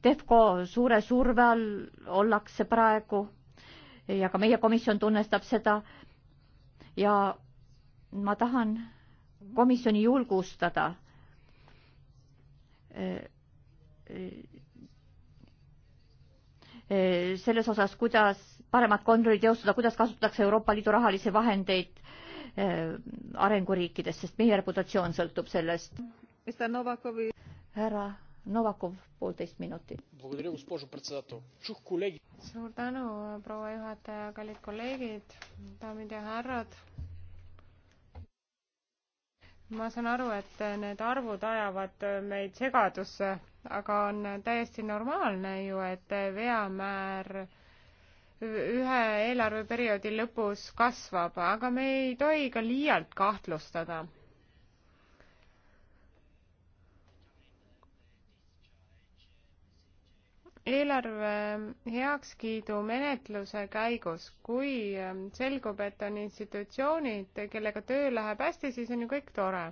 Defco suure surve all ollakse praegu ja ka meie komisjon tunnestab seda. ja ma tahan komisjoni julgustada Eh, selles osas, kuidas paremat kontrolli teostada, kuidas kasutatakse Euroopa Liidu rahalisi vahendeid eh, arenguriikides, sest meie reputatsioon sõltub sellest. härra Novakov, poolteist minutit. suur tänu, proua juhataja, kallid kolleegid, daamid ja härrad. ma saan aru, et need arvud ajavad meid segadusse aga on täiesti normaalne ju, et veamäär ühe eelarveperioodi lõpus kasvab, aga me ei tohi ka liialt kahtlustada. eelarve heakskiidu menetluse käigus, kui selgub, et on institutsioonid, kellega töö läheb hästi, siis on ju kõik tore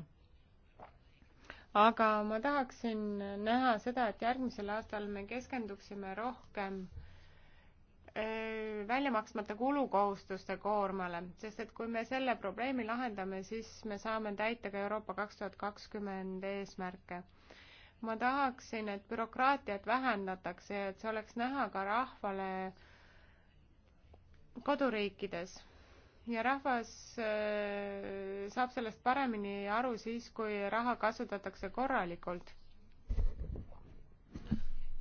aga ma tahaksin näha seda, et järgmisel aastal me keskenduksime rohkem äh, välja maksmata kulukohustuste koormale, sest et kui me selle probleemi lahendame, siis me saame täita ka Euroopa kaks tuhat kakskümmend eesmärke. ma tahaksin, et bürokraatiat vähendatakse ja et see oleks näha ka rahvale koduriikides ja rahvas äh, saab sellest paremini aru siis, kui raha kasutatakse korralikult.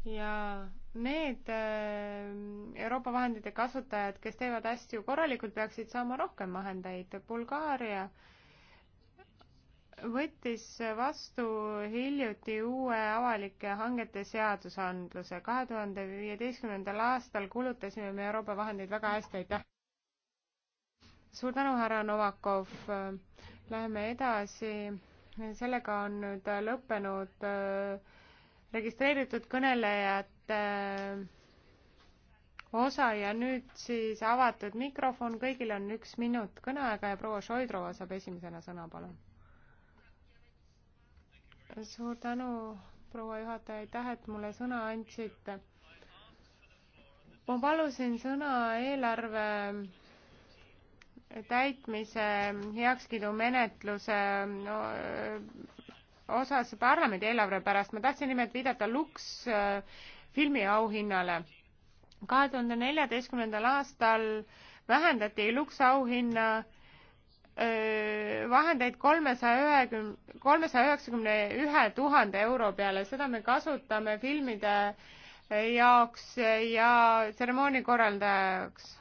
ja need äh, Euroopa vahendite kasutajad, kes teevad asju korralikult, peaksid saama rohkem vahendeid. Bulgaaria võttis vastu hiljuti uue avalike hangete seadusandluse. kahe tuhande viieteistkümnendal aastal kulutasime me Euroopa vahendeid väga hästi, aitäh! suur tänu, härra Novakov. Läheme edasi. sellega on nüüd lõppenud äh, registreeritud kõnelejate äh, osa ja nüüd siis avatud mikrofon, kõigil on üks minut kõneaega ja proua Šoidrova saab esimesena sõna, palun. suur tänu, proua juhataja, aitäh, et mulle sõna andsite. ma palusin sõna eelarve täitmise heakskiidumenetluse no, osas parlamendi eelarve pärast, ma tahtsin nimelt viidata Lux filmiauhinnale. kahe tuhande neljateistkümnendal aastal vähendati Lux auhinna vahendeid kolmesaja ühekümne, kolmesaja üheksakümne ühe tuhande euro peale, seda me kasutame filmide jaoks ja tseremoonia korraldajaks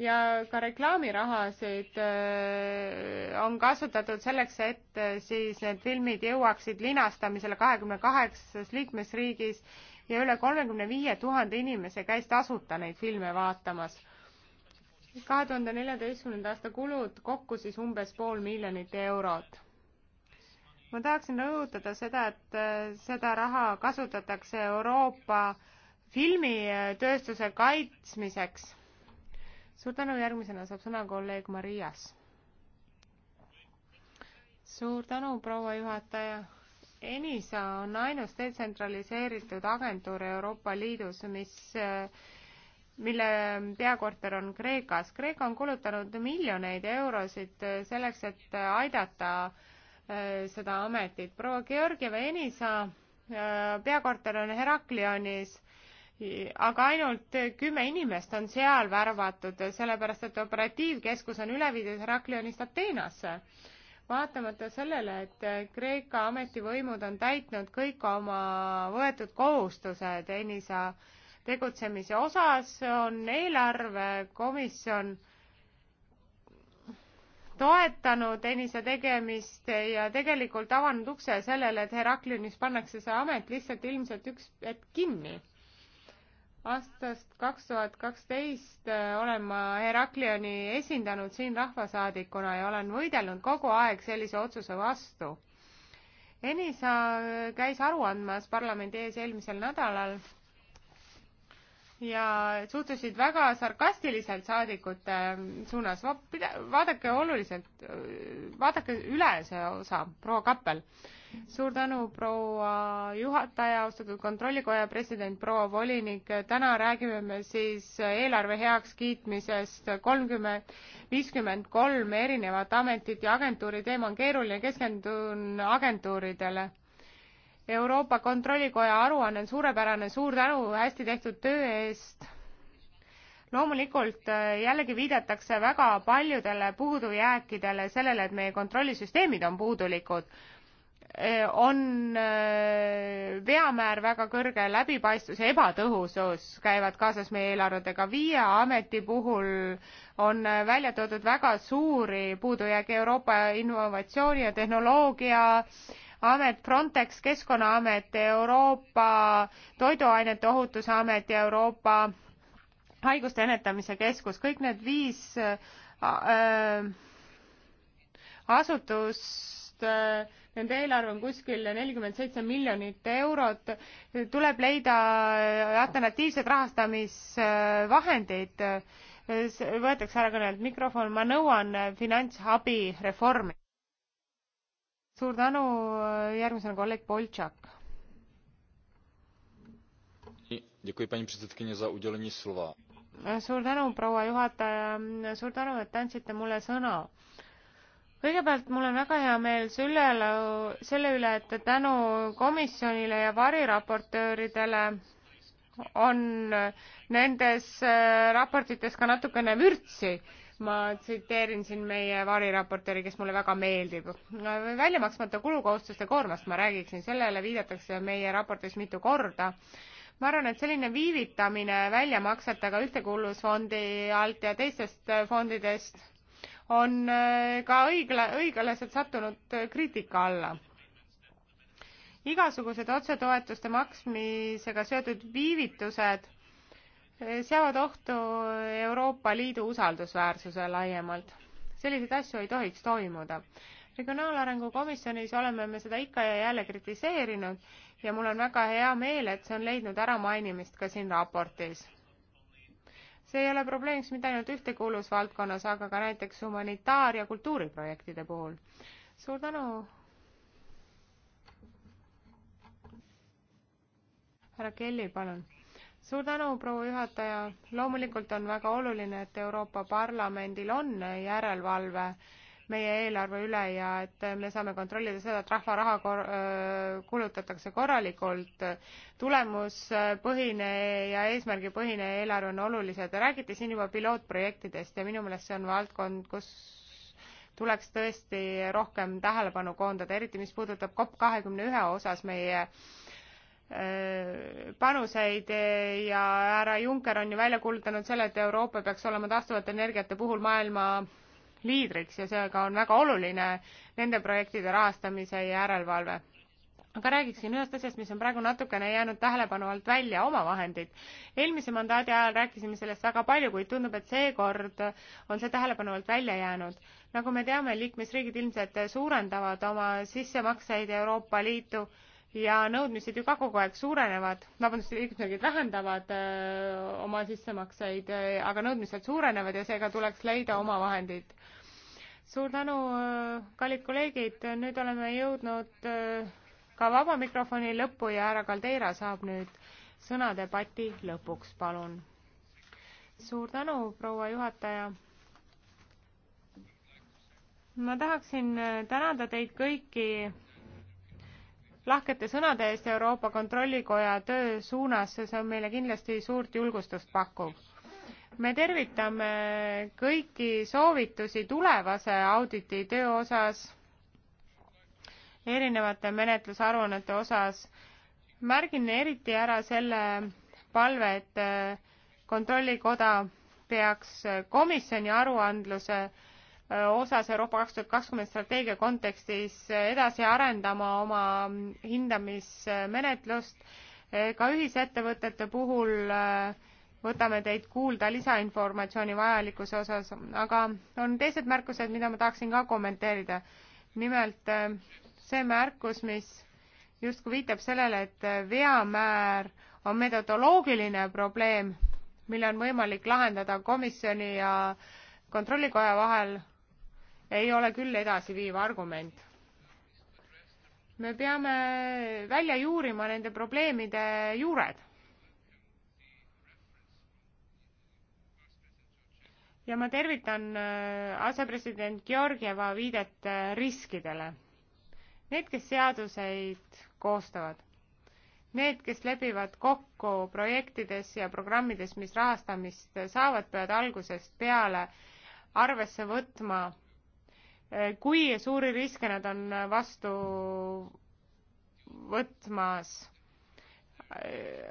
ja ka reklaamirahasid äh, on kasutatud selleks, et äh, siis need filmid jõuaksid linastamisele kahekümne kaheksas liikmesriigis ja üle kolmekümne viie tuhande inimese käis tasuta neid filme vaatamas. kahe tuhande neljateistkümnenda aasta kulud kokku siis umbes pool miljonit eurot. ma tahaksin rõhutada seda, et äh, seda raha kasutatakse Euroopa filmitööstuse kaitsmiseks suur tänu, järgmisena saab sõna kolleeg Marias. suur tänu, proua juhataja. ENISA on ainus detsentraliseeritud agentuur Euroopa Liidus, mis mille peakorter on Kreekas. Kreeka on kulutanud miljoneid eurosid selleks, et aidata äh, seda ametit. proua Georgieva ENISA äh, peakorter on Heraklionis aga ainult kümme inimest on seal värvatud, sellepärast et operatiivkeskus on üle viidud Heraklionist Ateenasse. vaatamata sellele, et Kreeka ametivõimud on täitnud kõik oma võetud kohustused Enisa tegutsemise osas, on eelarvekomisjon toetanud Enise tegemist ja tegelikult avanud ukse sellele, et Heraklionis pannakse see amet lihtsalt ilmselt üks hetk kinni aastast kaks tuhat kaksteist äh, olen ma Heraklioni esindanud siin rahvasaadikuna ja olen võidelnud kogu aeg sellise otsuse vastu. Enisa äh, käis aru andmas parlamendi ees eelmisel nädalal ja suhtusid väga sarkastiliselt saadikute suunas. vaadake oluliselt, vaadake üle see osa, proua Kappel. suur tänu, proua juhataja, austatud kontrollikoja president, proua volinik. täna räägime me siis eelarve heakskiitmisest kolmkümmend, viiskümmend kolm erinevat ametit ja agentuuri teema on keeruline, keskendun agentuuridele Euroopa Kontrollikoja aruanne on suurepärane, suur tänu hästi tehtud töö eest. loomulikult äh, jällegi viidatakse väga paljudele puudujääkidele, sellele, et meie kontrollisüsteemid on puudulikud, äh, on äh, veamäär väga kõrge, läbipaistvus ja ebatõhusus käivad kaasas meie eelarvetega. viie ameti puhul on välja toodud väga suuri puudujääke Euroopa innovatsiooni ja tehnoloogia äh, amet Frontex, Keskkonnaamet, Euroopa Toiduainete Ohutusamet ja Euroopa Haiguste Ennetamise Keskus, kõik need viis äh, äh, asutust äh, nende eelarve on kuskil nelikümmend seitse miljonit eurot, tuleb leida alternatiivsed rahastamisvahendid, võetakse ära kõnelt mikrofon, ma nõuan finantsabi reformi suur tänu, järgmisena kolleeg Boltšak. suur tänu, proua juhataja, suur tänu, et andsite mulle sõna kõigepealt mul on väga hea meel selle üle, selle üle, et tänu komisjonile ja variraportööridele on nendes äh, raportites ka natukene vürtsi ma tsiteerin siin meie variraportööri, kes mulle väga meeldib. väljamaksmata kulukohustuste koormast ma räägiksin, sellele viidatakse meie raportis mitu korda. ma arvan, et selline viivitamine väljamaksetega Ühtekuuluvusfondi alt ja teistest fondidest on äh, ka õigla-, õiglaselt sattunud kriitika alla igasugused otsetoetuste maksmisega seotud viivitused seavad ohtu Euroopa Liidu usaldusväärsuse laiemalt. selliseid asju ei tohiks toimuda. regionaalarengu komisjonis oleme me seda ikka ja jälle kritiseerinud ja mul on väga hea meel, et see on leidnud äramainimist ka siin raportis. see ei ole probleemiks mitte ainult ühtekuuluvusvaldkonnas, aga ka näiteks humanitaar- ja kultuuriprojektide puhul. suur tänu. härra Kelly, palun suur tänu, proua juhataja. loomulikult on väga oluline, et Euroopa Parlamendil on järelevalve meie eelarve üle ja et me saame kontrollida seda, et rahva raha kor-, kulutatakse korralikult. tulemuspõhine ja eesmärgipõhine eelarve on olulised. räägite siin juba pilootprojektidest ja minu meelest see on valdkond, kus tuleks tõesti rohkem tähelepanu koondada, eriti mis puudutab COP kahekümne ühe osas meie äh, Äh, panuseid ja härra Juncker on ju välja kuulutanud selle, et Euroopa peaks olema taastuvate energiate puhul maailma liidriks ja seega on väga oluline nende projektide rahastamise järelevalve. aga räägiksin ühest asjast, mis on praegu natukene jäänud tähelepanu alt välja, omavahendid. eelmise mandaadi ajal rääkisime sellest väga palju, kuid tundub, et seekord on see tähelepanu alt välja jäänud. nagu me teame, liikmesriigid ilmselt suurendavad oma sissemakseid Euroopa Liitu ja nõudmised ju ka kogu aeg suurenevad, vabandust, liikmesriigid vähendavad öö, äh, oma sissemakseid, äh, aga nõudmised suurenevad ja seega tuleks leida omavahendid. suur tänu, äh, kallid kolleegid, nüüd oleme jõudnud öö, ka vaba mikrofoni lõppu ja härra Kaldeira saab nüüd sõna debati lõpuks, palun. suur tänu, proua juhataja ma tahaksin tänada teid kõiki lahkete sõnade eest Euroopa Kontrollikoja töö suunas, see on meile kindlasti suurt julgustust pakkuv. me tervitame kõiki soovitusi tulevase auditi töö osas, erinevate menetlusaruannete osas. märgin eriti ära selle palve, et Kontrollikoda peaks komisjoni aruandluse äh, osas Euroopa kaks tuhat kakskümmend strateegia kontekstis edasi arendama oma hindamismenetlust. ka ühisettevõtete puhul äh, võtame teid kuulda lisainformatsiooni vajalikkuse osas, aga on teised märkused, mida ma tahaksin ka kommenteerida. nimelt äh, see märkus, mis justkui viitab sellele, et äh, veamäär on metodoloogiline probleem, mille on võimalik lahendada komisjoni ja kontrollikoja vahel ei ole küll edasiviiv argument me peame välja juurima nende probleemide juured. ja ma tervitan äh, asepresident Georgieva viidet äh, riskidele. Need, kes seaduseid koostavad, need, kes lepivad kokku projektides ja programmides, mis rahastamist saavad, peavad algusest peale arvesse võtma Eh, kui suuri riske nad on vastu võtmas. Eh,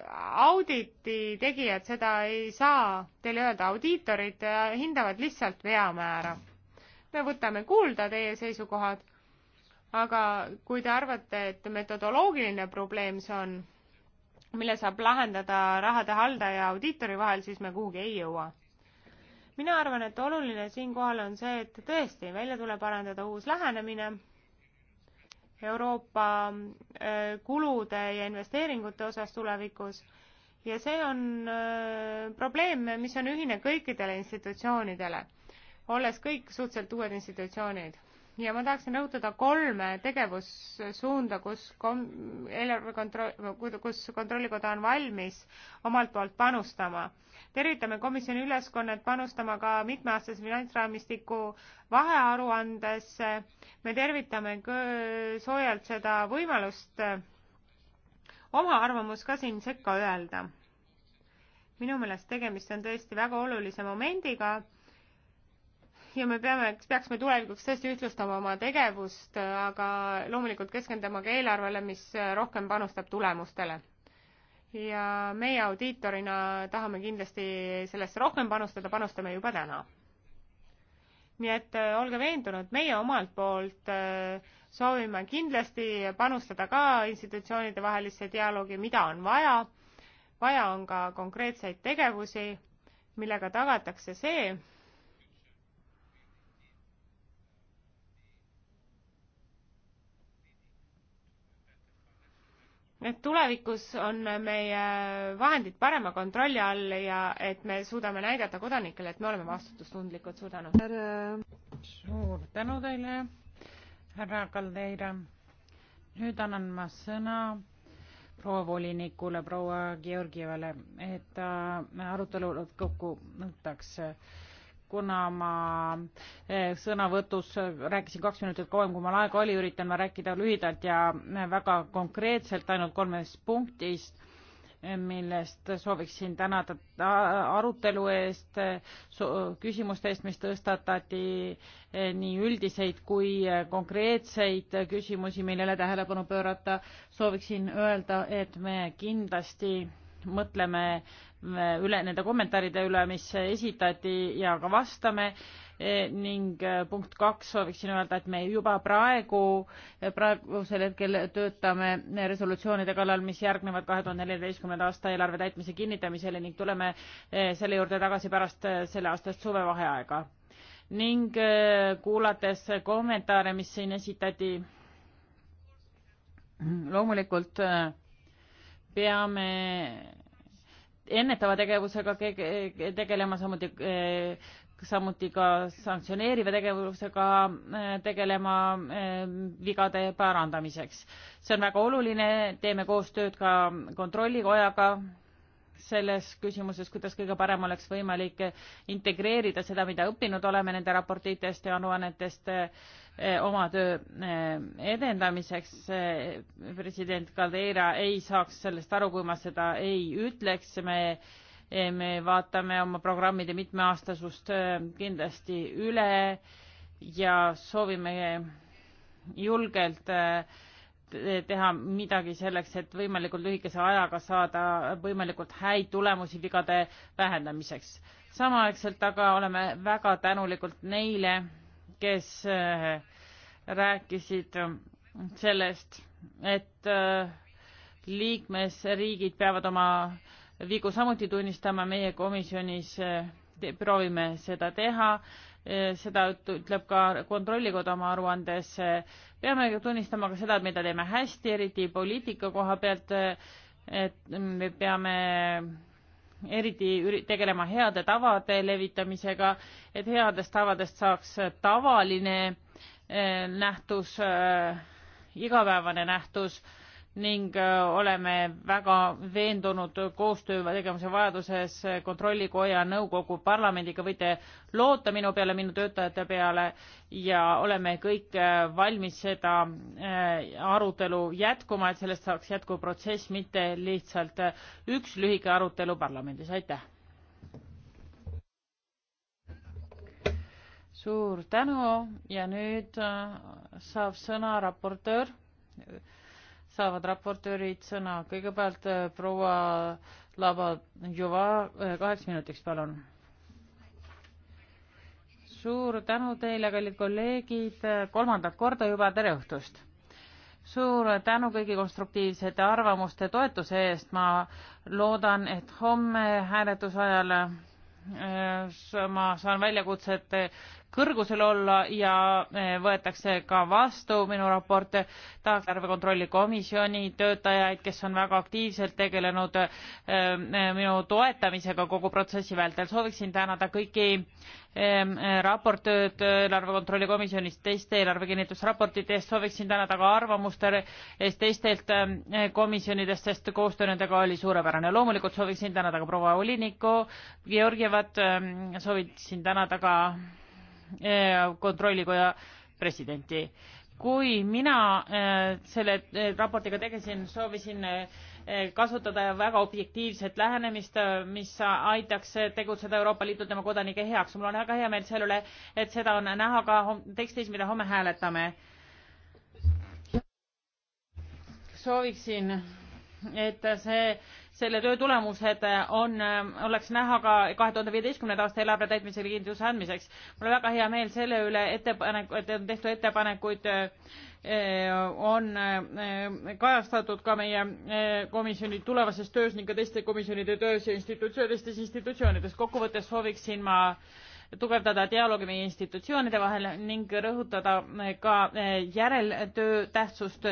auditi tegijad seda ei saa teile öelda, audiitorid eh, hindavad lihtsalt veamäära. me võtame kuulda teie seisukohad, aga kui te arvate, et metodoloogiline probleem see on, mille saab lahendada rahade haldaja ja audiitori vahel, siis me kuhugi ei jõua mina arvan, et oluline siinkohal on see, et tõesti, välja tuleb arendada uus lähenemine Euroopa äh, kulude ja investeeringute osas tulevikus ja see on äh, probleem, mis on ühine kõikidele institutsioonidele, olles kõik suhteliselt uued institutsioonid ja ma tahaksin rõhutada kolme tegevussuunda, kus kom-, eelarve kontroll, kus Kontrollikoda on valmis omalt poolt panustama. tervitame komisjoni üleskonnet panustama ka mitmeaastase finantsraamistiku vahearuandesse. me tervitame soojalt seda võimalust eh, oma arvamus ka siin sekka öelda. minu meelest tegemist on tõesti väga olulise momendiga ja me peame, peaksime tulevikuks tõesti ühtlustama oma tegevust, aga loomulikult keskenduma ka eelarvele, mis rohkem panustab tulemustele. ja meie audiitorina tahame kindlasti sellesse rohkem panustada, panustame juba täna. nii et äh, olge veendunud, meie omalt poolt äh, soovime kindlasti panustada ka institutsioonide vahelisse dialoogi, mida on vaja, vaja on ka konkreetseid tegevusi, millega tagatakse see, et tulevikus on meie vahendid parema kontrolli all ja et me suudame näidata kodanikele, et me oleme vastutustundlikud. suur tänu. suur tänu teile, härra Kaldeira. nüüd annan ma sõna proua volinikule, proua Georgievale, et ta äh, arutelu kokku võtaks kuna ma eh, sõnavõtus rääkisin kaks minutit kauem, kui mul aega oli, üritan ma rääkida lühidalt ja eh, väga konkreetselt ainult kolmest punktist, eh, millest sooviksin tänada äh, arutelu eest, küsimuste eest, mis tõstatati, nii üldiseid kui konkreetseid küsimusi, millele tähelepanu pöörata. sooviksin öelda, et me kindlasti mõtleme üle, nende kommentaaride üle, mis esitati ja ka vastame e, ning e, punkt kaks sooviksin öelda, et me juba praegu, e, praegusel hetkel töötame resolutsioonide kallal, mis järgnevad kahe tuhande neljateistkümnenda aasta eelarve täitmise kinnitamisele ning tuleme selle juurde tagasi pärast selleaastast suvevaheaega. ning kuulates kommentaare, mis siin esitati, loomulikult peame ennetava tegevusega tegelema, samuti, eh, samuti ka sanktsioneeriva tegevusega eh, tegelema eh, vigade parandamiseks. see on väga oluline, teeme koostööd ka kontrollikojaga selles küsimuses, kuidas kõige parem oleks võimalik integreerida seda, mida õppinud oleme nende raportitest ja aruannetest Eh, oma töö eh, edendamiseks. Eh, president Caldeira ei saaks sellest aru, kui ma seda ei ütleks. me, me vaatame oma programmide mitmeaastasust kindlasti üle ja soovime julgelt teha midagi selleks, et võimalikult lühikese ajaga saada võimalikult häid tulemusi vigade vähendamiseks. samaaegselt aga oleme väga tänulikud neile, kes äh, rääkisid sellest, et äh, liikmesriigid peavad oma vigu samuti tunnistama, meie komisjonis äh, te, proovime seda teha, seda ütleb ka Kontrollikoda oma aruandes, peame tunnistama ka seda, mida teeme hästi, eriti poliitika koha pealt, et me peame eriti tegelema heade tavade levitamisega, et headest tavadest saaks tavaline eh, nähtus, eh, igapäevane nähtus ning äh, oleme väga veendunud koostöö tegemise vajaduses kontrollikoja nõukogu parlamendiga võite loota minu peale minu töötajate peale ja oleme kõik äh, valmis seda äh, arutelu jätkuma et sellest saaks jätkuv protsess mitte lihtsalt üks lühike arutelu parlamendis aitäh suur tänu ja nüüd saab sõna raportöör saavad raportöörid sõna. kõigepealt äh, proua Labajova, äh, kaheks minutiks, palun. suur tänu teile, kallid kolleegid, äh, kolmandat korda juba, tere õhtust! suur tänu kõigi konstruktiivsete arvamuste toetuse eest, ma loodan, et homme hääletuse ajal ma saan väljakutsete kõrgusel olla ja eh, võetakse ka vastu minu raport taastervekontrolli komisjoni töötajaid, kes on väga aktiivselt tegelenud eh, minu toetamisega kogu protsessi vältel. sooviksin tänada kõiki eh, raportööd eelarvekontrolli komisjonist teiste eelarvekinnitusraportite eest, sooviksin tänada ka arvamuste eest teistelt komisjonidest, sest koostöö nendega oli suurepärane. loomulikult sooviksin tänada ka proua Olinikku, Georgievat, sooviksin tänada ka Eh, kontrollikoja presidenti. kui mina eh, selle eh, raportiga tegelesin, soovisin kasutada väga objektiivset lähenemist, mis aitaks tegutseda Euroopa Liidul tema kodanike heaks. mul on väga hea meel selle üle, et seda on näha ka tekstis, mida homme hääletame. sooviksin, et see selle töö tulemused äh, on, äh, oleks näha ka kahe tuhande viieteistkümnenda aasta eelarve täitmisele kindluse andmiseks. mul on väga hea meel selle üle ettepanek, et on tehtud ettepanekuid, äh, on kajastatud ka meie komisjoni tulevases töös ning ka teiste komisjonide töös ja institutsioonides, institutsioonides. kokkuvõttes sooviksin ma tugevdada dialoogi meie institutsioonide vahel ning rõhutada ka eh, järeltöö tähtsust.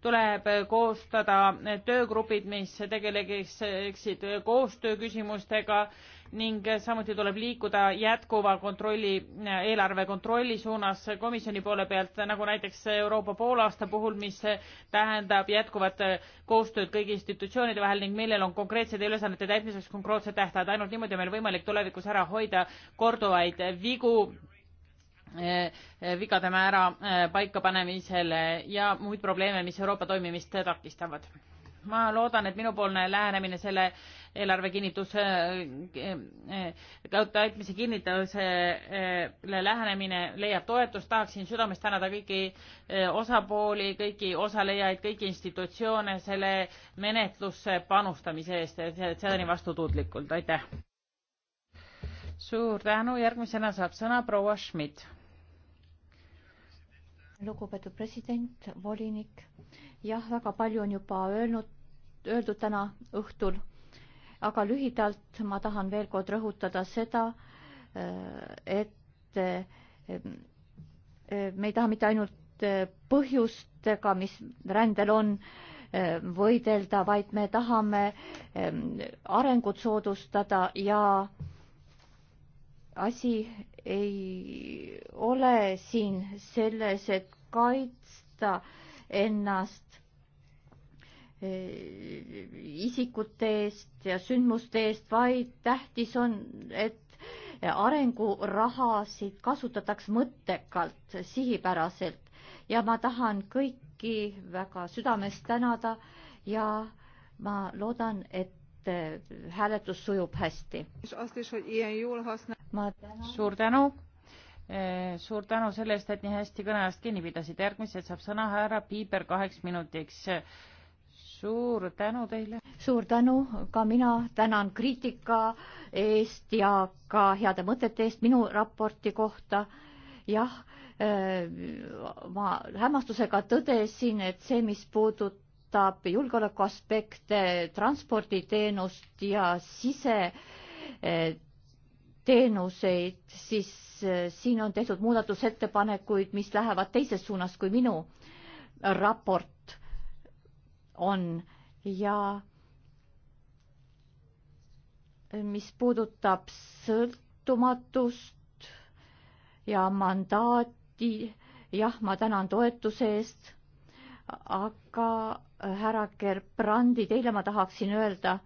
tuleb eh, koostada eh, töögrupid, mis tegeleksid koostöö küsimustega ning samuti tuleb liikuda jätkuva kontrolli, eelarve kontrolli suunas komisjoni poole pealt, nagu näiteks Euroopa poolaasta puhul, mis tähendab jätkuvat koostööd kõigi institutsioonide vahel ning millel on konkreetsete ülesannete täitmiseks konkreetsed tähtajad, ainult niimoodi on meil võimalik tulevikus ära hoida korduvaid vigu vigade määra paikapanemisele ja muid probleeme, mis Euroopa toimimist takistavad ma loodan, et minupoolne lähenemine selle eelarve kinnituse äh,, täitmise kinnitusele lähenemine leiab toetust, tahaksin südamest tänada kõiki eh, osapooli, kõiki osalejaid, kõiki institutsioone selle menetlusse panustamise eest, et see oli vastutundlikult, aitäh! suur tänu, järgmisena saab sõna proua Schmidt lugupeetud president, volinik, jah, väga palju on juba öelnud, öeldud täna õhtul, aga lühidalt ma tahan veel kord rõhutada seda, äh, et äh, me ei taha mitte ainult äh, põhjustega, mis rändel on, võidelda, vaid me tahame arengut soodustada ja äh, asi ei ole siin selles, et kaitsta ennast eh, isikute eest ja sündmuste eest, vaid tähtis on, et arengurahasid kasutataks mõttekalt, sihipäraselt ja ma tahan kõiki väga südamest tänada ja ma loodan, et et eh, hääletus sujub hästi. ma tänan. suur tänu. Eh, suur tänu selle eest, et nii hästi kõneajast kinni pidasid. järgmised saab sõna härra Piiber kaheks minutiks. suur tänu teile. suur tänu, ka mina tänan kriitika eest ja ka heade mõtete eest minu raporti kohta. jah, eh, ma hämmastusega tõdesin, et see, mis puudutab puudutab julgeolekuaspekte, transporditeenust ja siseteenuseid, siis eh, siin on tehtud muudatusettepanekuid, mis lähevad teises suunas kui minu raport on ja mis puudutab sõltumatust ja mandaati, jah, ma tänan toetuse eest, aga härra Gerbrandi, teile ma tahaksin öelda,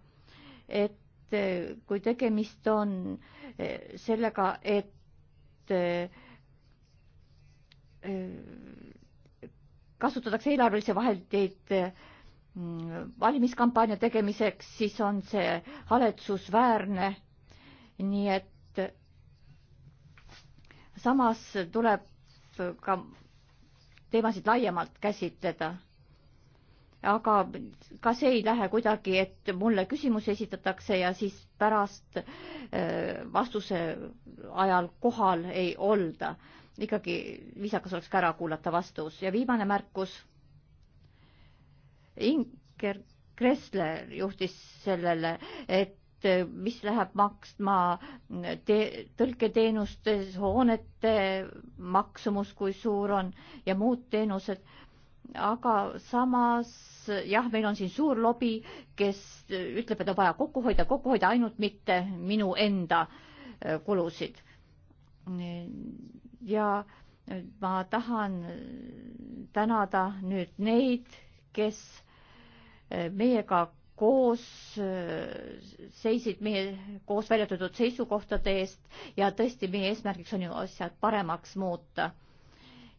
et eh, kui tegemist on eh, sellega, et eh, kasutatakse eelarvelisi vahendeid valimiskampaania tegemiseks, siis on see haletsusväärne. nii et samas tuleb ka teemasid laiemalt käsitleda aga ka see ei lähe kuidagi, et mulle küsimus esitatakse ja siis pärast äh, vastuse ajal kohal ei olda. ikkagi viisakas oleks ka ära kuulata vastus ja viimane märkus. Inger Kressler juhtis sellele, et äh, mis läheb maksma te-, tõlketeenustes hoonete maksumus, kui suur on ja muud teenused aga samas jah, meil on siin suur lobi, kes ütleb, et on vaja kokku hoida, kokku hoida ainult mitte minu enda äh, kulusid. ja ma tahan tänada nüüd neid, kes äh, meiega koos äh, seisid meie koos välja toodud seisukohtade eest ja tõesti meie eesmärgiks on ju asjad paremaks muuta.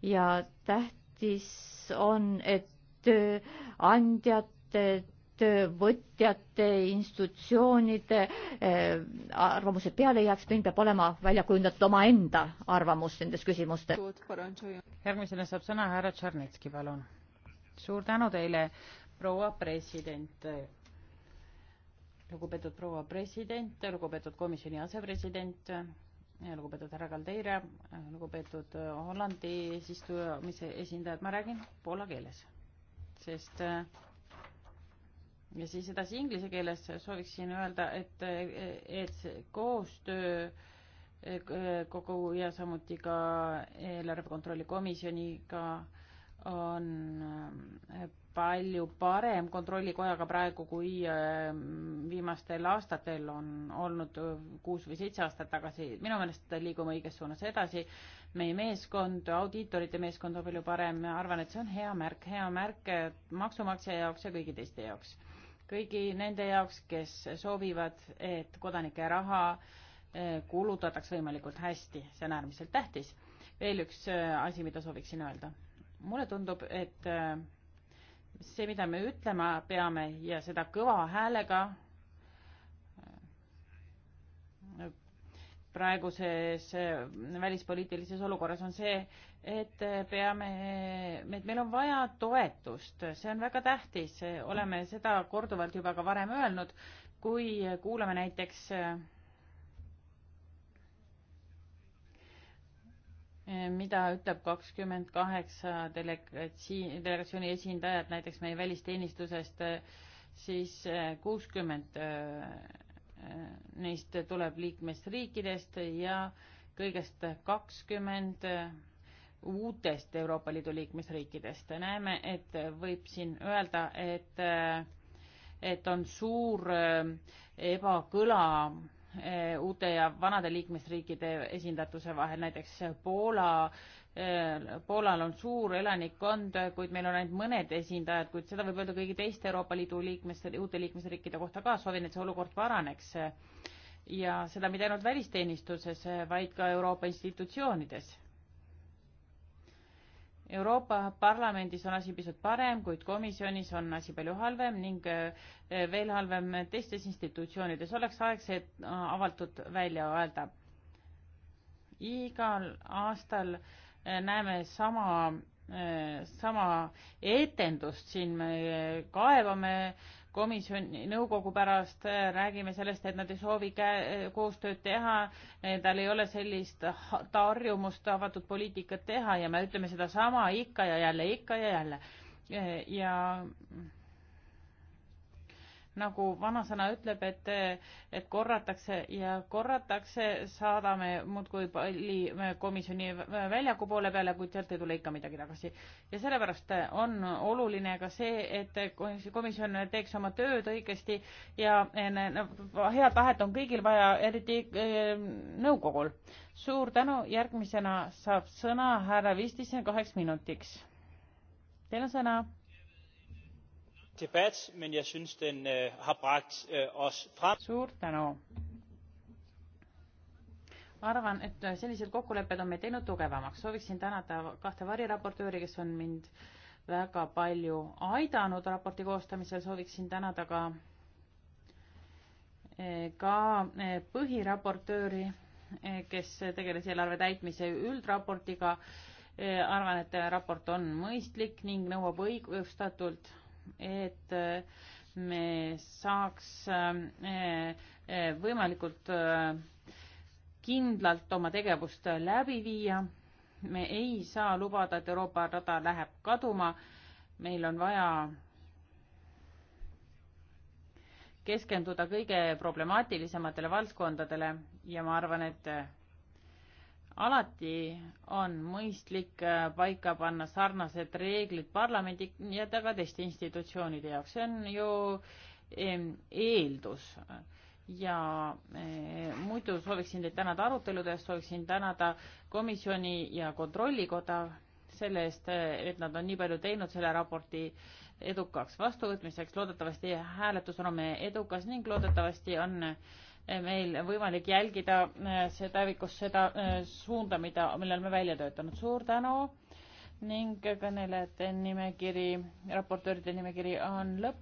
ja täht-, tähtis on, et tööandjate, töövõtjate, institutsioonide eh, arvamuse peale ei jääks, meil peab olema välja kujundatud omaenda arvamus nendes küsimustes. järgmisena saab sõna härra Tšarnetski, palun. suur tänu teile, proua president. lugupeetud proua president, lugupeetud komisjoni asepresident lugupeetud härra Kaldeira, lugupeetud Hollandi eesistumise esindajad, ma räägin poola keeles, sest ja siis edasi inglise keeles sooviksin öelda, et, et see koostöö kogu ja samuti ka eelarve kontrolli komisjoniga on palju parem kontrollikojaga praegu, kui ähm, viimastel aastatel on olnud äh, kuus või seitse aastat tagasi. minu meelest liigume õiges suunas edasi. meie meeskond, audiitorite meeskond on palju parem, ma arvan, et see on hea märk, hea märk maksumaksja jaoks ja kõigi teiste jaoks. kõigi nende jaoks, kes soovivad, et kodanike raha äh, kulutataks võimalikult hästi, see on äärmiselt tähtis. veel üks äh, asi, mida sooviksin öelda. mulle tundub, et see, mida me ütlema peame ja seda kõva häälega praeguses eh, välispoliitilises olukorras on see, et eh, peame, et meil on vaja toetust, see on väga tähtis, oleme seda korduvalt juba ka varem öelnud, kui kuulame näiteks eh, Eh, mida ütleb kakskümmend kaheksa delegatsiooni, delegatsiooni esindajat näiteks meie välisteenistusest, eh, siis eh, kuuskümmend neist tuleb liikmesriikidest ja kõigest kakskümmend uutest Euroopa Liidu liikmesriikidest. näeme, et võib siin öelda, et, et on suur ebakõla Eh, uute ja vanade liikmesriikide esindatuse vahel, näiteks Poola, eh, Poolal on suur elanikkond, kuid meil on ainult mõned esindajad, kuid seda võib öelda kõigi teiste Euroopa Liidu liikmes, uute liikmesriikide kohta ka, soovin, et see olukord paraneks. ja seda mitte ainult välisteenistuses, vaid ka Euroopa institutsioonides Euroopa Parlamendis on asi pisut parem, kuid komisjonis on asi palju halvem ning eh, veel halvem teistes institutsioonides. oleks aeg see eh, avaldatud välja öelda. igal aastal eh, näeme sama, sama etendust siin, me kaevame komisjoni, nõukogu pärast äh, räägime sellest, et nad ei soovi käe, koostööd teha, tal ei ole sellist harjumust avatud poliitikat teha ja me ütleme sedasama ikka ja jälle, ikka ja jälle. Äh, ja nagu vanasõna ütleb, et, et korratakse ja korratakse, saadame muudkui palli komisjoni väljaku poole peale, kuid sealt ei tule ikka midagi tagasi. ja sellepärast on oluline ka see, et komisjon teeks oma tööd õigesti ja head tahet on kõigil vaja, eriti eh, nõukogul. suur tänu, järgmisena saab sõna härra Vistisen kaheks minutiks. Teil on sõna Øh, øh, suur tänu. arvan, et äh, sellised kokkulepped on meid teinud tugevamaks. sooviksin tänada kahte variraportööri, kes on mind väga palju aidanud raporti koostamisel. sooviksin tänada ka äh, ka äh, põhiraportööri, kes tegeles eelarve täitmise üldraportiga. arvan, et raport on mõistlik ning nõuab õigustatult et äh, me saaks äh, äh, võimalikult kindlalt oma tegevust läbi viia. me ei saa lubada, et Euroopa rada läheb kaduma. meil on vaja keskenduda kõige problemaatilisematele valdkondadele ja ma arvan, et alati on mõistlik äh, paika panna sarnased reeglid parlamendi ja ka teiste institutsioonide jaoks, see on ju eeldus. ja e, muidu sooviksin teid tänada arutelude eest, sooviksin tänada komisjoni ja kontrollikoda selle eest, e, et nad on nii palju teinud selle raporti edukaks vastuvõtmiseks, loodetavasti hääletus on homme edukas ning loodetavasti on äh, meil võimalik jälgida äh, sedavikus seda äh, suunda, mida, millal me välja töötanud. suur tänu ning kõnelejate nimekiri, raportööride nimekiri on lõpp.